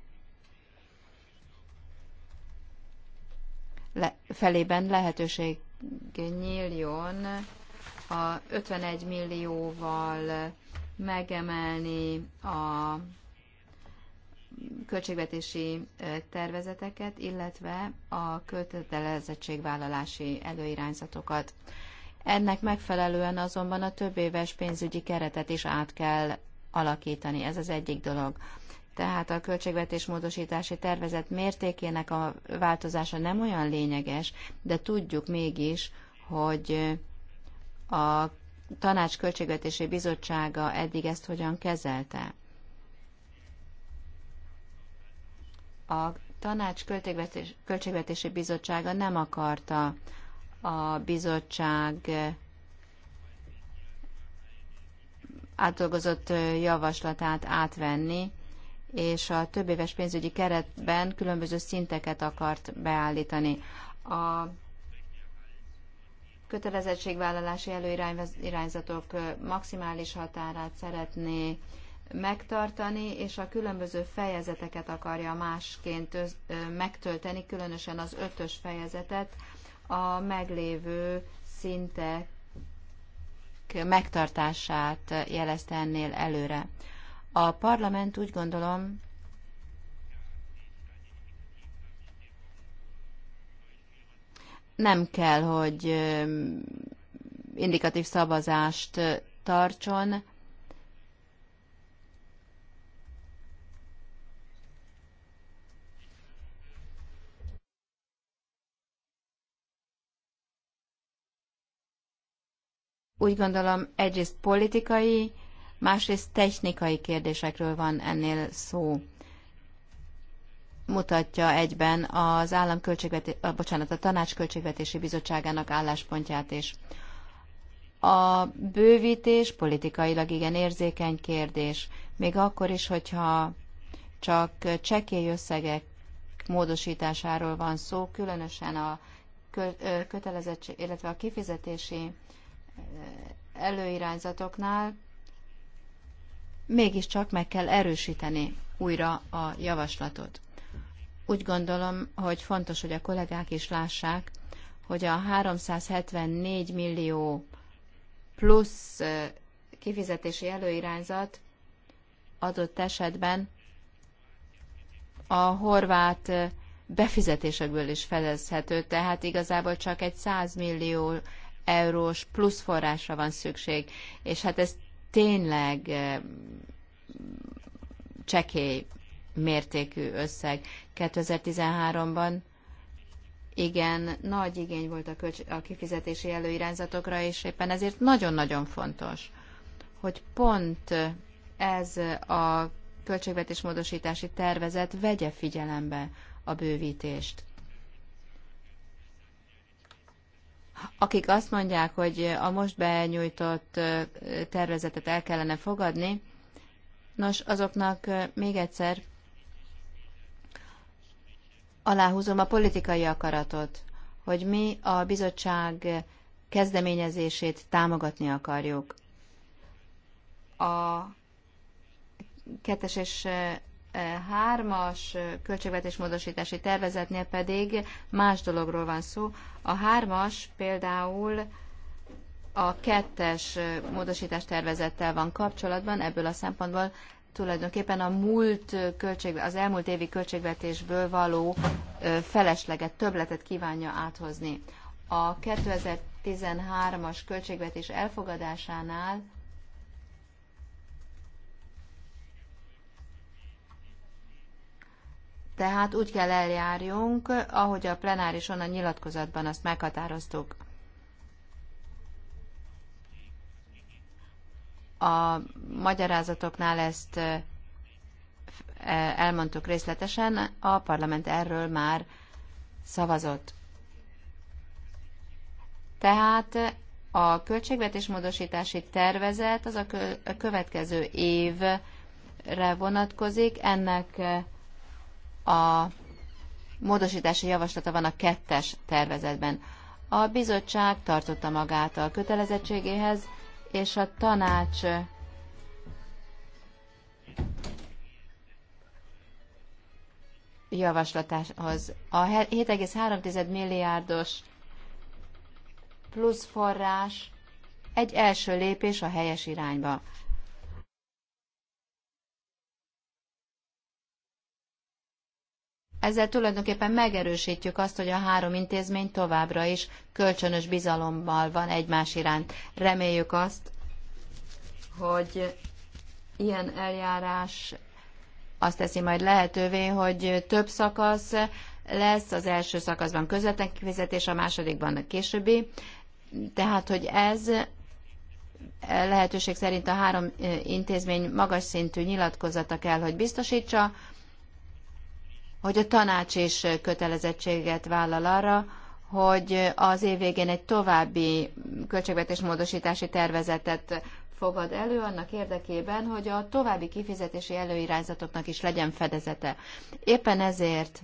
le, felében lehetőség nyíljon a 51 millióval megemelni a költségvetési tervezeteket, illetve a kötelezettségvállalási előirányzatokat. Ennek megfelelően azonban a több éves pénzügyi keretet is át kell alakítani. Ez az egyik dolog tehát a költségvetés módosítási tervezet mértékének a változása nem olyan lényeges, de tudjuk mégis, hogy a tanács költségvetési bizottsága eddig ezt hogyan kezelte. A tanács Költségvetési, költségvetési bizottsága nem akarta a bizottság átdolgozott javaslatát átvenni, és a több éves pénzügyi keretben különböző szinteket akart beállítani. A kötelezettségvállalási előirányzatok maximális határát szeretné megtartani, és a különböző fejezeteket akarja másként megtölteni, különösen az ötös fejezetet a meglévő szintek megtartását jelezte ennél előre. A parlament úgy gondolom, nem kell, hogy indikatív szavazást tartson, úgy gondolom egyrészt politikai másrészt technikai kérdésekről van ennél szó. Mutatja egyben az államköltségvetési, bocsánat, a Tanács Bizottságának álláspontját is. A bővítés politikailag igen érzékeny kérdés, még akkor is, hogyha csak csekély összegek módosításáról van szó, különösen a kötelezettség, illetve a kifizetési előirányzatoknál mégiscsak meg kell erősíteni újra a javaslatot. Úgy gondolom, hogy fontos, hogy a kollégák is lássák, hogy a 374 millió plusz kifizetési előirányzat adott esetben a horvát befizetésekből is fedezhető, tehát igazából csak egy 100 millió eurós plusz forrásra van szükség, és hát ez tényleg csekély mértékű összeg. 2013-ban igen, nagy igény volt a, kölcs- a kifizetési előirányzatokra, és éppen ezért nagyon-nagyon fontos, hogy pont ez a költségvetés módosítási tervezet vegye figyelembe a bővítést. akik azt mondják, hogy a most benyújtott tervezetet el kellene fogadni, nos, azoknak még egyszer aláhúzom a politikai akaratot, hogy mi a bizottság kezdeményezését támogatni akarjuk. A kettes és hármas költségvetés módosítási tervezetnél pedig más dologról van szó. A hármas például a kettes módosítás tervezettel van kapcsolatban, ebből a szempontból tulajdonképpen a múlt költség, az elmúlt évi költségvetésből való felesleget, töbletet kívánja áthozni. A 2013-as költségvetés elfogadásánál Tehát úgy kell eljárjunk, ahogy a plenárison a nyilatkozatban azt meghatároztuk. A magyarázatoknál ezt elmondtuk részletesen, a parlament erről már szavazott. Tehát a költségvetés módosítási tervezet az a következő évre vonatkozik. Ennek a módosítási javaslata van a kettes tervezetben. A bizottság tartotta magát a kötelezettségéhez, és a tanács javaslatához. A 7,3 milliárdos plusz forrás egy első lépés a helyes irányba. Ezzel tulajdonképpen megerősítjük azt, hogy a három intézmény továbbra is kölcsönös bizalommal van egymás iránt. Reméljük azt, hogy ilyen eljárás azt teszi majd lehetővé, hogy több szakasz lesz, az első szakaszban közvetlen kifizetés, a másodikban a későbbi. Tehát, hogy ez lehetőség szerint a három intézmény magas szintű nyilatkozata kell, hogy biztosítsa, hogy a tanács is kötelezettséget vállal arra, hogy az év végén egy további költségvetés módosítási tervezetet fogad elő annak érdekében, hogy a további kifizetési előirányzatoknak is legyen fedezete. Éppen ezért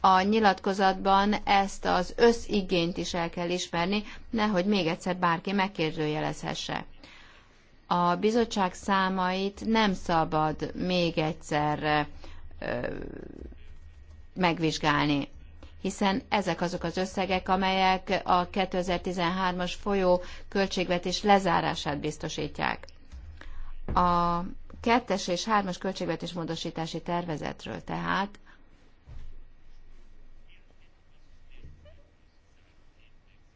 a nyilatkozatban ezt az összigényt is el kell ismerni, nehogy még egyszer bárki megkérdőjelezhesse. A bizottság számait nem szabad még egyszer megvizsgálni hiszen ezek azok az összegek, amelyek a 2013-as folyó költségvetés lezárását biztosítják. A kettes és hármas költségvetés módosítási tervezetről tehát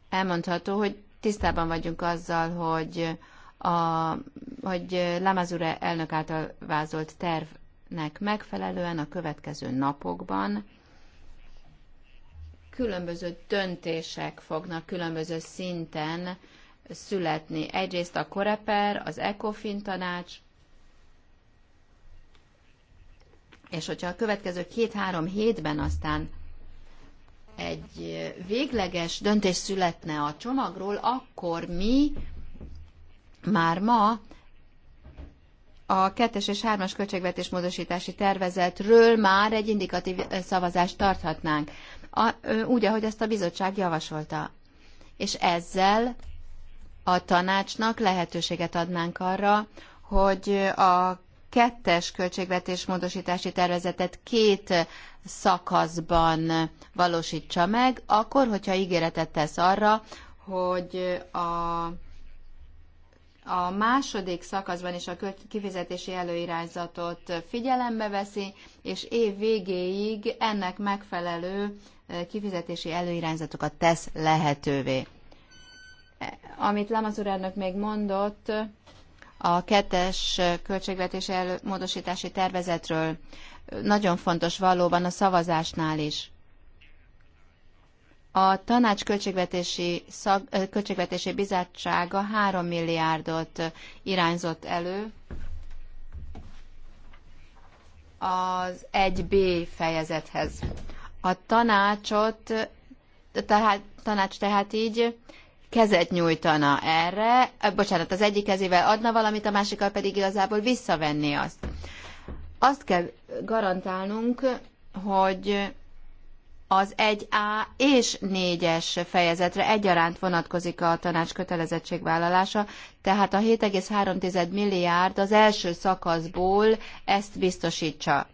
elmondható, hogy tisztában vagyunk azzal, hogy a, hogy Lamazure elnök által vázolt terv ennek megfelelően a következő napokban különböző döntések fognak különböző szinten születni. Egyrészt a Koreper, az ECOFIN tanács, és hogyha a következő két-három hétben aztán egy végleges döntés születne a csomagról, akkor mi már ma a kettes és hármas költségvetés módosítási tervezetről már egy indikatív szavazást tarthatnánk, a, úgy, ahogy ezt a bizottság javasolta. És ezzel a tanácsnak lehetőséget adnánk arra, hogy a kettes költségvetés módosítási tervezetet két szakaszban valósítsa meg, akkor, hogyha ígéretet tesz arra, hogy a a második szakaszban is a kifizetési előirányzatot figyelembe veszi, és év végéig ennek megfelelő kifizetési előirányzatokat tesz lehetővé. E, amit Lamazur elnök még mondott, a kettes költségvetési módosítási tervezetről nagyon fontos valóban a szavazásnál is. A tanács költségvetési, szag, költségvetési bizottsága 3 milliárdot irányzott elő az 1B fejezethez. A tanácsot, tehát, tanács tehát így kezet nyújtana erre, bocsánat, az egyik kezével adna valamit, a másikkal pedig igazából visszavenni azt. Azt kell garantálnunk, hogy az 1A és 4-es fejezetre egyaránt vonatkozik a tanács kötelezettségvállalása, tehát a 7,3 milliárd az első szakaszból ezt biztosítsa.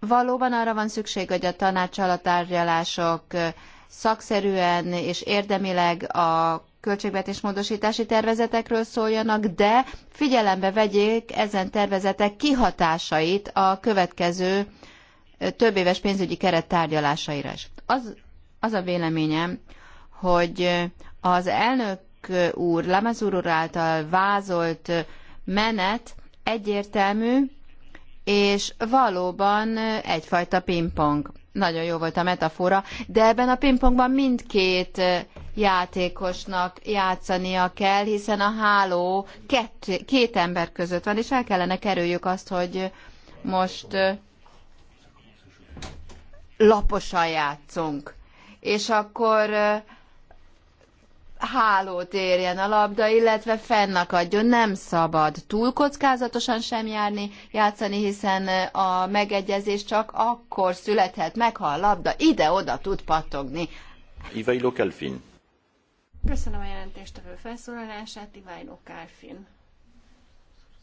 Valóban arra van szükség, hogy a tanácsal a tárgyalások szakszerűen és érdemileg a költségvetés módosítási tervezetekről szóljanak, de figyelembe vegyék ezen tervezetek kihatásait a következő több éves pénzügyi keret tárgyalásaira is. Az, az a véleményem, hogy az elnök úr, Lamazur úr által vázolt menet egyértelmű, és valóban egyfajta pingpong. Nagyon jó volt a metafora, de ebben a pingpongban mindkét játékosnak játszania kell, hiszen a háló két, két ember között van, és el kellene kerüljük azt, hogy most laposan játszunk, és akkor hálót érjen a labda, illetve fennakadjon. Nem szabad túl kockázatosan sem járni, játszani, hiszen a megegyezés csak akkor születhet meg, ha a labda ide-oda tud pattogni. Ivailo Kelfin. Köszönöm a jelentéstevő felszólalását, Ivailo Kelfin.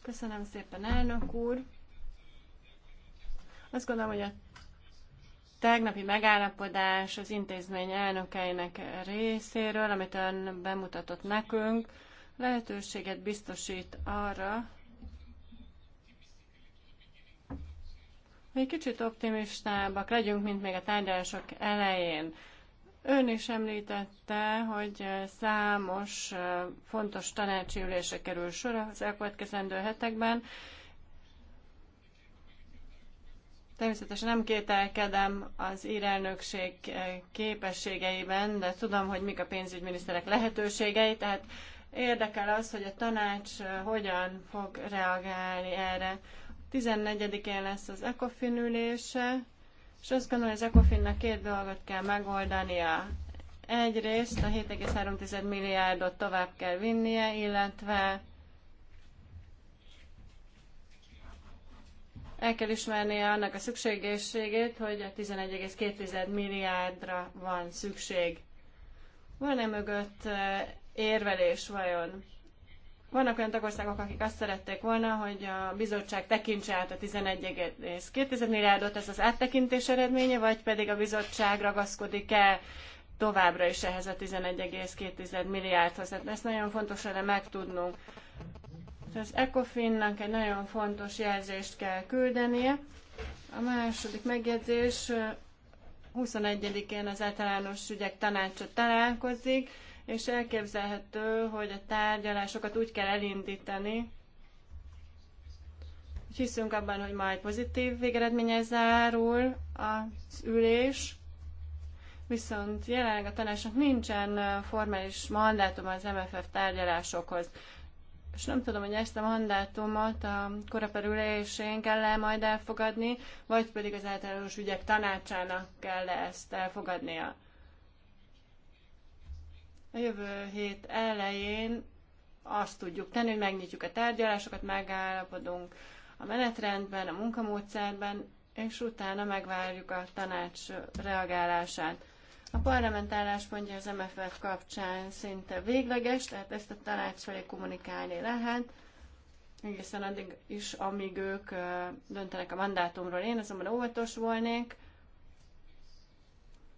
Köszönöm szépen, elnök úr. Azt gondolom, hogy a tegnapi megállapodás az intézmény elnökeinek részéről, amit ön bemutatott nekünk, lehetőséget biztosít arra, hogy kicsit optimistábbak legyünk, mint még a tárgyalások elején. Ön is említette, hogy számos fontos tanácsi ülése kerül sor az elkövetkezendő hetekben, Természetesen nem kételkedem az írelnökség eh, képességeiben, de tudom, hogy mik a pénzügyminiszterek lehetőségei, tehát érdekel az, hogy a tanács eh, hogyan fog reagálni erre. 14-én lesz az ECOFIN ülése, és azt gondolom, hogy az ecofin két dolgot kell megoldania. Egyrészt a 7,3 milliárdot tovább kell vinnie, illetve El kell ismernie annak a szükségességét, hogy a 11,2 milliárdra van szükség. Van-e mögött eh, érvelés vajon? Vannak olyan tagországok, akik azt szerették volna, hogy a bizottság tekintse át a 11,2 milliárdot, ez az áttekintés eredménye, vagy pedig a bizottság ragaszkodik-e továbbra is ehhez a 11,2 milliárdhoz. Tehát ezt nagyon fontos lenne megtudnunk. Az ECOFIN-nak egy nagyon fontos jelzést kell küldenie. A második megjegyzés 21-én az általános ügyek tanácsa találkozik, és elképzelhető, hogy a tárgyalásokat úgy kell elindítani, hogy hiszünk abban, hogy majd pozitív végeredménye zárul az ülés, viszont jelenleg a tanácsnak nincsen formális mandátum az MFF tárgyalásokhoz és nem tudom, hogy ezt a mandátumot a koraperülésén kell -e majd elfogadni, vagy pedig az általános ügyek tanácsának kell -e ezt elfogadnia. A jövő hét elején azt tudjuk tenni, hogy megnyitjuk a tárgyalásokat, megállapodunk a menetrendben, a munkamódszerben, és utána megvárjuk a tanács reagálását. A parlament álláspontja az MFF kapcsán szinte végleges, tehát ezt a tanács felé kommunikálni lehet, egészen addig is, amíg ők döntenek a mandátumról. Én azonban óvatos volnék,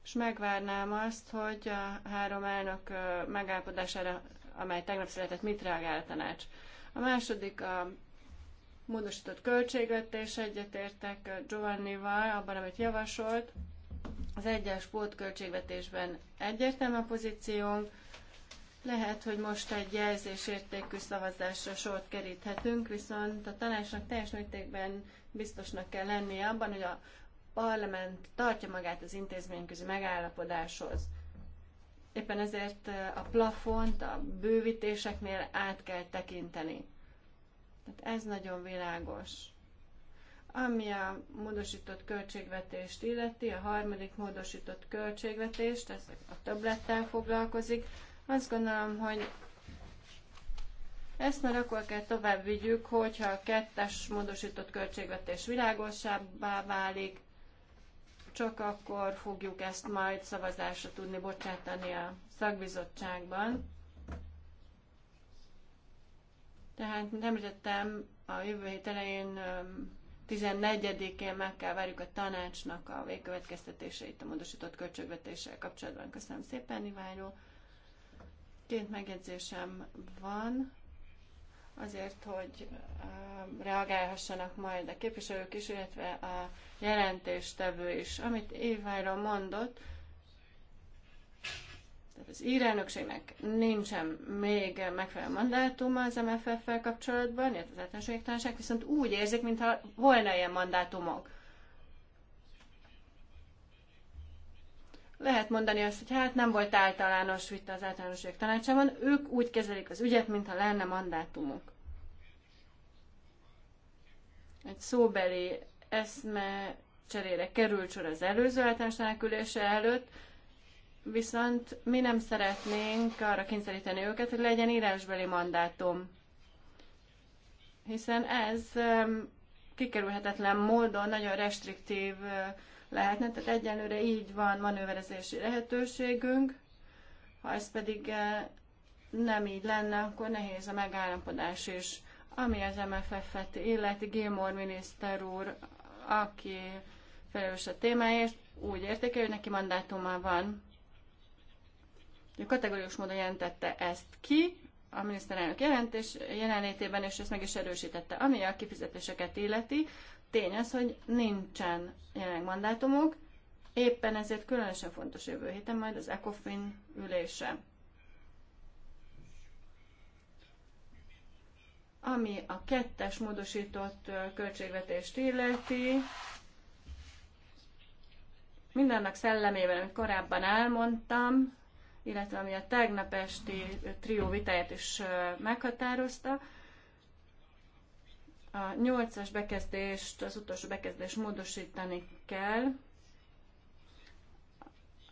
és megvárnám azt, hogy a három elnök megállapodására, amely tegnap született, mit reagál a tanács. A második a módosított költségvetés, egyetértek Giovannival abban, amit javasolt, az egyes pótköltségvetésben egyértelmű a pozíciónk, lehet, hogy most egy jelzésértékű szavazásra sort keríthetünk, viszont a tanácsnak teljes mértékben biztosnak kell lennie abban, hogy a parlament tartja magát az intézményközi megállapodáshoz. Éppen ezért eh, a plafont a bővítéseknél át kell tekinteni. Tehát ez nagyon világos. Ami a módosított költségvetést illeti, a harmadik módosított költségvetést, ez a többlettel foglalkozik. Azt gondolom, hogy ezt már akkor kell tovább vigyük, hogyha a kettes módosított költségvetés világosabbá válik, csak akkor fogjuk ezt majd szavazásra tudni bocsátani a szakbizottságban. Tehát, nem a jövő hét elején 14-én meg kell várjuk a tanácsnak a végkövetkeztetéseit a módosított költségvetéssel kapcsolatban. Köszönöm szépen, Iványó. Két megjegyzésem van azért, hogy um, reagálhassanak majd a képviselők is, illetve a jelentéstevő is. Amit Évvájra mondott, az írelnökségnek nincsen még megfelelő mandátum az MFF-fel kapcsolatban, illetve az általános végtelenság, viszont úgy érzik, mintha volna ilyen mandátumok. Lehet mondani azt, hogy hát nem volt általános vita az általános tanácsában, ők úgy kezelik az ügyet, mintha lenne mandátumuk. Egy szóbeli eszme cserére került sor az előző általános tanákülése előtt, viszont mi nem szeretnénk arra kényszeríteni őket, hogy legyen írásbeli mandátum. Hiszen ez kikerülhetetlen módon nagyon restriktív lehetne, tehát egyelőre így van manőverezési lehetőségünk, ha ez pedig nem így lenne, akkor nehéz a megállapodás is. Ami az MFF-et illeti, Gilmore miniszter úr, aki felelős a témáért, úgy értékel, hogy neki mandátuma van kategóriós módon jelentette ezt ki a miniszterelnök jelentés jelenlétében, és ezt meg is erősítette. Ami a kifizetéseket illeti, tény az, hogy nincsen jelenleg mandátumok, éppen ezért különösen fontos jövő héten majd az ECOFIN ülése. Ami a kettes módosított költségvetést illeti, mindennek szellemében, amit korábban elmondtam, illetve ami a tegnap esti trió vitáját is meghatározta. A nyolcas bekezdést, az utolsó bekezdést módosítani kell.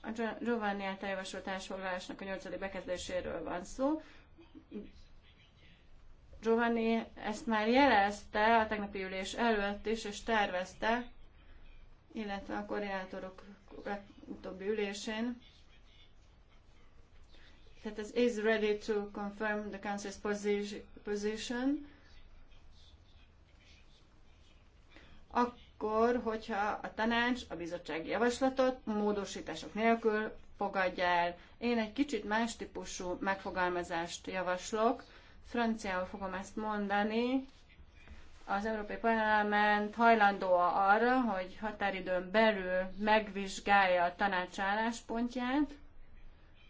A Giovanni által javasolt állásfoglalásnak a nyolcadik bekezdéséről van szó. Giovanni ezt már jelezte a tegnapi ülés előtt is, és tervezte, illetve a koordinátorok utóbbi ülésén, that is ready to confirm the Council's position, akkor, hogyha a tanács a bizottsági javaslatot módosítások nélkül fogadja el. Én egy kicsit más típusú megfogalmazást javaslok. Franciául fogom ezt mondani. Az Európai Parlament hajlandó arra, hogy határidőn belül megvizsgálja a tanács álláspontját,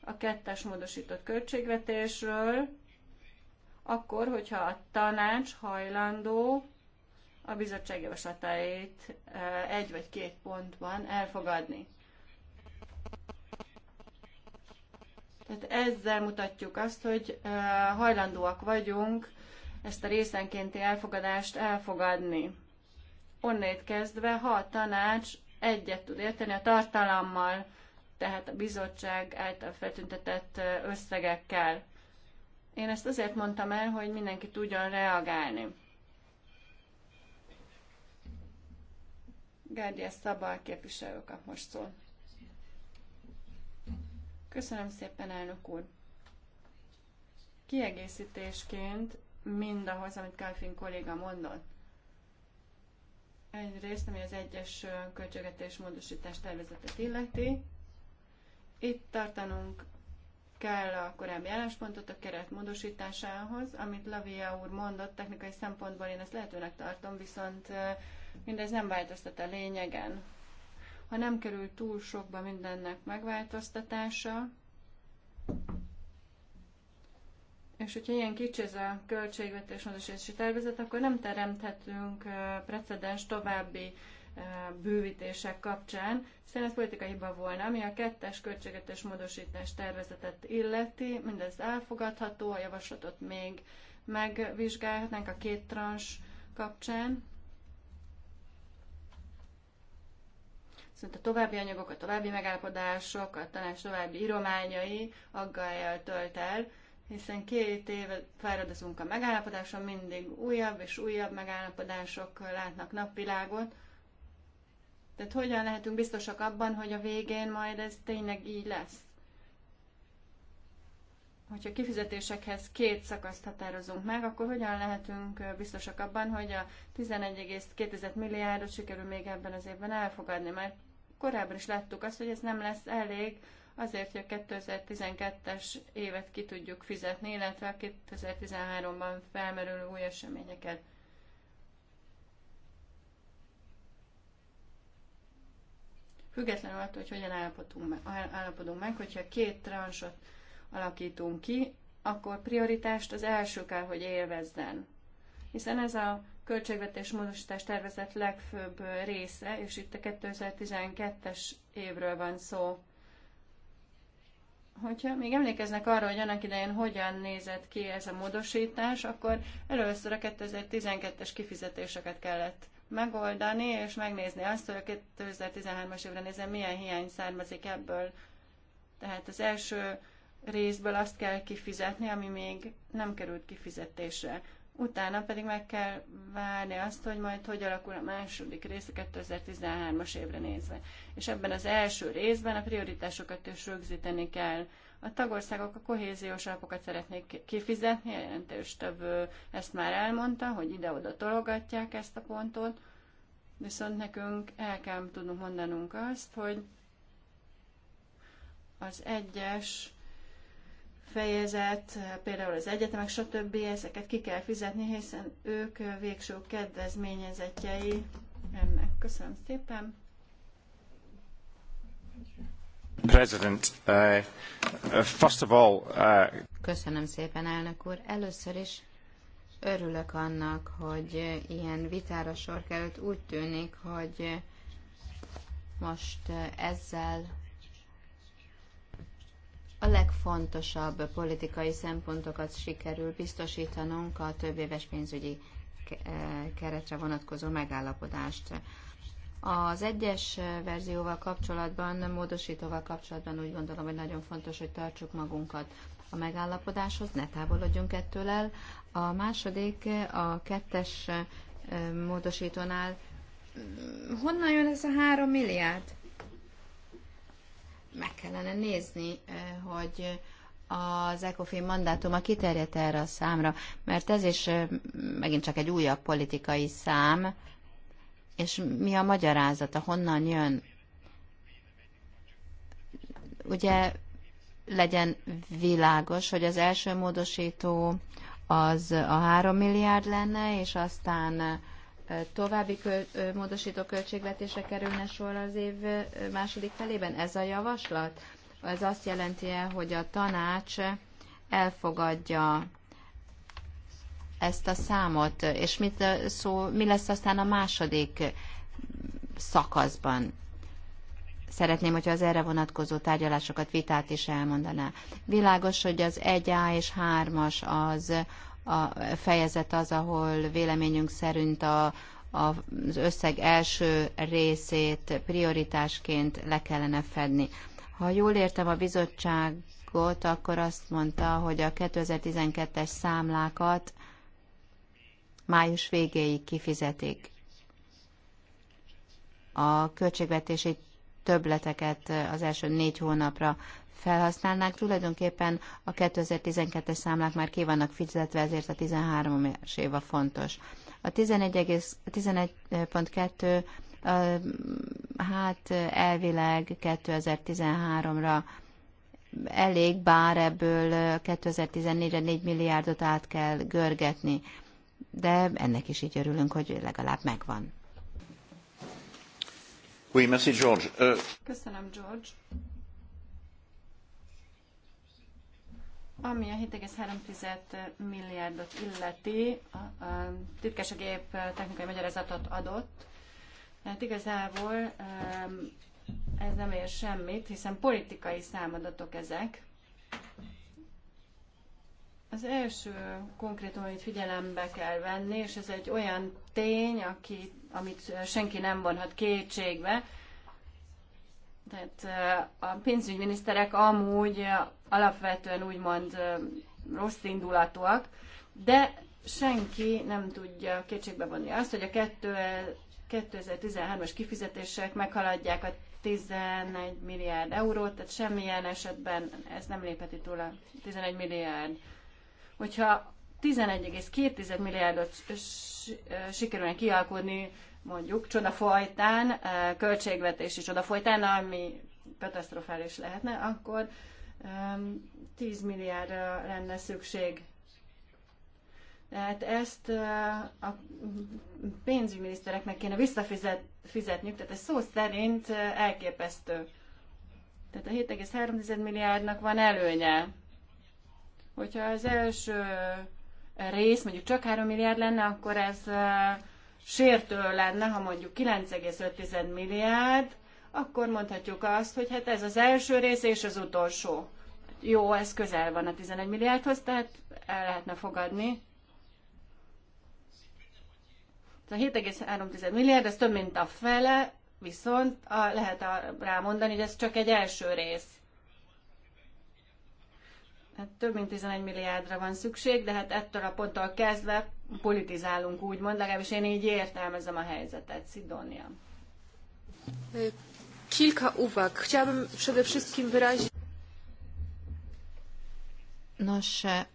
a kettes módosított költségvetésről, akkor, hogyha a tanács hajlandó a bizottság javaslatait e, egy vagy két pontban elfogadni. Tehát ezzel mutatjuk azt, hogy e, hajlandóak vagyunk ezt a részenkénti elfogadást elfogadni. Onnét kezdve, ha a tanács egyet tud érteni a tartalommal, tehát a bizottság által feltüntetett összegekkel. Én ezt azért mondtam el, hogy mindenki tudjon reagálni. Gárdia Szabal képviselő kap most szól. Köszönöm szépen, elnök úr. Kiegészítésként mindahhoz, amit Kálfin kolléga mondott. Egyrészt, ami az egyes költségvetés módosítás tervezetet illeti, itt tartanunk kell a korábbi álláspontot a keret módosításához, amit Lavia úr mondott, technikai szempontból én ezt lehetőnek tartom, viszont mindez nem változtat a lényegen. Ha nem kerül túl sokba mindennek megváltoztatása, és hogyha ilyen kicsi ez a költségvetés módosítási tervezet, akkor nem teremthetünk precedens további bővítések kapcsán, hiszen ez politikai hiba volna, ami a kettes költségvetés módosítás tervezetet illeti, mindez elfogadható, a javaslatot még megvizsgálhatnánk a két trans kapcsán. Szóval a további anyagok, a további megállapodások, a tanács további írományai aggájjal tölt el, hiszen két éve fáradozunk a megállapodáson, mindig újabb és újabb megállapodások látnak napvilágot, tehát hogyan lehetünk biztosak abban, hogy a végén majd ez tényleg így lesz? Hogyha kifizetésekhez két szakaszt határozunk meg, akkor hogyan lehetünk biztosak abban, hogy a 11,2 milliárdot sikerül még ebben az évben elfogadni? Mert korábban is láttuk azt, hogy ez nem lesz elég azért, hogy a 2012-es évet ki tudjuk fizetni, illetve a 2013-ban felmerülő új eseményeket. Függetlenül attól, hogy hogyan állapodunk meg, állapodunk meg hogyha két transzot alakítunk ki, akkor prioritást az első kell, hogy élvezzen. Hiszen ez a költségvetés módosítás tervezet legfőbb része, és itt a 2012-es évről van szó. Hogyha még emlékeznek arra, hogy annak idején hogyan nézett ki ez a módosítás, akkor először a 2012-es kifizetéseket kellett megoldani, és megnézni azt, hogy a 2013-as évre nézve milyen hiány származik ebből. Tehát az első részből azt kell kifizetni, ami még nem került kifizetésre. Utána pedig meg kell várni azt, hogy majd hogy alakul a második rész a 2013-as évre nézve. És ebben az első részben a prioritásokat is rögzíteni kell. A tagországok a kohéziós alapokat szeretnék kifizetni, a több ezt már elmondta, hogy ide-oda tologatják ezt a pontot, viszont nekünk el kell tudnunk mondanunk azt, hogy az egyes fejezet, például az egyetemek, stb. ezeket ki kell fizetni, hiszen ők végső kedvezményezetjei ennek. Köszönöm szépen! Uh, uh, uh, Köszönöm szépen, elnök úr. Először is örülök annak, hogy ilyen vitára sor került. Úgy tűnik, hogy most ezzel a legfontosabb politikai szempontokat sikerül biztosítanunk a több éves pénzügyi keretre vonatkozó megállapodást. Az egyes verzióval kapcsolatban, módosítóval kapcsolatban úgy gondolom, hogy nagyon fontos, hogy tartsuk magunkat a megállapodáshoz, ne távolodjunk ettől el. A második, a kettes módosítónál mm, honnan jön ez a három milliárd? Meg kellene nézni, hogy az ECOFIN mandátuma kiterjedt erre a számra, mert ez is megint csak egy újabb politikai szám, és mi a magyarázata, honnan jön? Ugye legyen világos, hogy az első módosító az a 3 milliárd lenne, és aztán további köl- módosító költségvetése kerülne sor az év második felében? Ez a javaslat? Ez azt jelenti -e, hogy a tanács elfogadja ezt a számot, és mit szó, mi lesz aztán a második szakaszban. Szeretném, hogyha az erre vonatkozó tárgyalásokat, vitát is elmondaná. Világos, hogy az 1A és 3-as az a fejezet az, ahol véleményünk szerint a, az összeg első részét prioritásként le kellene fedni. Ha jól értem a bizottságot, akkor azt mondta, hogy a 2012-es számlákat május végéig kifizetik a költségvetési többleteket az első négy hónapra felhasználnák. Tulajdonképpen a 2012-es számlák már ki vannak fizetve, ezért a 13 es év a fontos. A 11,2 11 hát elvileg 2013-ra elég, bár ebből 2014-re 4 milliárdot át kell görgetni de ennek is így örülünk, hogy legalább megvan. Oui, merci George. Uh... Köszönöm, George. Ami a 7,3 milliárdot illeti, a, a gép technikai magyarázatot adott, hát igazából um, ez nem ér semmit, hiszen politikai számadatok ezek. Az első konkrétum, amit figyelembe kell venni, és ez egy olyan tény, aki, amit senki nem vonhat kétségbe, tehát a pénzügyminiszterek amúgy alapvetően úgymond rossz indulatúak, de senki nem tudja kétségbe vonni azt, hogy a 2013-as kifizetések meghaladják a 11 milliárd eurót, tehát semmilyen esetben ez nem lépheti túl a 11 milliárd Hogyha 11,2 milliárdot sikerülne kialkodni, mondjuk csodafolytán, eh, költségvetési csodafolytán, ami katasztrofális lehetne, akkor 10 milliárdra lenne szükség. Tehát ezt eh, a pénzügyminisztereknek kéne visszafizetniük, tehát ez szó szerint eh, elképesztő. Tehát a 7,3 milliárdnak van előnye. Hogyha az első eh, rész mondjuk csak 3 milliárd lenne, akkor ez eh, sértő lenne, ha mondjuk 9,5 milliárd, akkor mondhatjuk azt, hogy hát ez az első rész és az utolsó. Jó, ez közel van a 11 milliárdhoz, tehát el lehetne fogadni. a 7,3 milliárd, ez több mint a fele, viszont a, lehet a, rámondani, hogy ez csak egy első rész. Hát több mint 11 milliárdra van szükség, de hát ettől a ponttól kezdve politizálunk, úgymond, legalábbis én így értelmezem a helyzetet. Szidónia. E, kilka uwag. Chciałabym przede wszystkim wyrazić... Nos, e,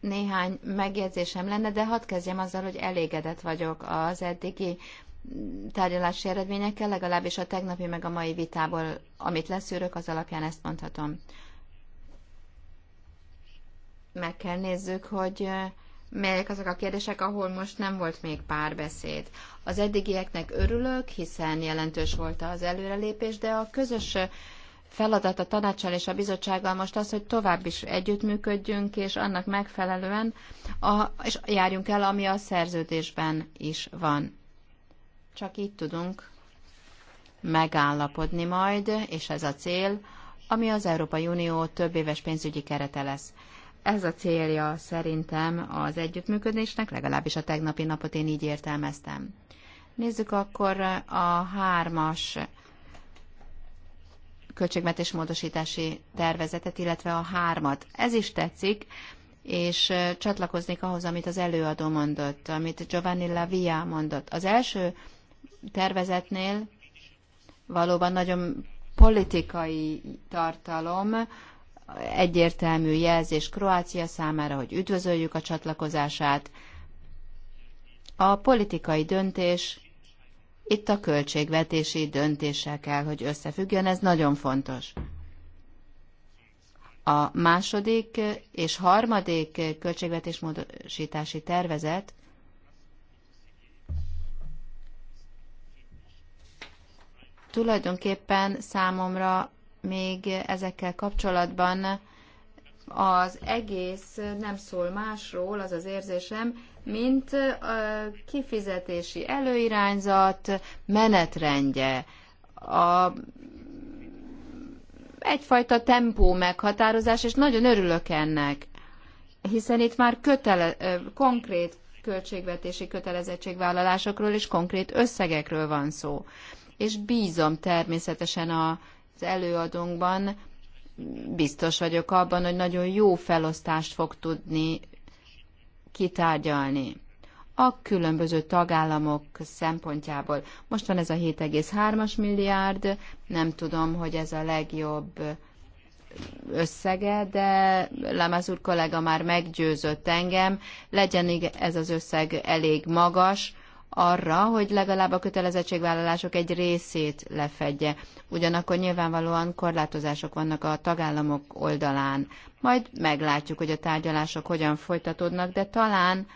néhány megjegyzésem lenne, de hadd kezdjem azzal, hogy elégedett vagyok az eddigi tárgyalási eredményekkel, legalábbis a tegnapi meg a mai vitából, amit leszűrök, az alapján ezt mondhatom meg kell nézzük, hogy melyek azok a kérdések, ahol most nem volt még párbeszéd. Az eddigieknek örülök, hiszen jelentős volt az előrelépés, de a közös feladat a tanácsal és a bizottsággal most az, hogy tovább is együttműködjünk, és annak megfelelően a, és járjunk el, ami a szerződésben is van. Csak így tudunk megállapodni majd, és ez a cél, ami az Európai Unió több éves pénzügyi kerete lesz. Ez a célja szerintem az együttműködésnek, legalábbis a tegnapi napot én így értelmeztem. Nézzük akkor a hármas költségvetés módosítási tervezetet, illetve a hármat. Ez is tetszik, és csatlakoznék ahhoz, amit az előadó mondott, amit Giovanni Lavia mondott. Az első tervezetnél valóban nagyon politikai tartalom, egyértelmű jelzés Kroácia számára, hogy üdvözöljük a csatlakozását. A politikai döntés itt a költségvetési döntéssel kell, hogy összefüggjön, ez nagyon fontos. A második és harmadik költségvetésmódosítási tervezet tulajdonképpen számomra még ezekkel kapcsolatban az egész nem szól másról, az az érzésem, mint a kifizetési előirányzat menetrendje, a egyfajta tempó meghatározás, és nagyon örülök ennek, hiszen itt már kötele, konkrét költségvetési kötelezettségvállalásokról és konkrét összegekről van szó. És bízom természetesen a előadónkban biztos vagyok abban, hogy nagyon jó felosztást fog tudni kitárgyalni a különböző tagállamok szempontjából. Most van ez a 7,3-as milliárd, nem tudom, hogy ez a legjobb összege, de Lamaz úr kollega már meggyőzött engem, legyen ez az összeg elég magas, arra, hogy legalább a kötelezettségvállalások egy részét lefedje. Ugyanakkor nyilvánvalóan korlátozások vannak a tagállamok oldalán. Majd meglátjuk, hogy a tárgyalások hogyan folytatódnak, de talán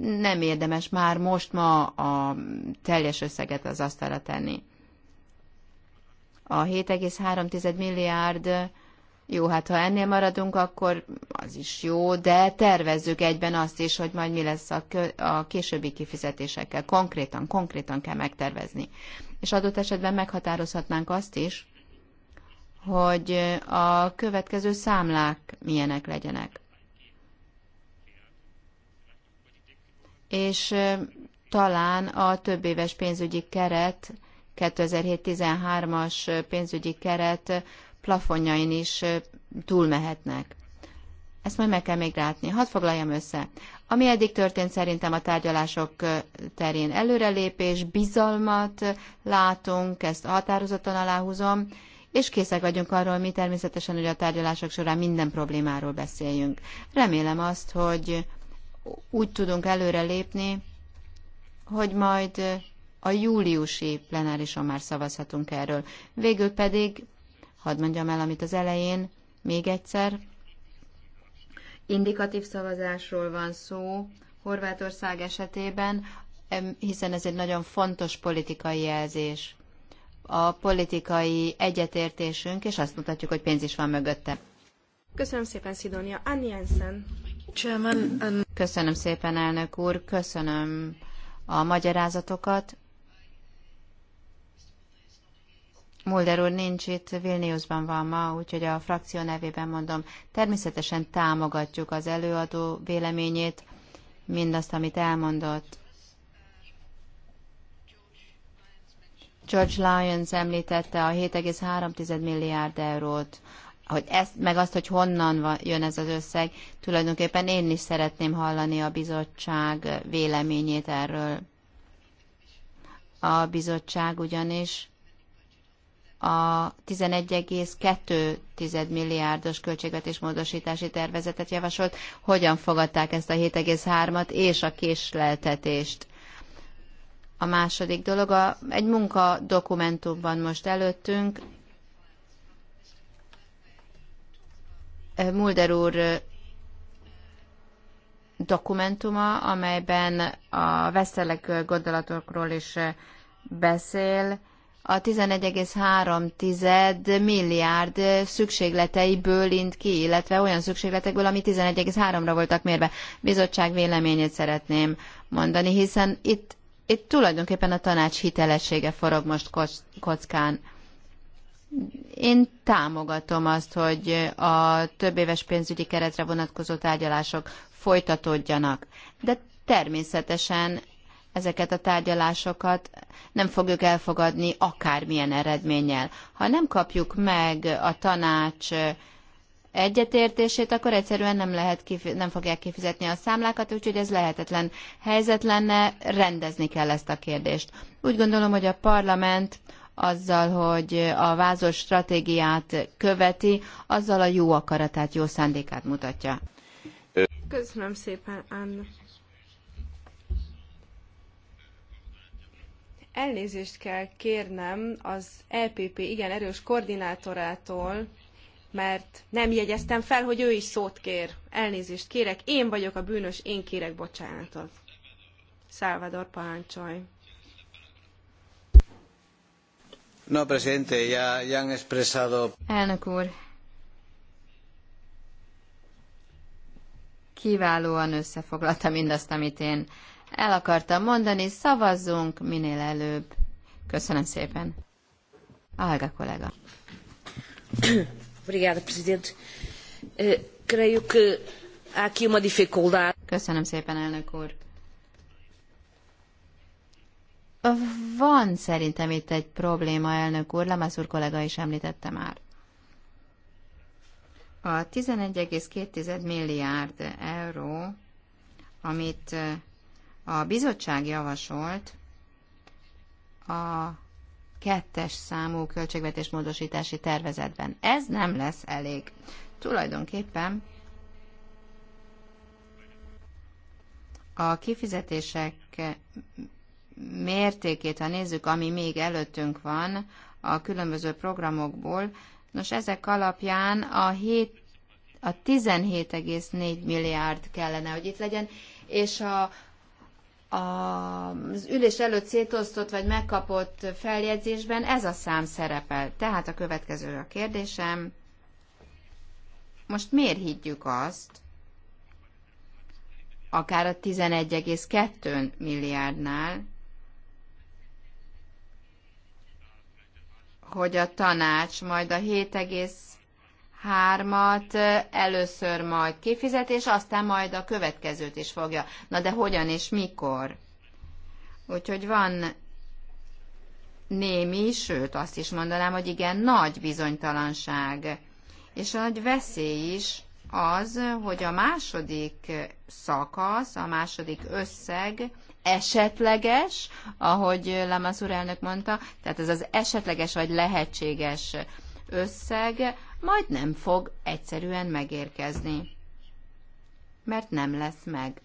nem érdemes már most ma a teljes összeget az asztalra tenni. A 7,3 milliárd jó, hát ha ennél maradunk, akkor az is jó, de tervezzük egyben azt is, hogy majd mi lesz a, kö, a későbbi kifizetésekkel. Konkrétan, konkrétan kell megtervezni. És adott esetben meghatározhatnánk azt is, hogy a következő számlák milyenek legyenek. És talán a több éves pénzügyi keret, 2007-13-as pénzügyi keret plafonjain is túlmehetnek. Ezt majd meg kell még látni. Hadd foglaljam össze. Ami eddig történt szerintem a tárgyalások terén előrelépés, bizalmat látunk, ezt határozottan aláhúzom, és készek vagyunk arról mi természetesen, hogy a tárgyalások során minden problémáról beszéljünk. Remélem azt, hogy úgy tudunk előrelépni, hogy majd a júliusi plenárison már szavazhatunk erről. Végül pedig Hadd mondjam el, amit az elején, még egyszer. Indikatív szavazásról van szó Horvátország esetében, hiszen ez egy nagyon fontos politikai jelzés. A politikai egyetértésünk, és azt mutatjuk, hogy pénz is van mögötte. Köszönöm szépen, Szidónia. Anni Jensen. Um, Köszönöm szépen, elnök úr. Köszönöm a magyarázatokat. Mulder úr nincs itt, Vilniusban van ma, úgyhogy a frakció nevében mondom, természetesen támogatjuk az előadó véleményét, mindazt, amit elmondott. George Lyons említette a 7,3 milliárd eurót, hogy ezt, meg azt, hogy honnan van, jön ez az összeg, tulajdonképpen én is szeretném hallani a bizottság véleményét erről. A bizottság ugyanis a 11,2 milliárdos költségvetés módosítási tervezetet javasolt. Hogyan fogadták ezt a 7,3-at és a késleltetést? A második dolog, a, egy munka dokumentum van most előttünk. Mulder úr dokumentuma, amelyben a veszelek gondolatokról is beszél, a 11,3 milliárd szükségleteiből int ki, illetve olyan szükségletekből, ami 11,3-ra voltak mérve. Bizottság véleményét szeretném mondani, hiszen itt, itt tulajdonképpen a tanács hitelessége forog most kockán. Én támogatom azt, hogy a több éves pénzügyi keretre vonatkozó tárgyalások folytatódjanak, de természetesen ezeket a tárgyalásokat nem fogjuk elfogadni akármilyen eredménnyel. Ha nem kapjuk meg a tanács egyetértését, akkor egyszerűen nem, lehet kifi- nem fogják kifizetni a számlákat, úgyhogy ez lehetetlen helyzet lenne, rendezni kell ezt a kérdést. Úgy gondolom, hogy a parlament azzal, hogy a vázos stratégiát követi, azzal a jó akaratát, jó szándékát mutatja. Köszönöm szépen, Anna. elnézést kell kérnem az EPP igen erős koordinátorától, mert nem jegyeztem fel, hogy ő is szót kér. Elnézést kérek, én vagyok a bűnös, én kérek bocsánatot. Salvador parancsolj. No, presidente, ya, ya han expresado... Elnök úr, kiválóan összefoglalta mindazt, amit én el akartam mondani, szavazzunk minél előbb. Köszönöm szépen. Alga kollega. Obrigada, Presidente. Eh, creio que há aqui uma dificuldade. Köszönöm szépen, elnök úr. Van szerintem itt egy probléma, elnök úr, Lamász úr kollega is említette már. A 11,2 milliárd euró, amit eh, a bizottság javasolt a kettes számú költségvetés módosítási tervezetben. Ez nem lesz elég. Tulajdonképpen a kifizetések mértékét, ha nézzük, ami még előttünk van a különböző programokból, nos ezek alapján a a 17,4 milliárd kellene, hogy itt legyen, és a az ülés előtt szétosztott vagy megkapott feljegyzésben ez a szám szerepel. Tehát a következő a kérdésem. Most miért higgyük azt, akár a 11,2 milliárdnál, hogy a tanács majd a hármat először majd kifizet, és aztán majd a következőt is fogja. Na de hogyan és mikor? Úgyhogy van némi, sőt azt is mondanám, hogy igen, nagy bizonytalanság. És a nagy veszély is az, hogy a második szakasz, a második összeg esetleges, ahogy Lamassur elnök mondta, tehát ez az esetleges vagy lehetséges összeg, majd nem fog egyszerűen megérkezni, mert nem lesz meg.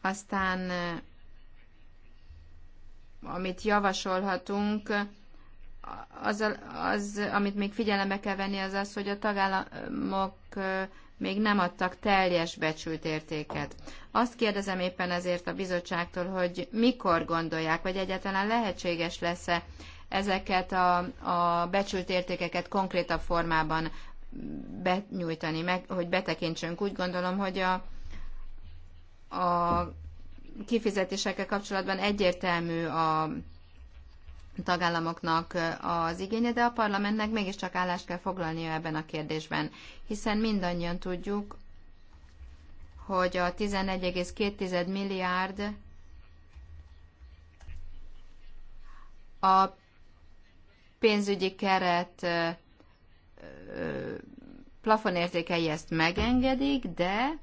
Aztán, eh, amit javasolhatunk, az, az, amit még figyelembe kell venni, az az, hogy a tagállamok eh, még nem adtak teljes becsült értéket. Azt kérdezem éppen ezért a bizottságtól, hogy mikor gondolják, vagy egyáltalán lehetséges lesz-e ezeket a, a becsült értékeket konkrétabb formában benyújtani, meg, hogy betekintsünk. Úgy gondolom, hogy a, a kifizetésekkel kapcsolatban egyértelmű a tagállamoknak az igénye, de a parlamentnek mégiscsak állást kell foglalnia ebben a kérdésben, hiszen mindannyian tudjuk, hogy a 11,2 milliárd a pénzügyi keret plafonértékei ezt megengedik, de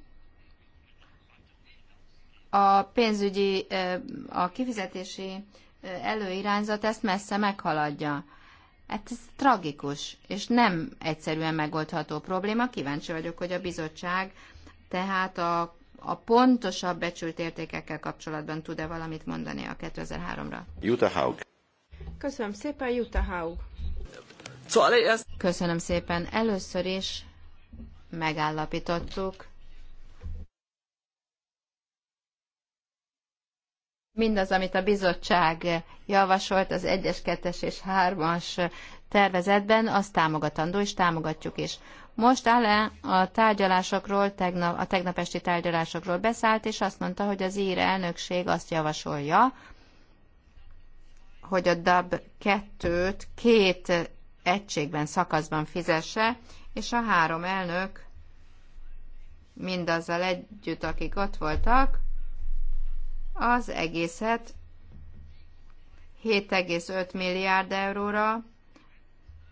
a pénzügyi, a kifizetési előirányzat ezt messze meghaladja. Hát ez tragikus, és nem egyszerűen megoldható probléma. Kíváncsi vagyok, hogy a bizottság tehát a, a pontosabb becsült értékekkel kapcsolatban tud-e valamit mondani a 2003-ra. Jutta Haug. Köszönöm szépen, Jutta Haug. Köszönöm szépen. Először is megállapítottuk, mindaz, amit a bizottság javasolt az 1-es, 2-es és 3-as tervezetben, azt támogatandó, és támogatjuk is. Most Ale a tárgyalásokról, tegnap, a tegnap esti tárgyalásokról beszállt, és azt mondta, hogy az ír elnökség azt javasolja, hogy a DAB 2-t két egységben, szakaszban fizesse, és a három elnök mindazzal együtt, akik ott voltak, az egészet 7,5 milliárd euróra,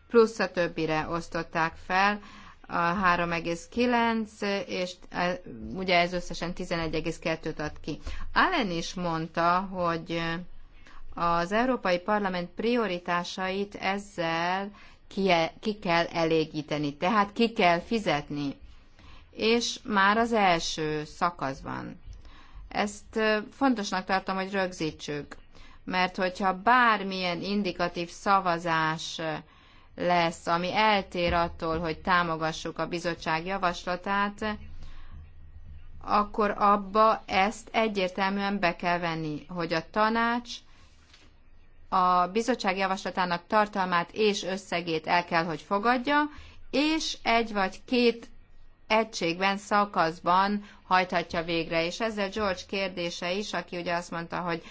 plusz a többire osztották fel, a 3,9, és e, ugye ez összesen 11,2-t ad ki. Allen is mondta, hogy az Európai Parlament prioritásait ezzel ki, ki kell elégíteni, tehát ki kell fizetni. És már az első szakasz van. Ezt fontosnak tartom, hogy rögzítsük, mert hogyha bármilyen indikatív szavazás lesz, ami eltér attól, hogy támogassuk a bizottság javaslatát, akkor abba ezt egyértelműen be kell venni, hogy a tanács a bizottság javaslatának tartalmát és összegét el kell, hogy fogadja, és egy vagy két egységben, szakaszban hajthatja végre. És ezzel George kérdése is, aki ugye azt mondta, hogy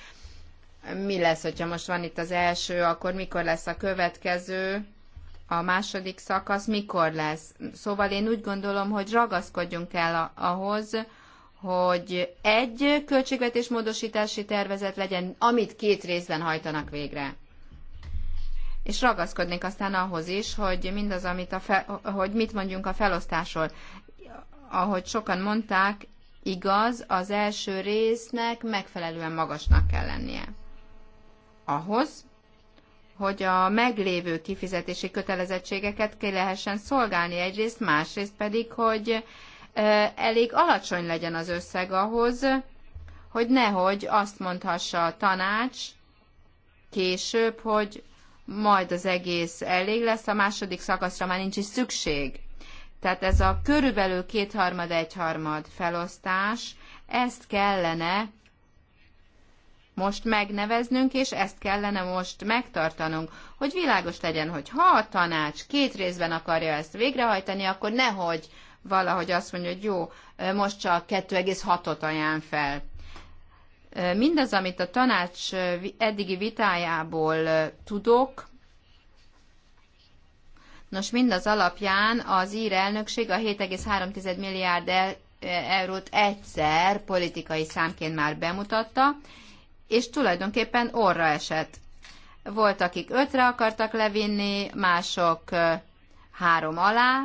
mi lesz, hogyha most van itt az első, akkor mikor lesz a következő, a második szakasz mikor lesz. Szóval én úgy gondolom, hogy ragaszkodjunk el ahhoz, hogy egy módosítási tervezet legyen, amit két részben hajtanak végre. És ragaszkodnék aztán ahhoz is, hogy mindaz, amit a fel, hogy mit mondjunk a felosztásról. Ahogy sokan mondták, igaz, az első résznek megfelelően magasnak kell lennie. Ahhoz, hogy a meglévő kifizetési kötelezettségeket ki lehessen szolgálni egyrészt, másrészt pedig, hogy elég alacsony legyen az összeg ahhoz, hogy nehogy azt mondhassa a tanács később, hogy majd az egész elég lesz, a második szakaszra már nincs is szükség. Tehát ez a körülbelül kétharmad, egyharmad felosztás, ezt kellene most megneveznünk, és ezt kellene most megtartanunk, hogy világos legyen, hogy ha a tanács két részben akarja ezt végrehajtani, akkor nehogy valahogy azt mondja, hogy jó, most csak 2,6-ot ajánl fel. Mindaz, amit a tanács eddigi vitájából tudok, nos, mindaz alapján az ír elnökség a 7,3 milliárd e-, eurót egyszer politikai számként már bemutatta, és tulajdonképpen orra esett. Volt, akik ötre akartak levinni, mások három alá,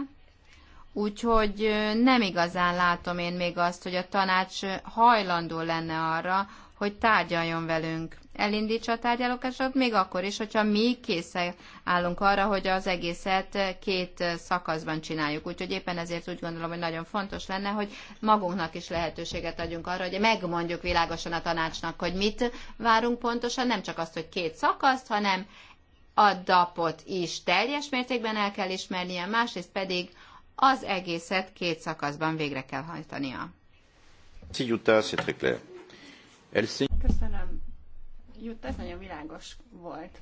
Úgyhogy nem igazán látom én még azt, hogy a tanács hajlandó lenne arra, hogy tárgyaljon velünk. Elindítsa a tárgyalókások még akkor is, hogyha mi készen állunk arra, hogy az egészet két szakaszban csináljuk. Úgyhogy éppen ezért úgy gondolom, hogy nagyon fontos lenne, hogy magunknak is lehetőséget adjunk arra, hogy megmondjuk világosan a tanácsnak, hogy mit várunk pontosan, nem csak azt, hogy két szakaszt, hanem a dapot is teljes mértékben el kell ismernie, másrészt pedig az egészet két szakaszban végre kell hajtania. Köszönöm. Jutta, ez nagyon világos volt.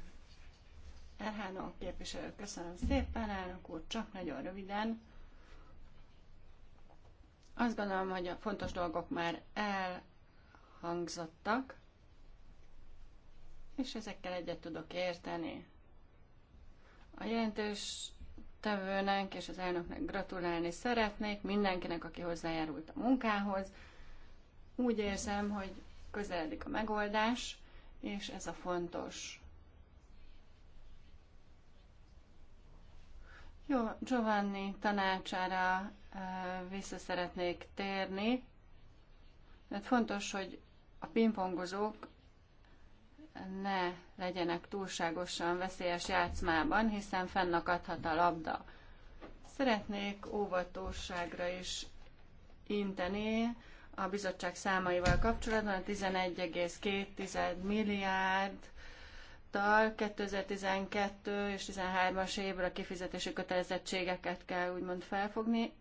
Erhánó képviselő, köszönöm szépen, elnök úr, csak nagyon röviden. Azt gondolom, hogy a fontos dolgok már elhangzottak, és ezekkel egyet tudok érteni. A jelentős jelentéstevőnek és az elnöknek gratulálni szeretnék, mindenkinek, aki hozzájárult a munkához. Úgy érzem, hogy közeledik a megoldás, és ez a fontos. Jó, Giovanni tanácsára vissza szeretnék térni, mert fontos, hogy a pingpongozók ne legyenek túlságosan veszélyes játszmában, hiszen fennakadhat a labda. Szeretnék óvatosságra is inteni a bizottság számaival kapcsolatban, 11,2 milliárd 2012 és 13-as évvel a kifizetési kötelezettségeket kell úgymond felfogni.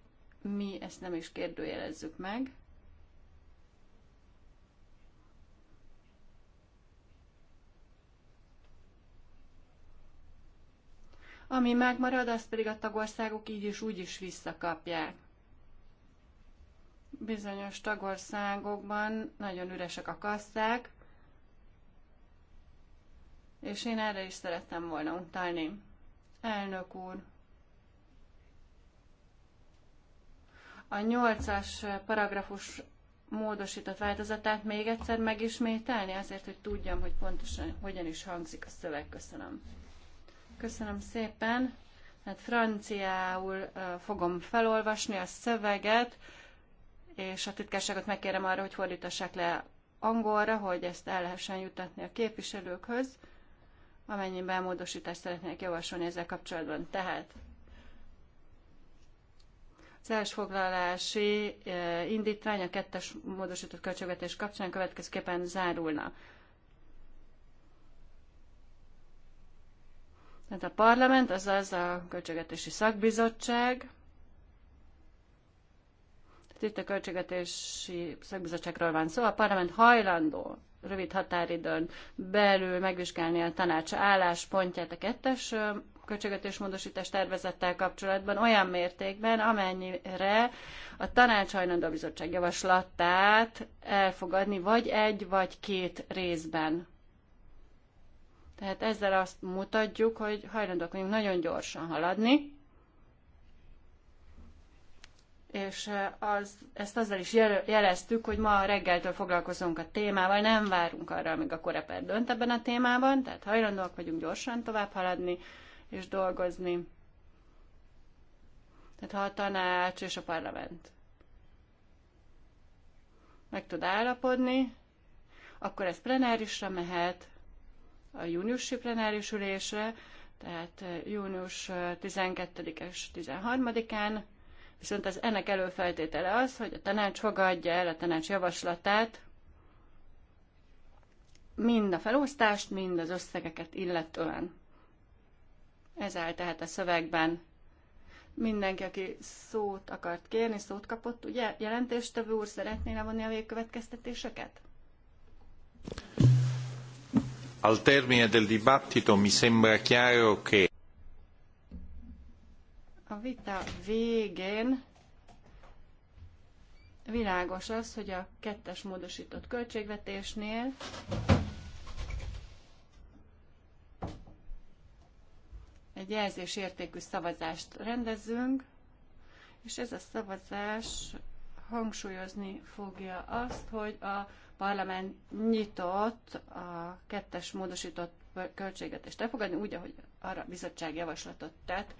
Mi ezt nem is kérdőjelezzük meg. Ami megmarad, azt pedig a tagországok így is úgy is visszakapják. Bizonyos tagországokban nagyon üresek a kasszák, és én erre is szerettem volna utalni. Elnök úr, a nyolcas paragrafus módosított változatát még egyszer megismételni, azért, hogy tudjam, hogy pontosan hogyan is hangzik a szöveg. Köszönöm. Köszönöm szépen. Hát franciául fogom felolvasni a szöveget, és a titkárságot megkérem arra, hogy fordítassák le angolra, hogy ezt el lehessen jutatni a képviselőkhöz, amennyiben módosítást szeretnék javasolni ezzel kapcsolatban. Tehát az elsfoglalási indítvány a kettes módosított költségvetés kapcsán következőképpen zárulna. Tehát a parlament, azaz a költségetési Szakbizottság, tehát itt a költségetési Szakbizottságról van szó, a parlament hajlandó rövid határidőn belül megvizsgálni a tanács álláspontját a kettes módosítás tervezettel kapcsolatban olyan mértékben, amennyire a tanács hajlandó bizottság javaslatát elfogadni vagy egy vagy két részben. Tehát ezzel azt mutatjuk, hogy hajlandók vagyunk nagyon gyorsan haladni, és az, ezt azzal is jeleztük, hogy ma reggeltől foglalkozunk a témával, nem várunk arra, amíg a koreper dönt ebben a témában, tehát hajlandóak vagyunk gyorsan tovább haladni és dolgozni. Tehát ha a tanács és a parlament meg tud állapodni, akkor ez plenárisra mehet, a júniusi plenáris ülésre, tehát eh, június 12-es eh, 13-án, viszont az ennek előfeltétele az, hogy a tanács fogadja el a tanács javaslatát, mind a felosztást, mind az összegeket illetően. Ez áll tehát a szövegben. Mindenki, aki szót akart kérni, szót kapott, ugye? Jelentéstevő úr, szeretné levonni a végkövetkeztetéseket? Al termine del dibattito mi sembra chiaro che a vita végén világos az, hogy a kettes módosított költségvetésnél egy jelzésértékű szavazást rendezünk, és ez a szavazás hangsúlyozni fogja azt, hogy a parlament nyitott a kettes módosított költségvetést elfogadni, úgy, ahogy arra a bizottság javaslatot tett,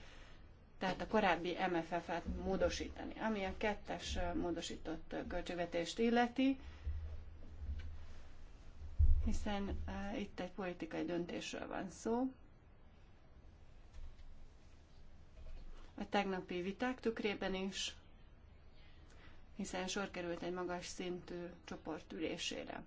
tehát a korábbi MFF-et módosítani. Ami a kettes módosított költségvetést illeti, hiszen uh, itt egy politikai döntésről van szó. A tegnapi viták tükrében is hiszen sor került egy magas szintű csoport ülésére.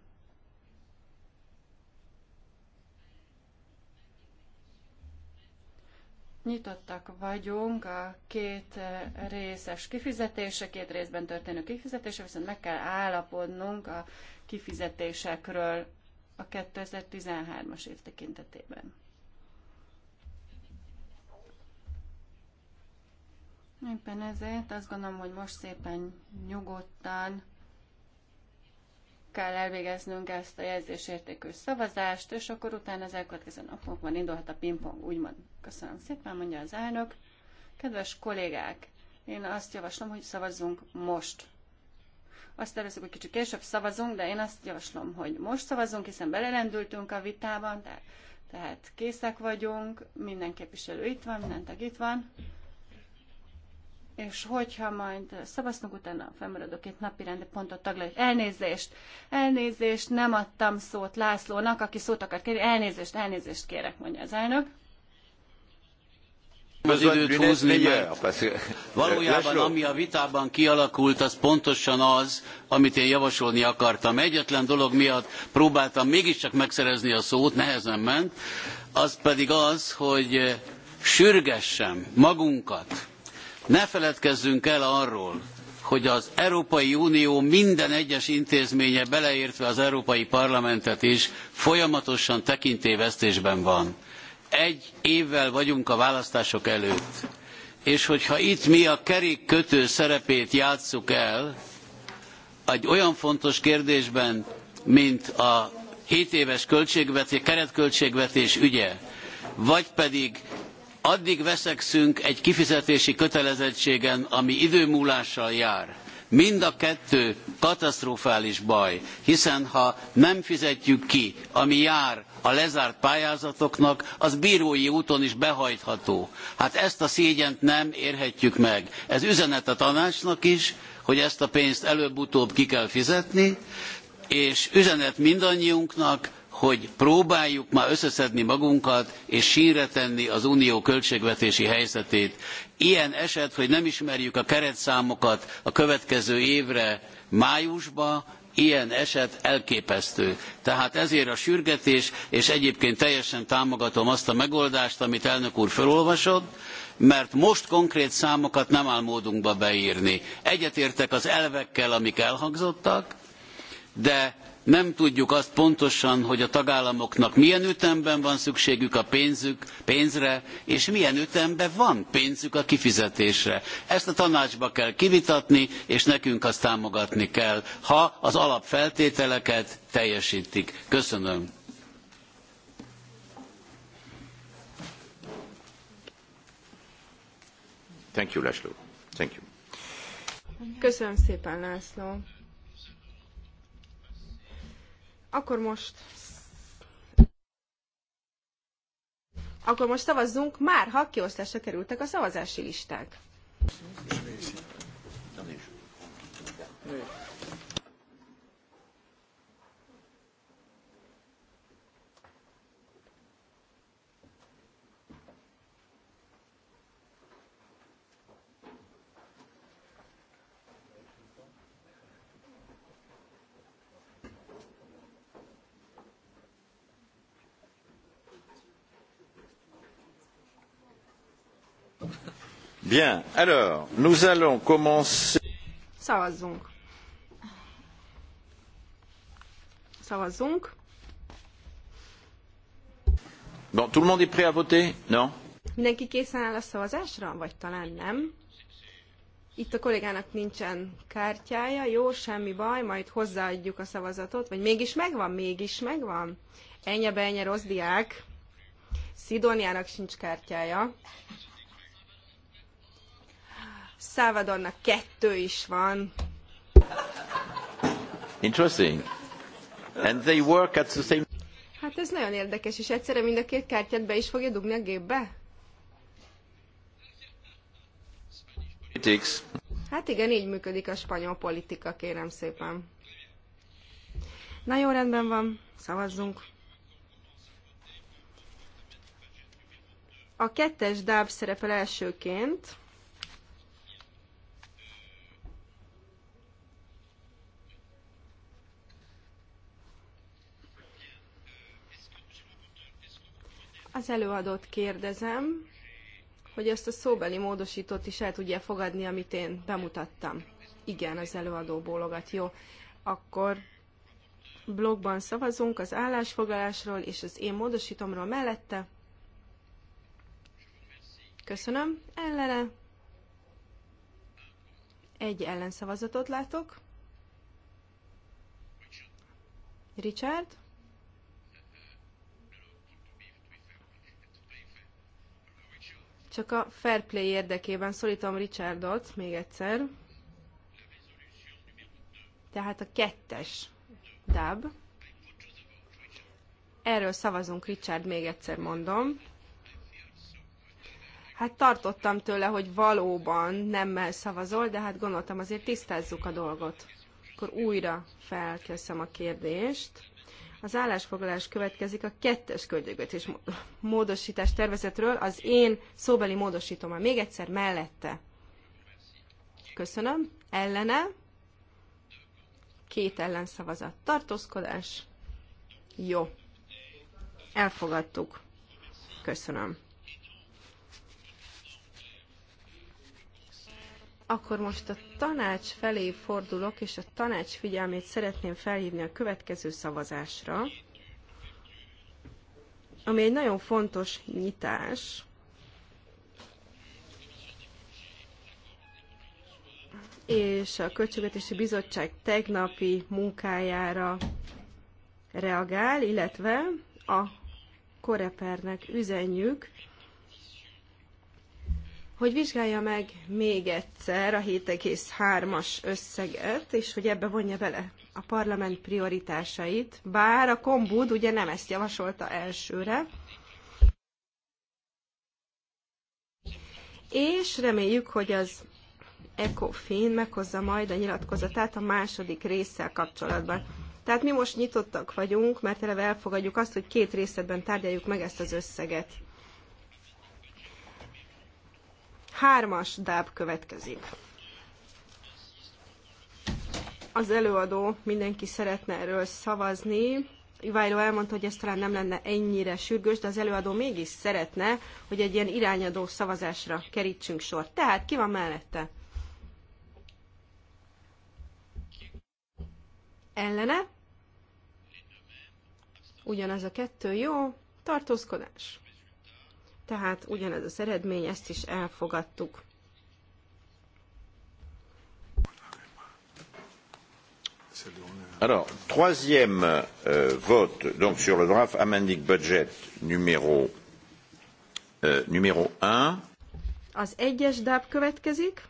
Nyitottak vagyunk a két részes kifizetése, két részben történő kifizetése, viszont meg kell állapodnunk a kifizetésekről a 2013-as év tekintetében. Éppen ezért azt gondolom, hogy most szépen nyugodtan kell elvégeznünk ezt a jelzésértékű szavazást, és akkor utána az elkövetkező napokban indulhat a pingpong, úgymond. Köszönöm szépen, mondja az elnök. Kedves kollégák, én azt javaslom, hogy szavazzunk most. Azt tervezzük, hogy kicsit később szavazunk, de én azt javaslom, hogy most szavazunk, hiszen belerendültünk a vitában, tehát készek vagyunk, minden képviselő itt van, minden tag itt van és hogyha majd szavaztunk utána a felmaradó napi rende pontot taglaljuk. Elnézést, elnézést, nem adtam szót Lászlónak, aki szót akar kérni. Elnézést, elnézést kérek, mondja az elnök. Az időt húzni, mert valójában ami a vitában kialakult, az pontosan az, amit én javasolni akartam. Egyetlen dolog miatt próbáltam mégiscsak megszerezni a szót, nehezen ment, az pedig az, hogy sürgessem magunkat, ne feledkezzünk el arról, hogy az Európai Unió minden egyes intézménye, beleértve az Európai Parlamentet is, folyamatosan tekintélyvesztésben van. Egy évvel vagyunk a választások előtt. És hogyha itt mi a kerékkötő szerepét játsszuk el, egy olyan fontos kérdésben, mint a 7 éves költségvetés, keretköltségvetés ügye, vagy pedig addig veszekszünk egy kifizetési kötelezettségen, ami időmúlással jár. Mind a kettő katasztrofális baj, hiszen ha nem fizetjük ki, ami jár a lezárt pályázatoknak, az bírói úton is behajtható. Hát ezt a szégyent nem érhetjük meg. Ez üzenet a tanácsnak is, hogy ezt a pénzt előbb-utóbb ki kell fizetni, és üzenet mindannyiunknak, hogy próbáljuk már összeszedni magunkat, és sínre tenni az unió költségvetési helyzetét. Ilyen eset, hogy nem ismerjük a keretszámokat a következő évre májusba, ilyen eset elképesztő. Tehát ezért a sürgetés, és egyébként teljesen támogatom azt a megoldást, amit elnök úr felolvasott, mert most konkrét számokat nem áll módunkba beírni. Egyetértek az elvekkel, amik elhangzottak, de nem tudjuk azt pontosan, hogy a tagállamoknak milyen ütemben van szükségük a pénzük, pénzre, és milyen ütemben van pénzük a kifizetésre. Ezt a tanácsba kell kivitatni, és nekünk azt támogatni kell, ha az alapfeltételeket teljesítik. Köszönöm. Thank you, László. Thank you. Köszönöm szépen, László. Akkor most Akkor most szavazzunk már, ha kiosztásra kerültek a szavazási listák. Bien, alors, nous allons commencer. Szavazzunk. Szavazzunk. Bon, tout le monde est prêt à voter? Non? Mindenki készen áll a szavazásra? Vagy talán nem? Itt a kollégának nincsen kártyája, jó, semmi baj, majd hozzáadjuk a szavazatot, vagy mégis megvan, mégis megvan. Ennyi be, ennyi rossz diák. Szidóniának sincs kártyája. Salvadornak kettő is van. Interesting. And they work at the same... Hát ez nagyon érdekes, és egyszerre mind a két kártyát be is fogja dugni a gépbe? Politics. Hát igen, így működik a spanyol politika, kérem szépen. Na jó, rendben van, szavazzunk. A kettes dáb szerepel elsőként. Az előadót kérdezem, hogy ezt a szóbeli módosítót is el tudja fogadni, amit én bemutattam. Igen, az előadó bólogat. Jó. Akkor blogban szavazunk az állásfoglalásról és az én módosítomról mellette. Köszönöm. Ellene. Egy ellenszavazatot látok. Richard? Csak a fair play érdekében szólítom Richardot még egyszer. Tehát a kettes dub. Erről szavazunk, Richard, még egyszer mondom. Hát tartottam tőle, hogy valóban nemmel szavazol, de hát gondoltam azért tisztázzuk a dolgot. Akkor újra felteszem a kérdést. Az állásfoglalás következik a kettes költségvetés módosítás tervezetről. Az én szóbeli módosítom még egyszer mellette. Köszönöm. Ellene. Két ellenszavazat. Tartózkodás. Jó. Elfogadtuk. Köszönöm. Akkor most a tanács felé fordulok, és a tanács figyelmét szeretném felhívni a következő szavazásra, ami egy nagyon fontos nyitás. És a Költségvetési Bizottság tegnapi munkájára reagál, illetve a korepernek üzenjük, hogy vizsgálja meg még egyszer a 7,3-as összeget, és hogy ebbe vonja bele a parlament prioritásait, bár a kombud ugye nem ezt javasolta elsőre, és reméljük, hogy az ECOFIN meghozza majd a nyilatkozatát a második résszel kapcsolatban. Tehát mi most nyitottak vagyunk, mert eleve elfogadjuk azt, hogy két részletben tárgyaljuk meg ezt az összeget. Hármas dáb következik. Az előadó, mindenki szeretne erről szavazni. Iváló elmondta, hogy ez talán nem lenne ennyire sürgős, de az előadó mégis szeretne, hogy egy ilyen irányadó szavazásra kerítsünk sor. Tehát ki van mellette? Ellene? Ugyanaz a kettő, jó? Tartózkodás tehát ugyanez az eredmény, ezt is elfogadtuk. Alors, troisième euh, vote donc sur le draft amending budget numéro, euh, numéro 1. Az egyes DAB következik.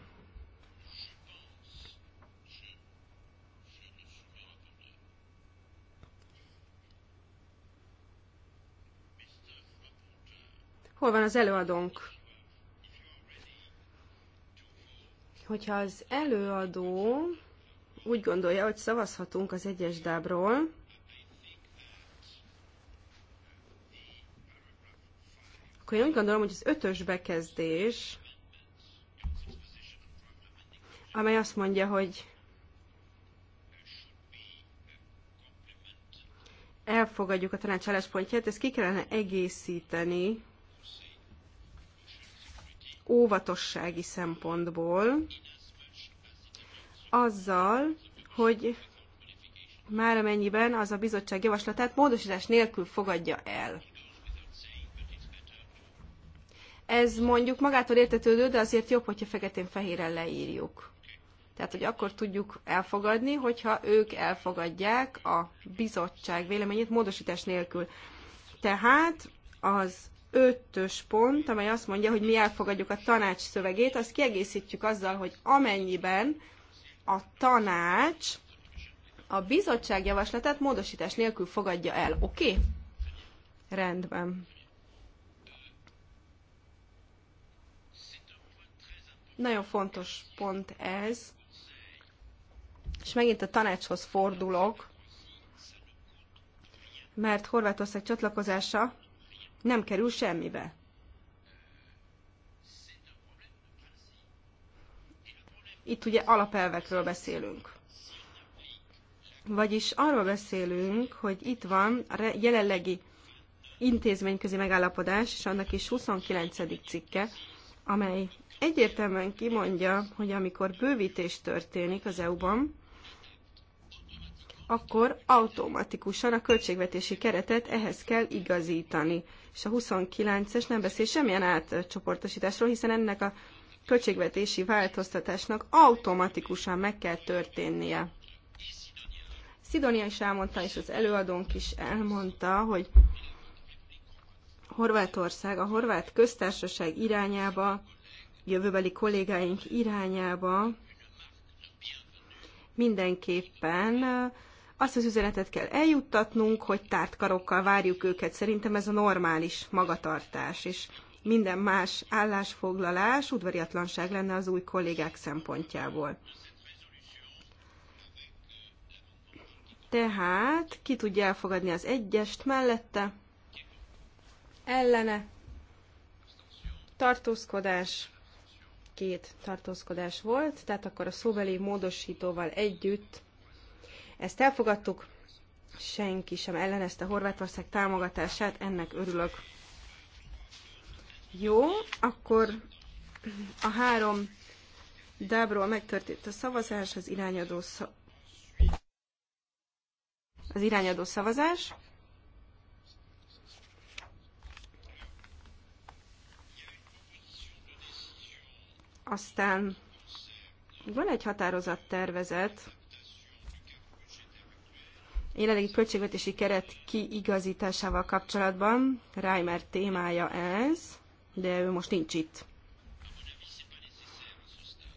Hol van az előadónk? Hogyha az előadó úgy gondolja, hogy szavazhatunk az egyes dábról, akkor én úgy gondolom, hogy az ötös bekezdés, amely azt mondja, hogy elfogadjuk a tanács álláspontját, ezt ki kellene egészíteni óvatossági szempontból, azzal, hogy már amennyiben az a bizottság javaslatát módosítás nélkül fogadja el. Ez mondjuk magától értetődő, de azért jobb, hogyha feketén-fehéren leírjuk. Tehát, hogy akkor tudjuk elfogadni, hogyha ők elfogadják a bizottság véleményét módosítás nélkül. Tehát az ötös pont, amely azt mondja, hogy mi elfogadjuk a tanács szövegét, azt kiegészítjük azzal, hogy amennyiben a tanács a bizottság javaslatát módosítás nélkül fogadja el. Oké? Okay? Rendben. Nagyon fontos pont ez. És megint a tanácshoz fordulok, mert Horvátország csatlakozása nem kerül semmibe. Itt ugye alapelvekről beszélünk. Vagyis arról beszélünk, hogy itt van a jelenlegi intézményközi megállapodás, és annak is 29. cikke, amely egyértelműen kimondja, hogy amikor bővítés történik az EU-ban, akkor automatikusan a költségvetési keretet ehhez kell igazítani. És a 29-es nem beszél semmilyen átcsoportosításról, hiszen ennek a költségvetési változtatásnak automatikusan meg kell történnie. Szidonia is elmondta, és az előadónk is elmondta, hogy Horvátország a horvát köztársaság irányába, jövőbeli kollégáink irányába mindenképpen azt az üzenetet kell eljuttatnunk, hogy karokkal várjuk őket. Szerintem ez a normális magatartás, és minden más állásfoglalás udvariatlanság lenne az új kollégák szempontjából. Tehát ki tudja elfogadni az egyest mellette, ellene, tartózkodás, két tartózkodás volt, tehát akkor a szóbeli módosítóval együtt ezt elfogadtuk, senki sem ellenezte Horvátország támogatását, ennek örülök. Jó, akkor a három dábról megtörtént a szavazás, az irányadó, szav... az irányadó szavazás. Aztán van egy határozattervezet, jelenlegi költségvetési keret kiigazításával kapcsolatban. Reimer témája ez, de ő most nincs itt.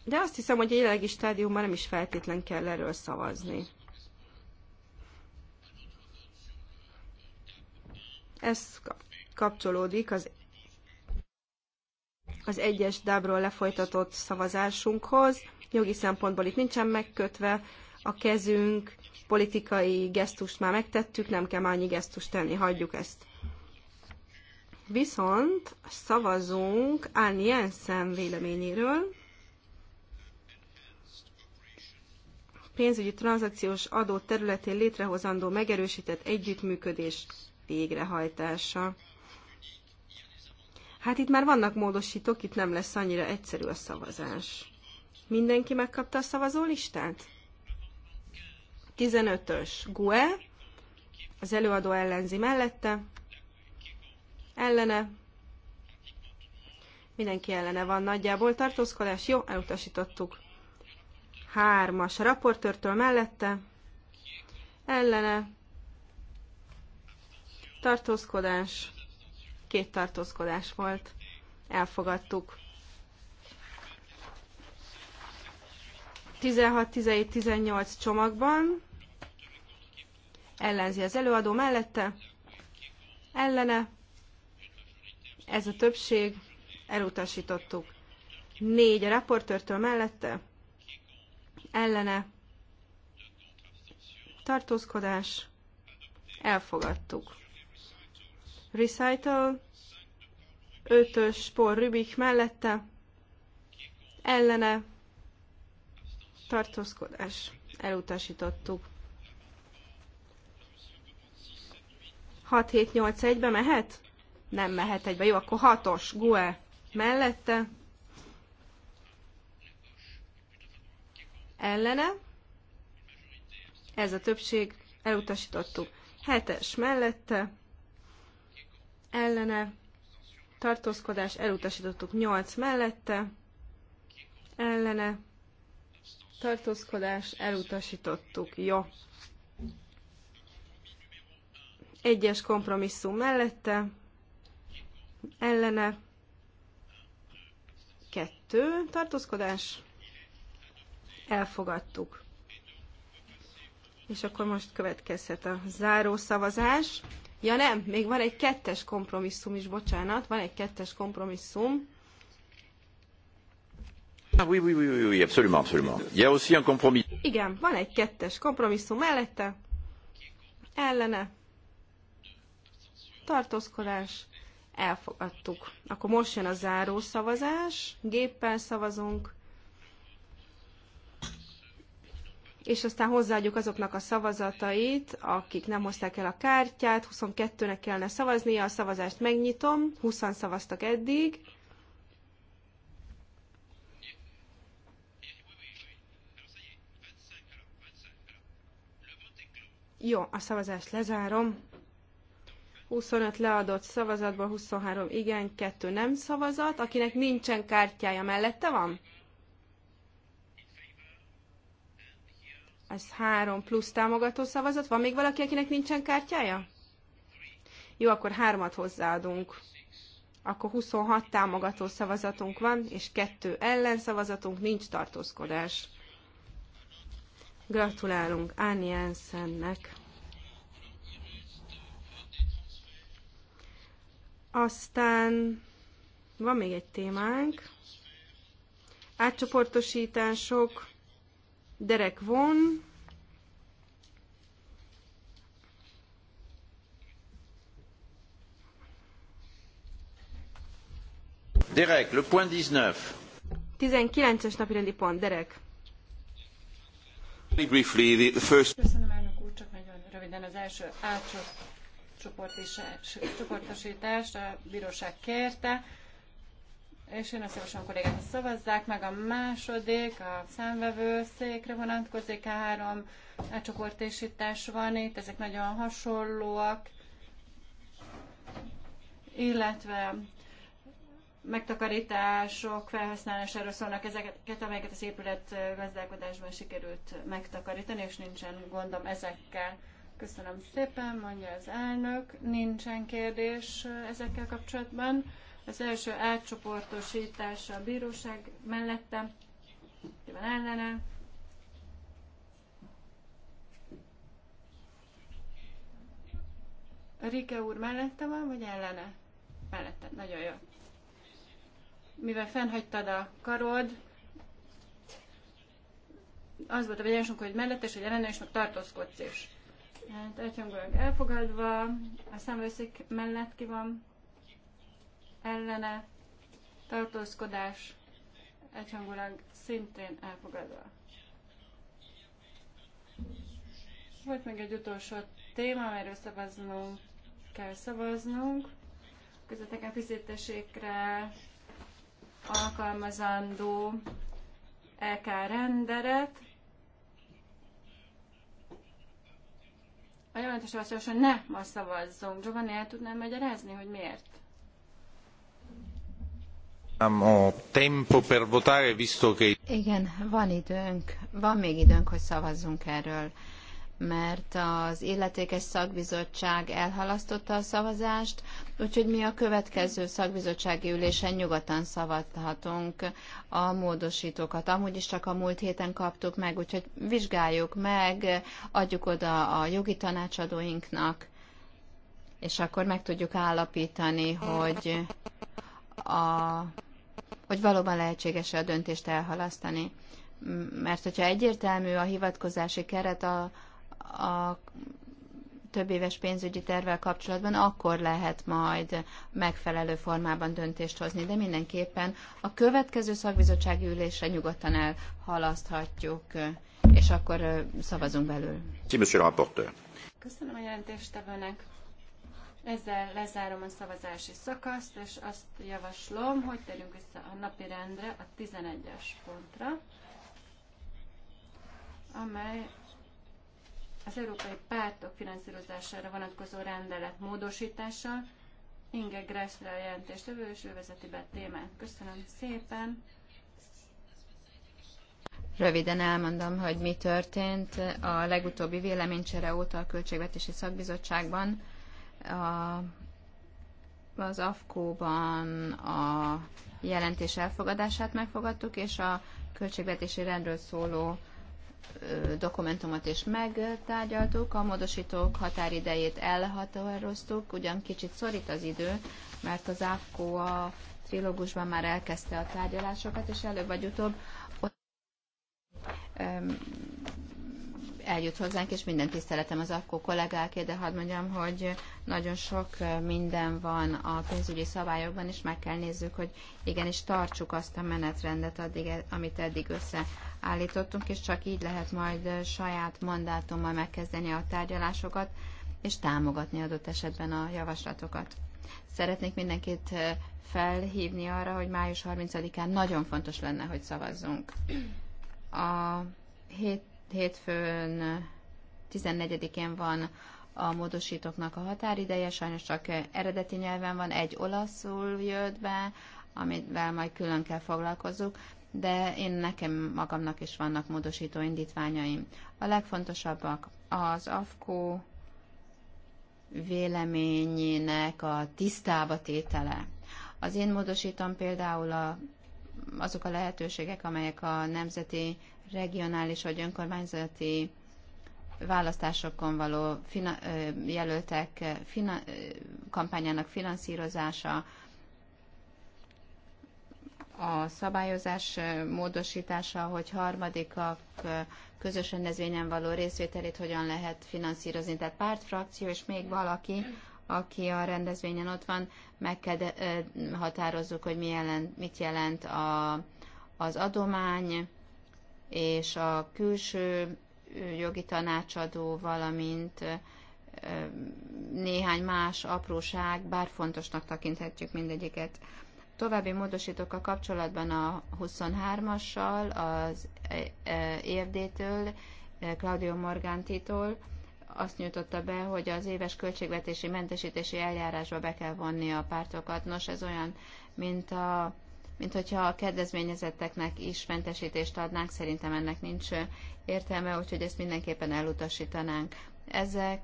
De azt hiszem, hogy a jelenlegi stádiumban nem is feltétlen kell erről szavazni. Ez kapcsolódik az az egyes dábról lefolytatott szavazásunkhoz. Jogi szempontból itt nincsen megkötve a kezünk politikai gesztust már megtettük, nem kell már annyi gesztust tenni, hagyjuk ezt. Viszont szavazunk Ann Jensen véleményéről. Pénzügyi tranzakciós adó területén létrehozandó megerősített együttműködés végrehajtása. Hát itt már vannak módosítók, itt nem lesz annyira egyszerű a szavazás. Mindenki megkapta a szavazólistát? 15-ös GUE, az előadó ellenzi mellette, ellene, mindenki ellene van nagyjából tartózkodás, jó, elutasítottuk. Hármas a raportőrtől mellette, ellene, tartózkodás, két tartózkodás volt, elfogadtuk. 16, 17, 18 csomagban. Ellenzi az előadó mellette. Ellene. Ez a többség. Elutasítottuk. 4 a raportőrtől mellette. Ellene. Tartózkodás. Elfogadtuk. Recital. 5-ös Paul Rubik mellette. Ellene tartózkodás elutasítottuk. 6-7-8-1-be mehet? Nem mehet egybe. Jó, akkor 6-os GUE mellette. Ellene. Ez a többség. Elutasítottuk. 7-es mellette. Ellene. Tartózkodás. Elutasítottuk. 8 mellette. Ellene tartózkodás, elutasítottuk, jó. Egyes kompromisszum mellette, ellene, kettő, tartózkodás, elfogadtuk. És akkor most következhet a záró szavazás. Ja nem, még van egy kettes kompromisszum is, bocsánat, van egy kettes kompromisszum. Igen, van egy kettes kompromisszum mellette, ellene, tartózkodás, elfogadtuk. Akkor most jön a záró szavazás, géppel szavazunk, és aztán hozzáadjuk azoknak a szavazatait, akik nem hozták el a kártyát, 22-nek kellene szavaznia, a szavazást megnyitom, 20 szavaztak eddig, Jó, a szavazást lezárom. 25 leadott szavazatból 23 igen, 2 nem szavazat. Akinek nincsen kártyája mellette van? Ez 3 plusz támogató szavazat. Van még valaki, akinek nincsen kártyája? Jó, akkor 3-at hozzáadunk. Akkor 26 támogató szavazatunk van, és kettő ellenszavazatunk, nincs tartózkodás. Gratulálunk Áni Jensennek. Aztán van még egy témánk. Átcsoportosítások. Derek von. Derek, le point 19. 19-es napirendi pont, Derek. Briefly, Köszönöm, elnök úr, csak nagyon röviden az első átcsoportosítást a bíróság kérte, és én azt javaslom kollégát, hogy szavazzák meg. A második, a székre vonatkozik, a három átcsoportosítás van itt, ezek nagyon hasonlóak, illetve megtakarítások felhasználásáról szólnak ezeket, amelyeket az épület gazdálkodásban sikerült megtakarítani, és nincsen gondom ezekkel. Köszönöm szépen, mondja az elnök. Nincsen kérdés ezekkel kapcsolatban. Az első átcsoportosítása a bíróság mellette, ki van ellene. Rike úr mellette van, vagy ellene? Mellette, nagyon jó mivel fennhagytad a karod, az volt a vegyensünk, hogy mellettes, hogy ellene, és meg tartózkodsz is. Tehát elfogadva, a számvőszik mellett ki van, ellene, tartózkodás, egyhangulag szintén elfogadva. Volt még egy utolsó téma, amelyről szavaznunk kell szavaznunk. a fizetésekre alkalmazandó EK rendelet. A jelentős hogy ne ma szavazzunk. Giovanni, el tudnám magyarázni, hogy miért? Igen, van időnk, van még időnk, hogy szavazzunk erről mert az illetékes szakbizottság elhalasztotta a szavazást, úgyhogy mi a következő szakbizottsági ülésen nyugodtan szavazhatunk a módosítókat. Amúgy is csak a múlt héten kaptuk meg, úgyhogy vizsgáljuk meg, adjuk oda a jogi tanácsadóinknak, és akkor meg tudjuk állapítani, hogy, a, hogy valóban lehetséges-e a döntést elhalasztani. Mert hogyha egyértelmű a hivatkozási keret a, a több éves pénzügyi tervvel kapcsolatban, akkor lehet majd megfelelő formában döntést hozni. De mindenképpen a következő szakbizottsági ülésre nyugodtan elhalaszthatjuk, és akkor szavazunk belül. Köszönöm a jelentéstevőnek. Ezzel lezárom a szavazási szakaszt, és azt javaslom, hogy térjünk vissza a napi rendre, a 11-es pontra, amely az európai pártok finanszírozására vonatkozó rendelet módosítása. Inge Gressre a jelentéstevő, és ő vezeti be a témát. Köszönöm szépen! Röviden elmondom, hogy mi történt a legutóbbi véleménycsere óta a Költségvetési Szakbizottságban. A, az AFKO-ban a jelentés elfogadását megfogadtuk, és a költségvetési rendről szóló dokumentumot is megtárgyaltuk, a módosítók határidejét elhatároztuk, ugyan kicsit szorít az idő, mert az AFKO a trilógusban már elkezdte a tárgyalásokat, és előbb vagy utóbb ott eljut hozzánk, és minden tiszteletem az AFKO kollégáké, de hadd mondjam, hogy nagyon sok minden van a pénzügyi szabályokban, és meg kell nézzük, hogy igenis tartsuk azt a menetrendet, addig, amit eddig össze állítottunk, és csak így lehet majd saját mandátummal megkezdeni a tárgyalásokat, és támogatni adott esetben a javaslatokat. Szeretnék mindenkit felhívni arra, hogy május 30-án nagyon fontos lenne, hogy szavazzunk. A hét, hétfőn 14-én van a módosítóknak a határideje, sajnos csak eredeti nyelven van, egy olaszul jött be, amivel majd külön kell foglalkozunk, de én nekem magamnak is vannak módosító indítványaim. A legfontosabbak az AFKO véleményének a tisztába tétele. Az én módosítom például a, azok a lehetőségek, amelyek a nemzeti, regionális vagy önkormányzati választásokon való fina, jelöltek fina, kampányának finanszírozása, a szabályozás módosítása, hogy harmadikak közös rendezvényen való részvételét hogyan lehet finanszírozni. Tehát pártfrakció és még valaki, aki a rendezvényen ott van, meg kell határozzuk, hogy mi jelent, mit jelent a, az adomány és a külső jogi tanácsadó, valamint néhány más apróság, bár fontosnak tekinthetjük mindegyiket további módosítókkal kapcsolatban a 23-assal, az érdétől, e- e- e- Claudio Morgantitól azt nyújtotta be, hogy az éves költségvetési mentesítési eljárásba be kell vonni a pártokat. Nos, ez olyan, mint a mint hogyha a kedvezményezetteknek is mentesítést adnánk, szerintem ennek nincs értelme, úgyhogy ezt mindenképpen elutasítanánk. Ezek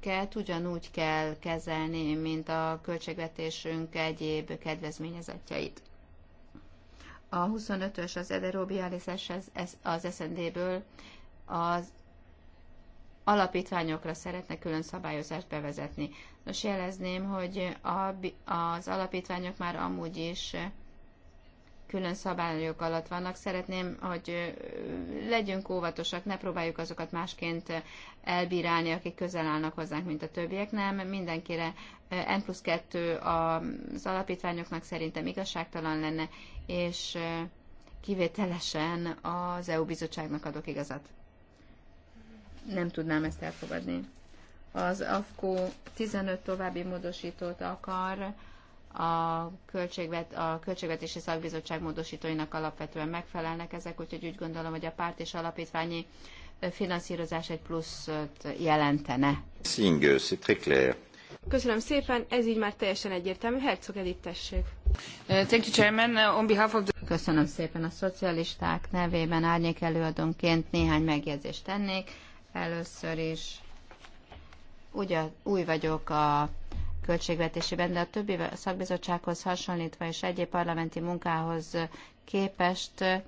költségeket ugyanúgy kell kezelni, mint a költségvetésünk egyéb kedvezményezetjeit. A 25-ös az ederóbiális az SND-ből az alapítványokra szeretne külön szabályozást bevezetni. Nos, jelezném, hogy a, az alapítványok már amúgy is külön szabályok alatt vannak. Szeretném, hogy legyünk óvatosak, ne próbáljuk azokat másként elbírálni, akik közel állnak hozzánk, mint a többiek. Nem, mindenkire N plusz 2 az alapítványoknak szerintem igazságtalan lenne, és kivételesen az EU bizottságnak adok igazat. Nem tudnám ezt elfogadni. Az AFKO 15 további módosítót akar, a, költségvet, a Költségvetési Szakbizottság módosítóinak alapvetően megfelelnek ezek, úgyhogy úgy gondolom, hogy a párt és alapítványi finanszírozás egy pluszt jelentene. Szingő, clair. Köszönöm szépen, ez így már teljesen egyértelmű. Herzog Edith, tessék. Uh, thank you, Chairman. Uh, on behalf of the... Köszönöm szépen a szocialisták nevében árnyék előadónként néhány megjegyzést tennék. Először is ugye új vagyok a költségvetésében, de a többi szakbizottsághoz hasonlítva és egyéb parlamenti munkához képest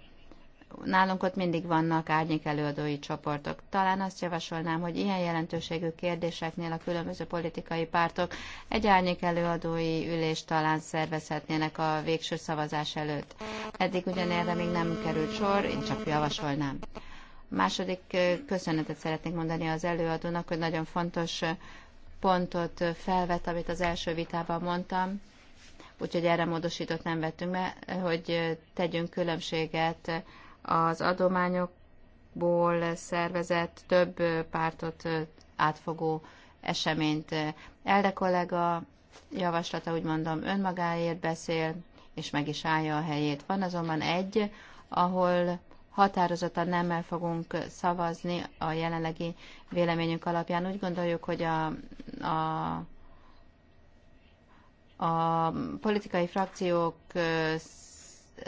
nálunk ott mindig vannak árnyék előadói csoportok. Talán azt javasolnám, hogy ilyen jelentőségű kérdéseknél a különböző politikai pártok egy árnyék előadói ülést talán szervezhetnének a végső szavazás előtt. Eddig ugyanerre még nem került sor, én csak javasolnám. Második köszönetet szeretnék mondani az előadónak, hogy nagyon fontos pontot felvet, amit az első vitában mondtam, úgyhogy erre módosított nem vettünk be, hogy tegyünk különbséget az adományokból szervezett több pártot átfogó eseményt. Elde kollega javaslata, úgy mondom, önmagáért beszél, és meg is állja a helyét. Van azonban egy, ahol határozottan nemmel fogunk szavazni a jelenlegi véleményünk alapján. Úgy gondoljuk, hogy a, a a politikai frakciók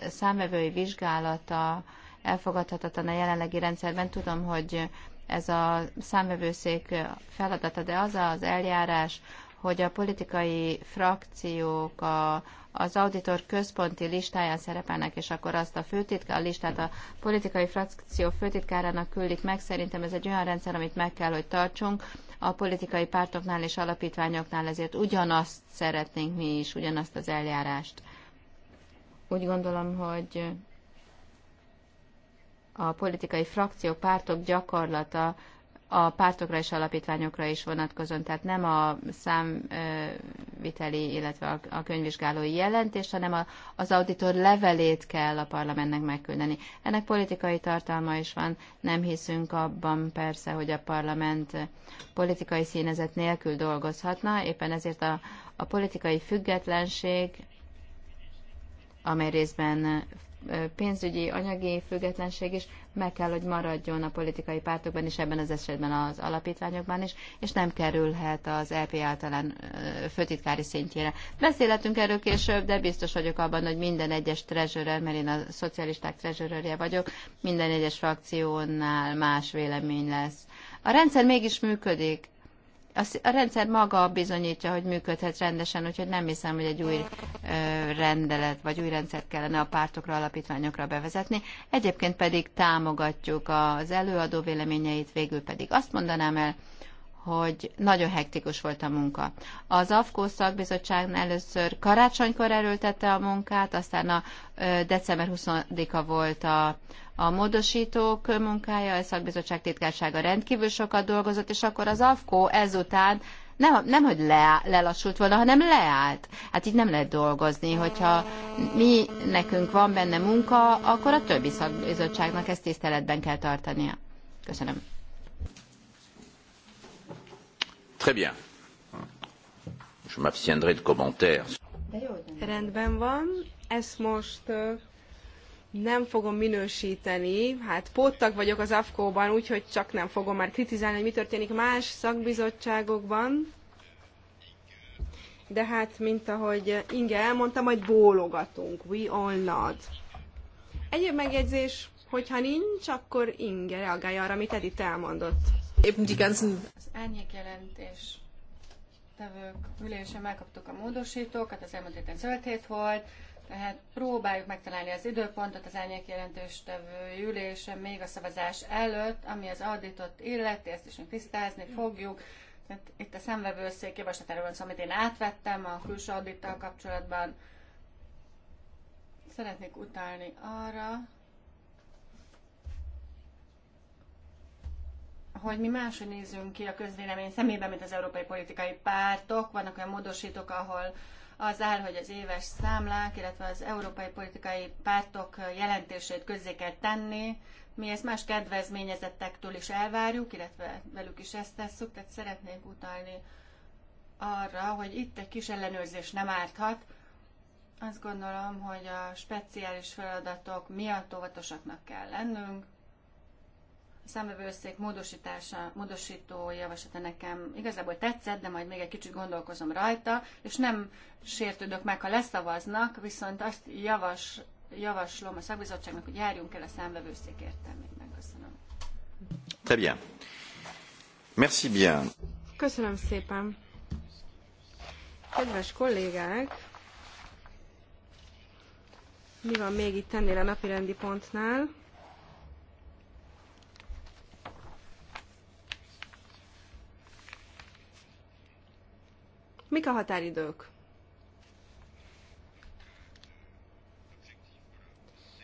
számvevői vizsgálata elfogadhatatlan a jelenlegi rendszerben. Tudom, hogy ez a számvevőszék feladata, de az az eljárás, hogy a politikai frakciók a, az auditor központi listáján szerepelnek, és akkor azt a főtitkár, a listát a politikai frakció főtitkárának küldik meg. Szerintem ez egy olyan rendszer, amit meg kell, hogy tartsunk a politikai pártoknál és alapítványoknál, ezért ugyanazt szeretnénk mi is, ugyanazt az eljárást. Úgy gondolom, hogy a politikai frakció pártok gyakorlata a pártokra és alapítványokra is vonatkozóan, tehát nem a számviteli, illetve a könyvvizsgálói jelentést, hanem az auditor levelét kell a parlamentnek megküldeni. Ennek politikai tartalma is van, nem hiszünk abban persze, hogy a parlament politikai színezet nélkül dolgozhatna, éppen ezért a, a politikai függetlenség, amely részben pénzügyi, anyagi függetlenség is meg kell, hogy maradjon a politikai pártokban és ebben az esetben az alapítványokban is, és nem kerülhet az LP e általán főtitkári szintjére. Beszélhetünk erről később, de biztos vagyok abban, hogy minden egyes treasurer, mert én a szocialisták treasurerje vagyok, minden egyes frakciónál más vélemény lesz. A rendszer mégis működik a rendszer maga bizonyítja, hogy működhet rendesen, úgyhogy nem hiszem, hogy egy új rendelet vagy új rendszert kellene a pártokra, alapítványokra bevezetni. Egyébként pedig támogatjuk az előadó véleményeit, végül pedig azt mondanám el, hogy nagyon hektikus volt a munka. Az AFKO szakbizottság először karácsonykor erőltette a munkát, aztán a december 20-a volt a, a módosítók munkája, a szakbizottság titkársága rendkívül sokat dolgozott, és akkor az AFKO ezután nem, nem hogy le, lelassult volna, hanem leállt. Hát így nem lehet dolgozni, hogyha mi, nekünk van benne munka, akkor a többi szakbizottságnak ezt tiszteletben kell tartania. Köszönöm. Très bien. Je m'abstiendrai de commentaires. Rendben van, ezt most nem fogom minősíteni. Hát póttag vagyok az AFKO-ban, úgyhogy csak nem fogom már kritizálni, hogy mi történik más szakbizottságokban. De hát, mint ahogy Inge elmondta, majd bólogatunk. We all nod. Egyéb megjegyzés, hogyha nincs, akkor Inge reagálja arra, amit Edith elmondott. Eben die ganzen... Az árnyék jelentés tevők ülésen megkaptuk a módosítókat, az elmúlt héten zöld hét volt, tehát próbáljuk megtalálni az időpontot az elnyek jelentős tevő ülésen még a szavazás előtt, ami az auditot illeti, ezt is tisztázni fogjuk. Tehát itt a szemvevőszék javaslatáról van szó, amit én átvettem a külső audittal kapcsolatban. Szeretnék utálni arra, hogy mi máshogy nézzünk ki a közvélemény szemében, mint az európai politikai pártok. Vannak olyan módosítók, ahol az áll, hogy az éves számlák, illetve az európai politikai pártok jelentését közzé kell tenni. Mi ezt más kedvezményezettektől is elvárjuk, illetve velük is ezt tesszük, tehát szeretnék utalni arra, hogy itt egy kis ellenőrzés nem árthat. Azt gondolom, hogy a speciális feladatok miatt óvatosaknak kell lennünk, a számvevőszék módosítása, módosító javaslata nekem igazából tetszett, de majd még egy kicsit gondolkozom rajta, és nem sértődök meg, ha leszavaznak, viszont azt javas, javaslom a szakbizottságnak, hogy járjunk el a számvevőszék értelmében. Köszönöm. Très bien. Merci bien. Köszönöm szépen. Kedves kollégák, mi van még itt ennél a napirendi pontnál? Mik a határidők?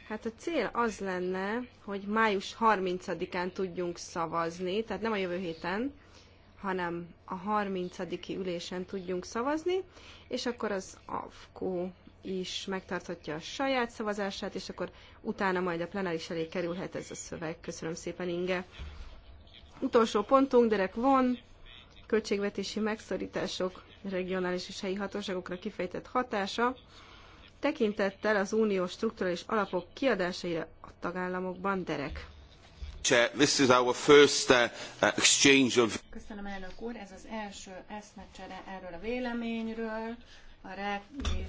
Hát a cél az lenne, hogy május 30-án tudjunk szavazni, tehát nem a jövő héten, hanem a 30. ülésen tudjunk szavazni, és akkor az AFKO is megtarthatja a saját szavazását, és akkor utána majd a plenáris elé kerülhet ez a szöveg. Köszönöm szépen, Inge. Utolsó pontunk, Derek von, költségvetési megszorítások regionális és helyi hatóságokra kifejtett hatása, tekintettel az uniós strukturális alapok kiadásaira a tagállamokban derek. This is our first uh, uh, exchange of... Köszönöm, elnök úr, ez az első eszmecsere erről a véleményről, a REC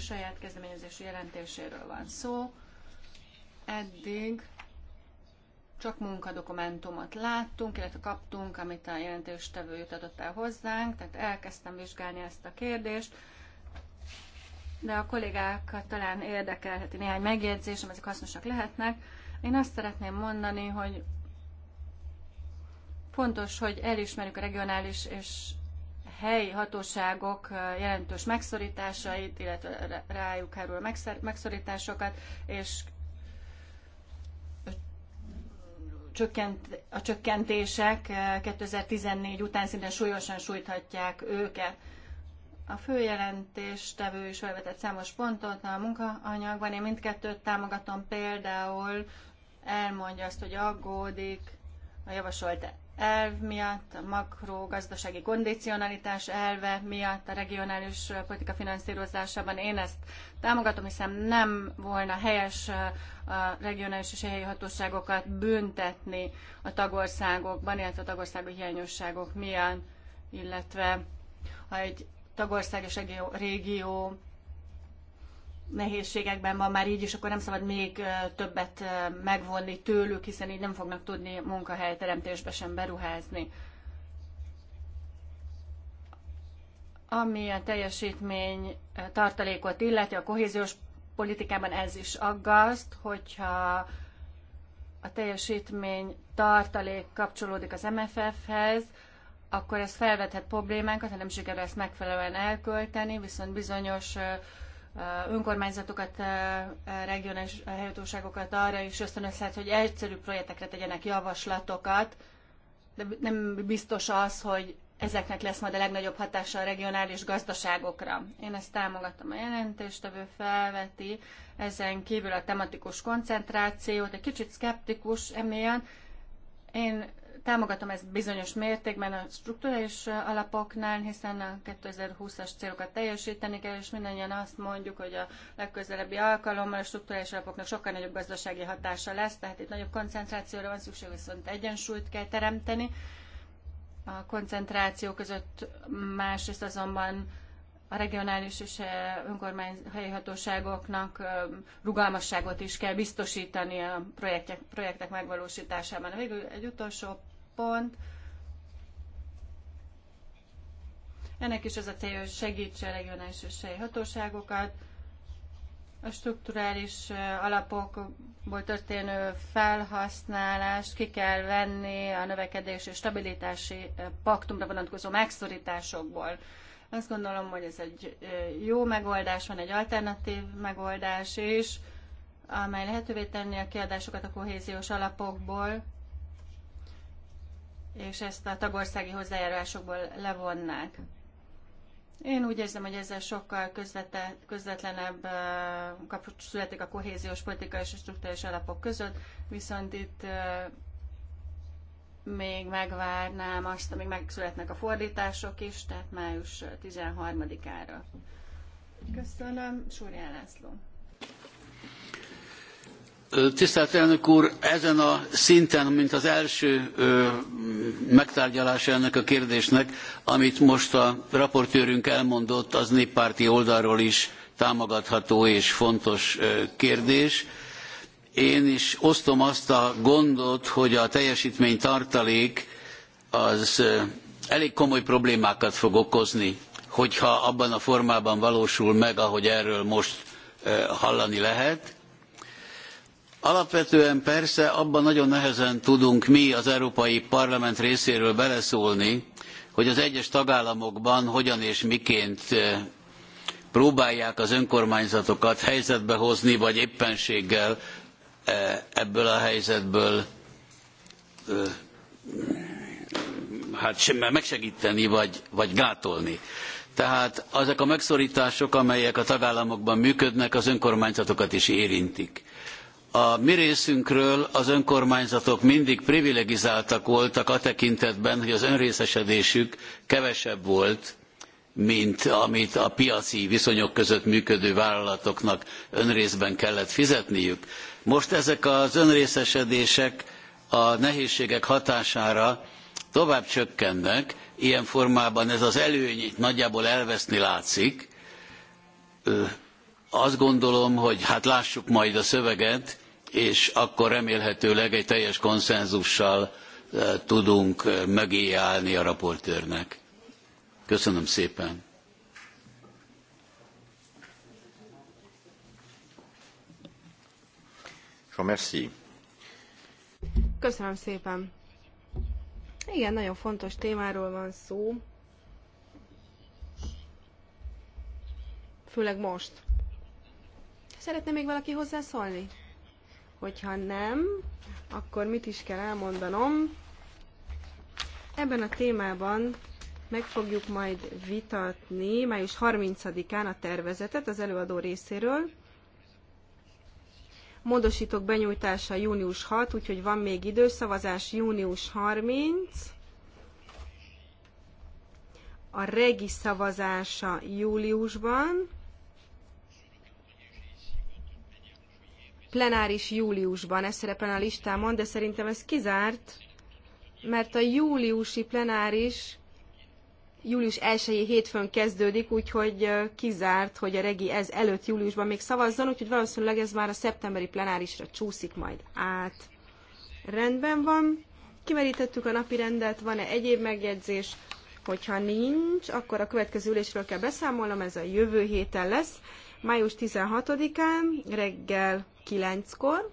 saját kezdeményezési jelentéséről van szó. Eddig csak munkadokumentumot láttunk, illetve kaptunk, amit a jelentéstevő jutatott el hozzánk, tehát elkezdtem vizsgálni ezt a kérdést, de a kollégákat talán érdekelheti néhány megjegyzésem, ezek hasznosak lehetnek. Én azt szeretném mondani, hogy fontos, hogy elismerjük a regionális és helyi hatóságok jelentős megszorításait, illetve rájuk hárul megszorításokat, és csökkent, a csökkentések 2014 eh, után szinte súlyosan sújthatják őket. A főjelentéstevő is felvetett számos pontot a munkaanyagban. Én mindkettőt támogatom, például elmondja azt, hogy aggódik a javasolt elv miatt, a makrogazdasági kondicionalitás elve miatt a regionális politika finanszírozásában. Én ezt támogatom, hiszen nem volna helyes a regionális és helyi hatóságokat büntetni a tagországokban, illetve a tagországi hiányosságok miatt, illetve ha egy tagország és egy régió nehézségekben van már így, és akkor nem szabad még többet megvonni tőlük, hiszen így nem fognak tudni munkahelyteremtésbe sem beruházni. Ami a teljesítmény tartalékot illeti, a kohéziós politikában ez is aggaszt, hogyha a teljesítmény tartalék kapcsolódik az MFF-hez, akkor ez felvethet problémánkat, ha nem sikerül ezt megfelelően elkölteni, viszont bizonyos önkormányzatokat, regionális helyhatóságokat arra is ösztönözhet, hogy egyszerű projektekre tegyenek javaslatokat, de nem biztos az, hogy ezeknek lesz majd a legnagyobb hatása a regionális gazdaságokra. Én ezt támogatom a jelentést, ő felveti, ezen kívül a tematikus koncentrációt, egy kicsit szkeptikus emiatt. Én támogatom ezt bizonyos mértékben a strukturális alapoknál, hiszen a 2020-as célokat teljesíteni kell, és mindannyian azt mondjuk, hogy a legközelebbi alkalommal a strukturális alapoknak sokkal nagyobb gazdasági hatása lesz, tehát itt nagyobb koncentrációra van szükség, viszont egyensúlyt kell teremteni. A koncentráció között másrészt azonban a regionális és e, önkormány helyi hatóságoknak rugalmasságot is kell biztosítani a projektek, projektek megvalósításában. Végül egy utolsó pont. Ennek is az a célja, hogy segítse a regionális és helyi hatóságokat, a strukturális alapokból történő felhasználást ki kell venni a növekedési és stabilitási paktumra vonatkozó megszorításokból. Azt gondolom, hogy ez egy jó megoldás, van egy alternatív megoldás is, amely lehetővé tenni a kiadásokat a kohéziós alapokból, és ezt a tagországi hozzájárulásokból levonnák. Én úgy érzem, hogy ezzel sokkal közvete, közvetlenebb kapcsolat születik a kohéziós politika és a struktúrális alapok között, viszont itt még megvárnám azt, amíg megszületnek a fordítások is, tehát május 13-ára. Köszönöm, Súrján László. Tisztelt elnök úr, ezen a szinten, mint az első ö, megtárgyalása ennek a kérdésnek, amit most a raportőrünk elmondott, az néppárti oldalról is támogatható és fontos kérdés. Ö, én is osztom azt a gondot, hogy a teljesítmény tartalék az elég komoly problémákat fog okozni, hogyha abban a formában valósul meg, ahogy erről most hallani lehet. Alapvetően persze abban nagyon nehezen tudunk mi az Európai Parlament részéről beleszólni, hogy az egyes tagállamokban hogyan és miként próbálják az önkormányzatokat helyzetbe hozni, vagy éppenséggel E, ebből a helyzetből hát sem megsegíteni, vagy, vagy gátolni. Tehát ezek a megszorítások, amelyek a tagállamokban működnek, az önkormányzatokat is érintik. A mi részünkről az önkormányzatok mindig privilegizáltak voltak a tekintetben, hogy az önrészesedésük kevesebb volt, mint amit a piaci viszonyok között működő vállalatoknak önrészben kellett fizetniük most ezek az önrészesedések a nehézségek hatására tovább csökkennek, ilyen formában ez az előny nagyjából elveszni látszik. Azt gondolom, hogy hát lássuk majd a szöveget, és akkor remélhetőleg egy teljes konszenzussal tudunk mögé állni a raportőrnek. Köszönöm szépen. Köszönöm szépen. Igen, nagyon fontos témáról van szó. Főleg most. Szeretne még valaki hozzászólni? Hogyha nem, akkor mit is kell elmondanom? Ebben a témában meg fogjuk majd vitatni május 30-án a tervezetet az előadó részéről, Módosítók benyújtása június 6, úgyhogy van még idő, szavazás június 30. A regi szavazása júliusban. Plenáris júliusban, ez szerepel a listámon, de szerintem ez kizárt, mert a júliusi plenáris július 1 hétfőn kezdődik, úgyhogy kizárt, hogy a regi ez előtt júliusban még szavazzon, úgyhogy valószínűleg ez már a szeptemberi plenárisra csúszik majd át. Rendben van, kimerítettük a napi rendet, van-e egyéb megjegyzés? Hogyha nincs, akkor a következő ülésről kell beszámolnom, ez a jövő héten lesz, május 16-án reggel 9-kor,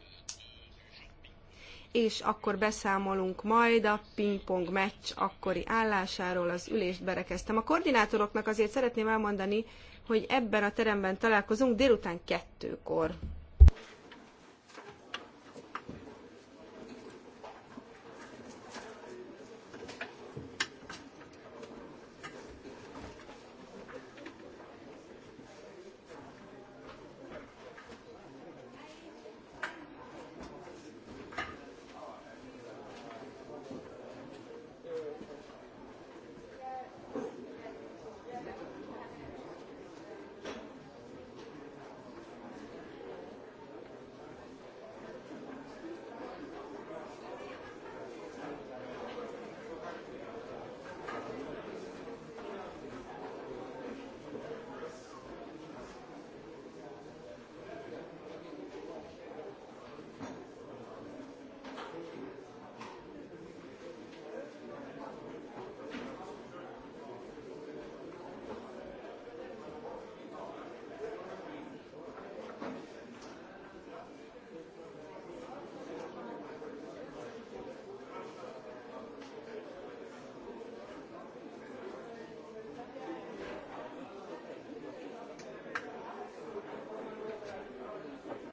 és akkor beszámolunk majd a pingpong meccs akkori állásáról, az ülést berekeztem. A koordinátoroknak azért szeretném elmondani, hogy ebben a teremben találkozunk délután kettőkor.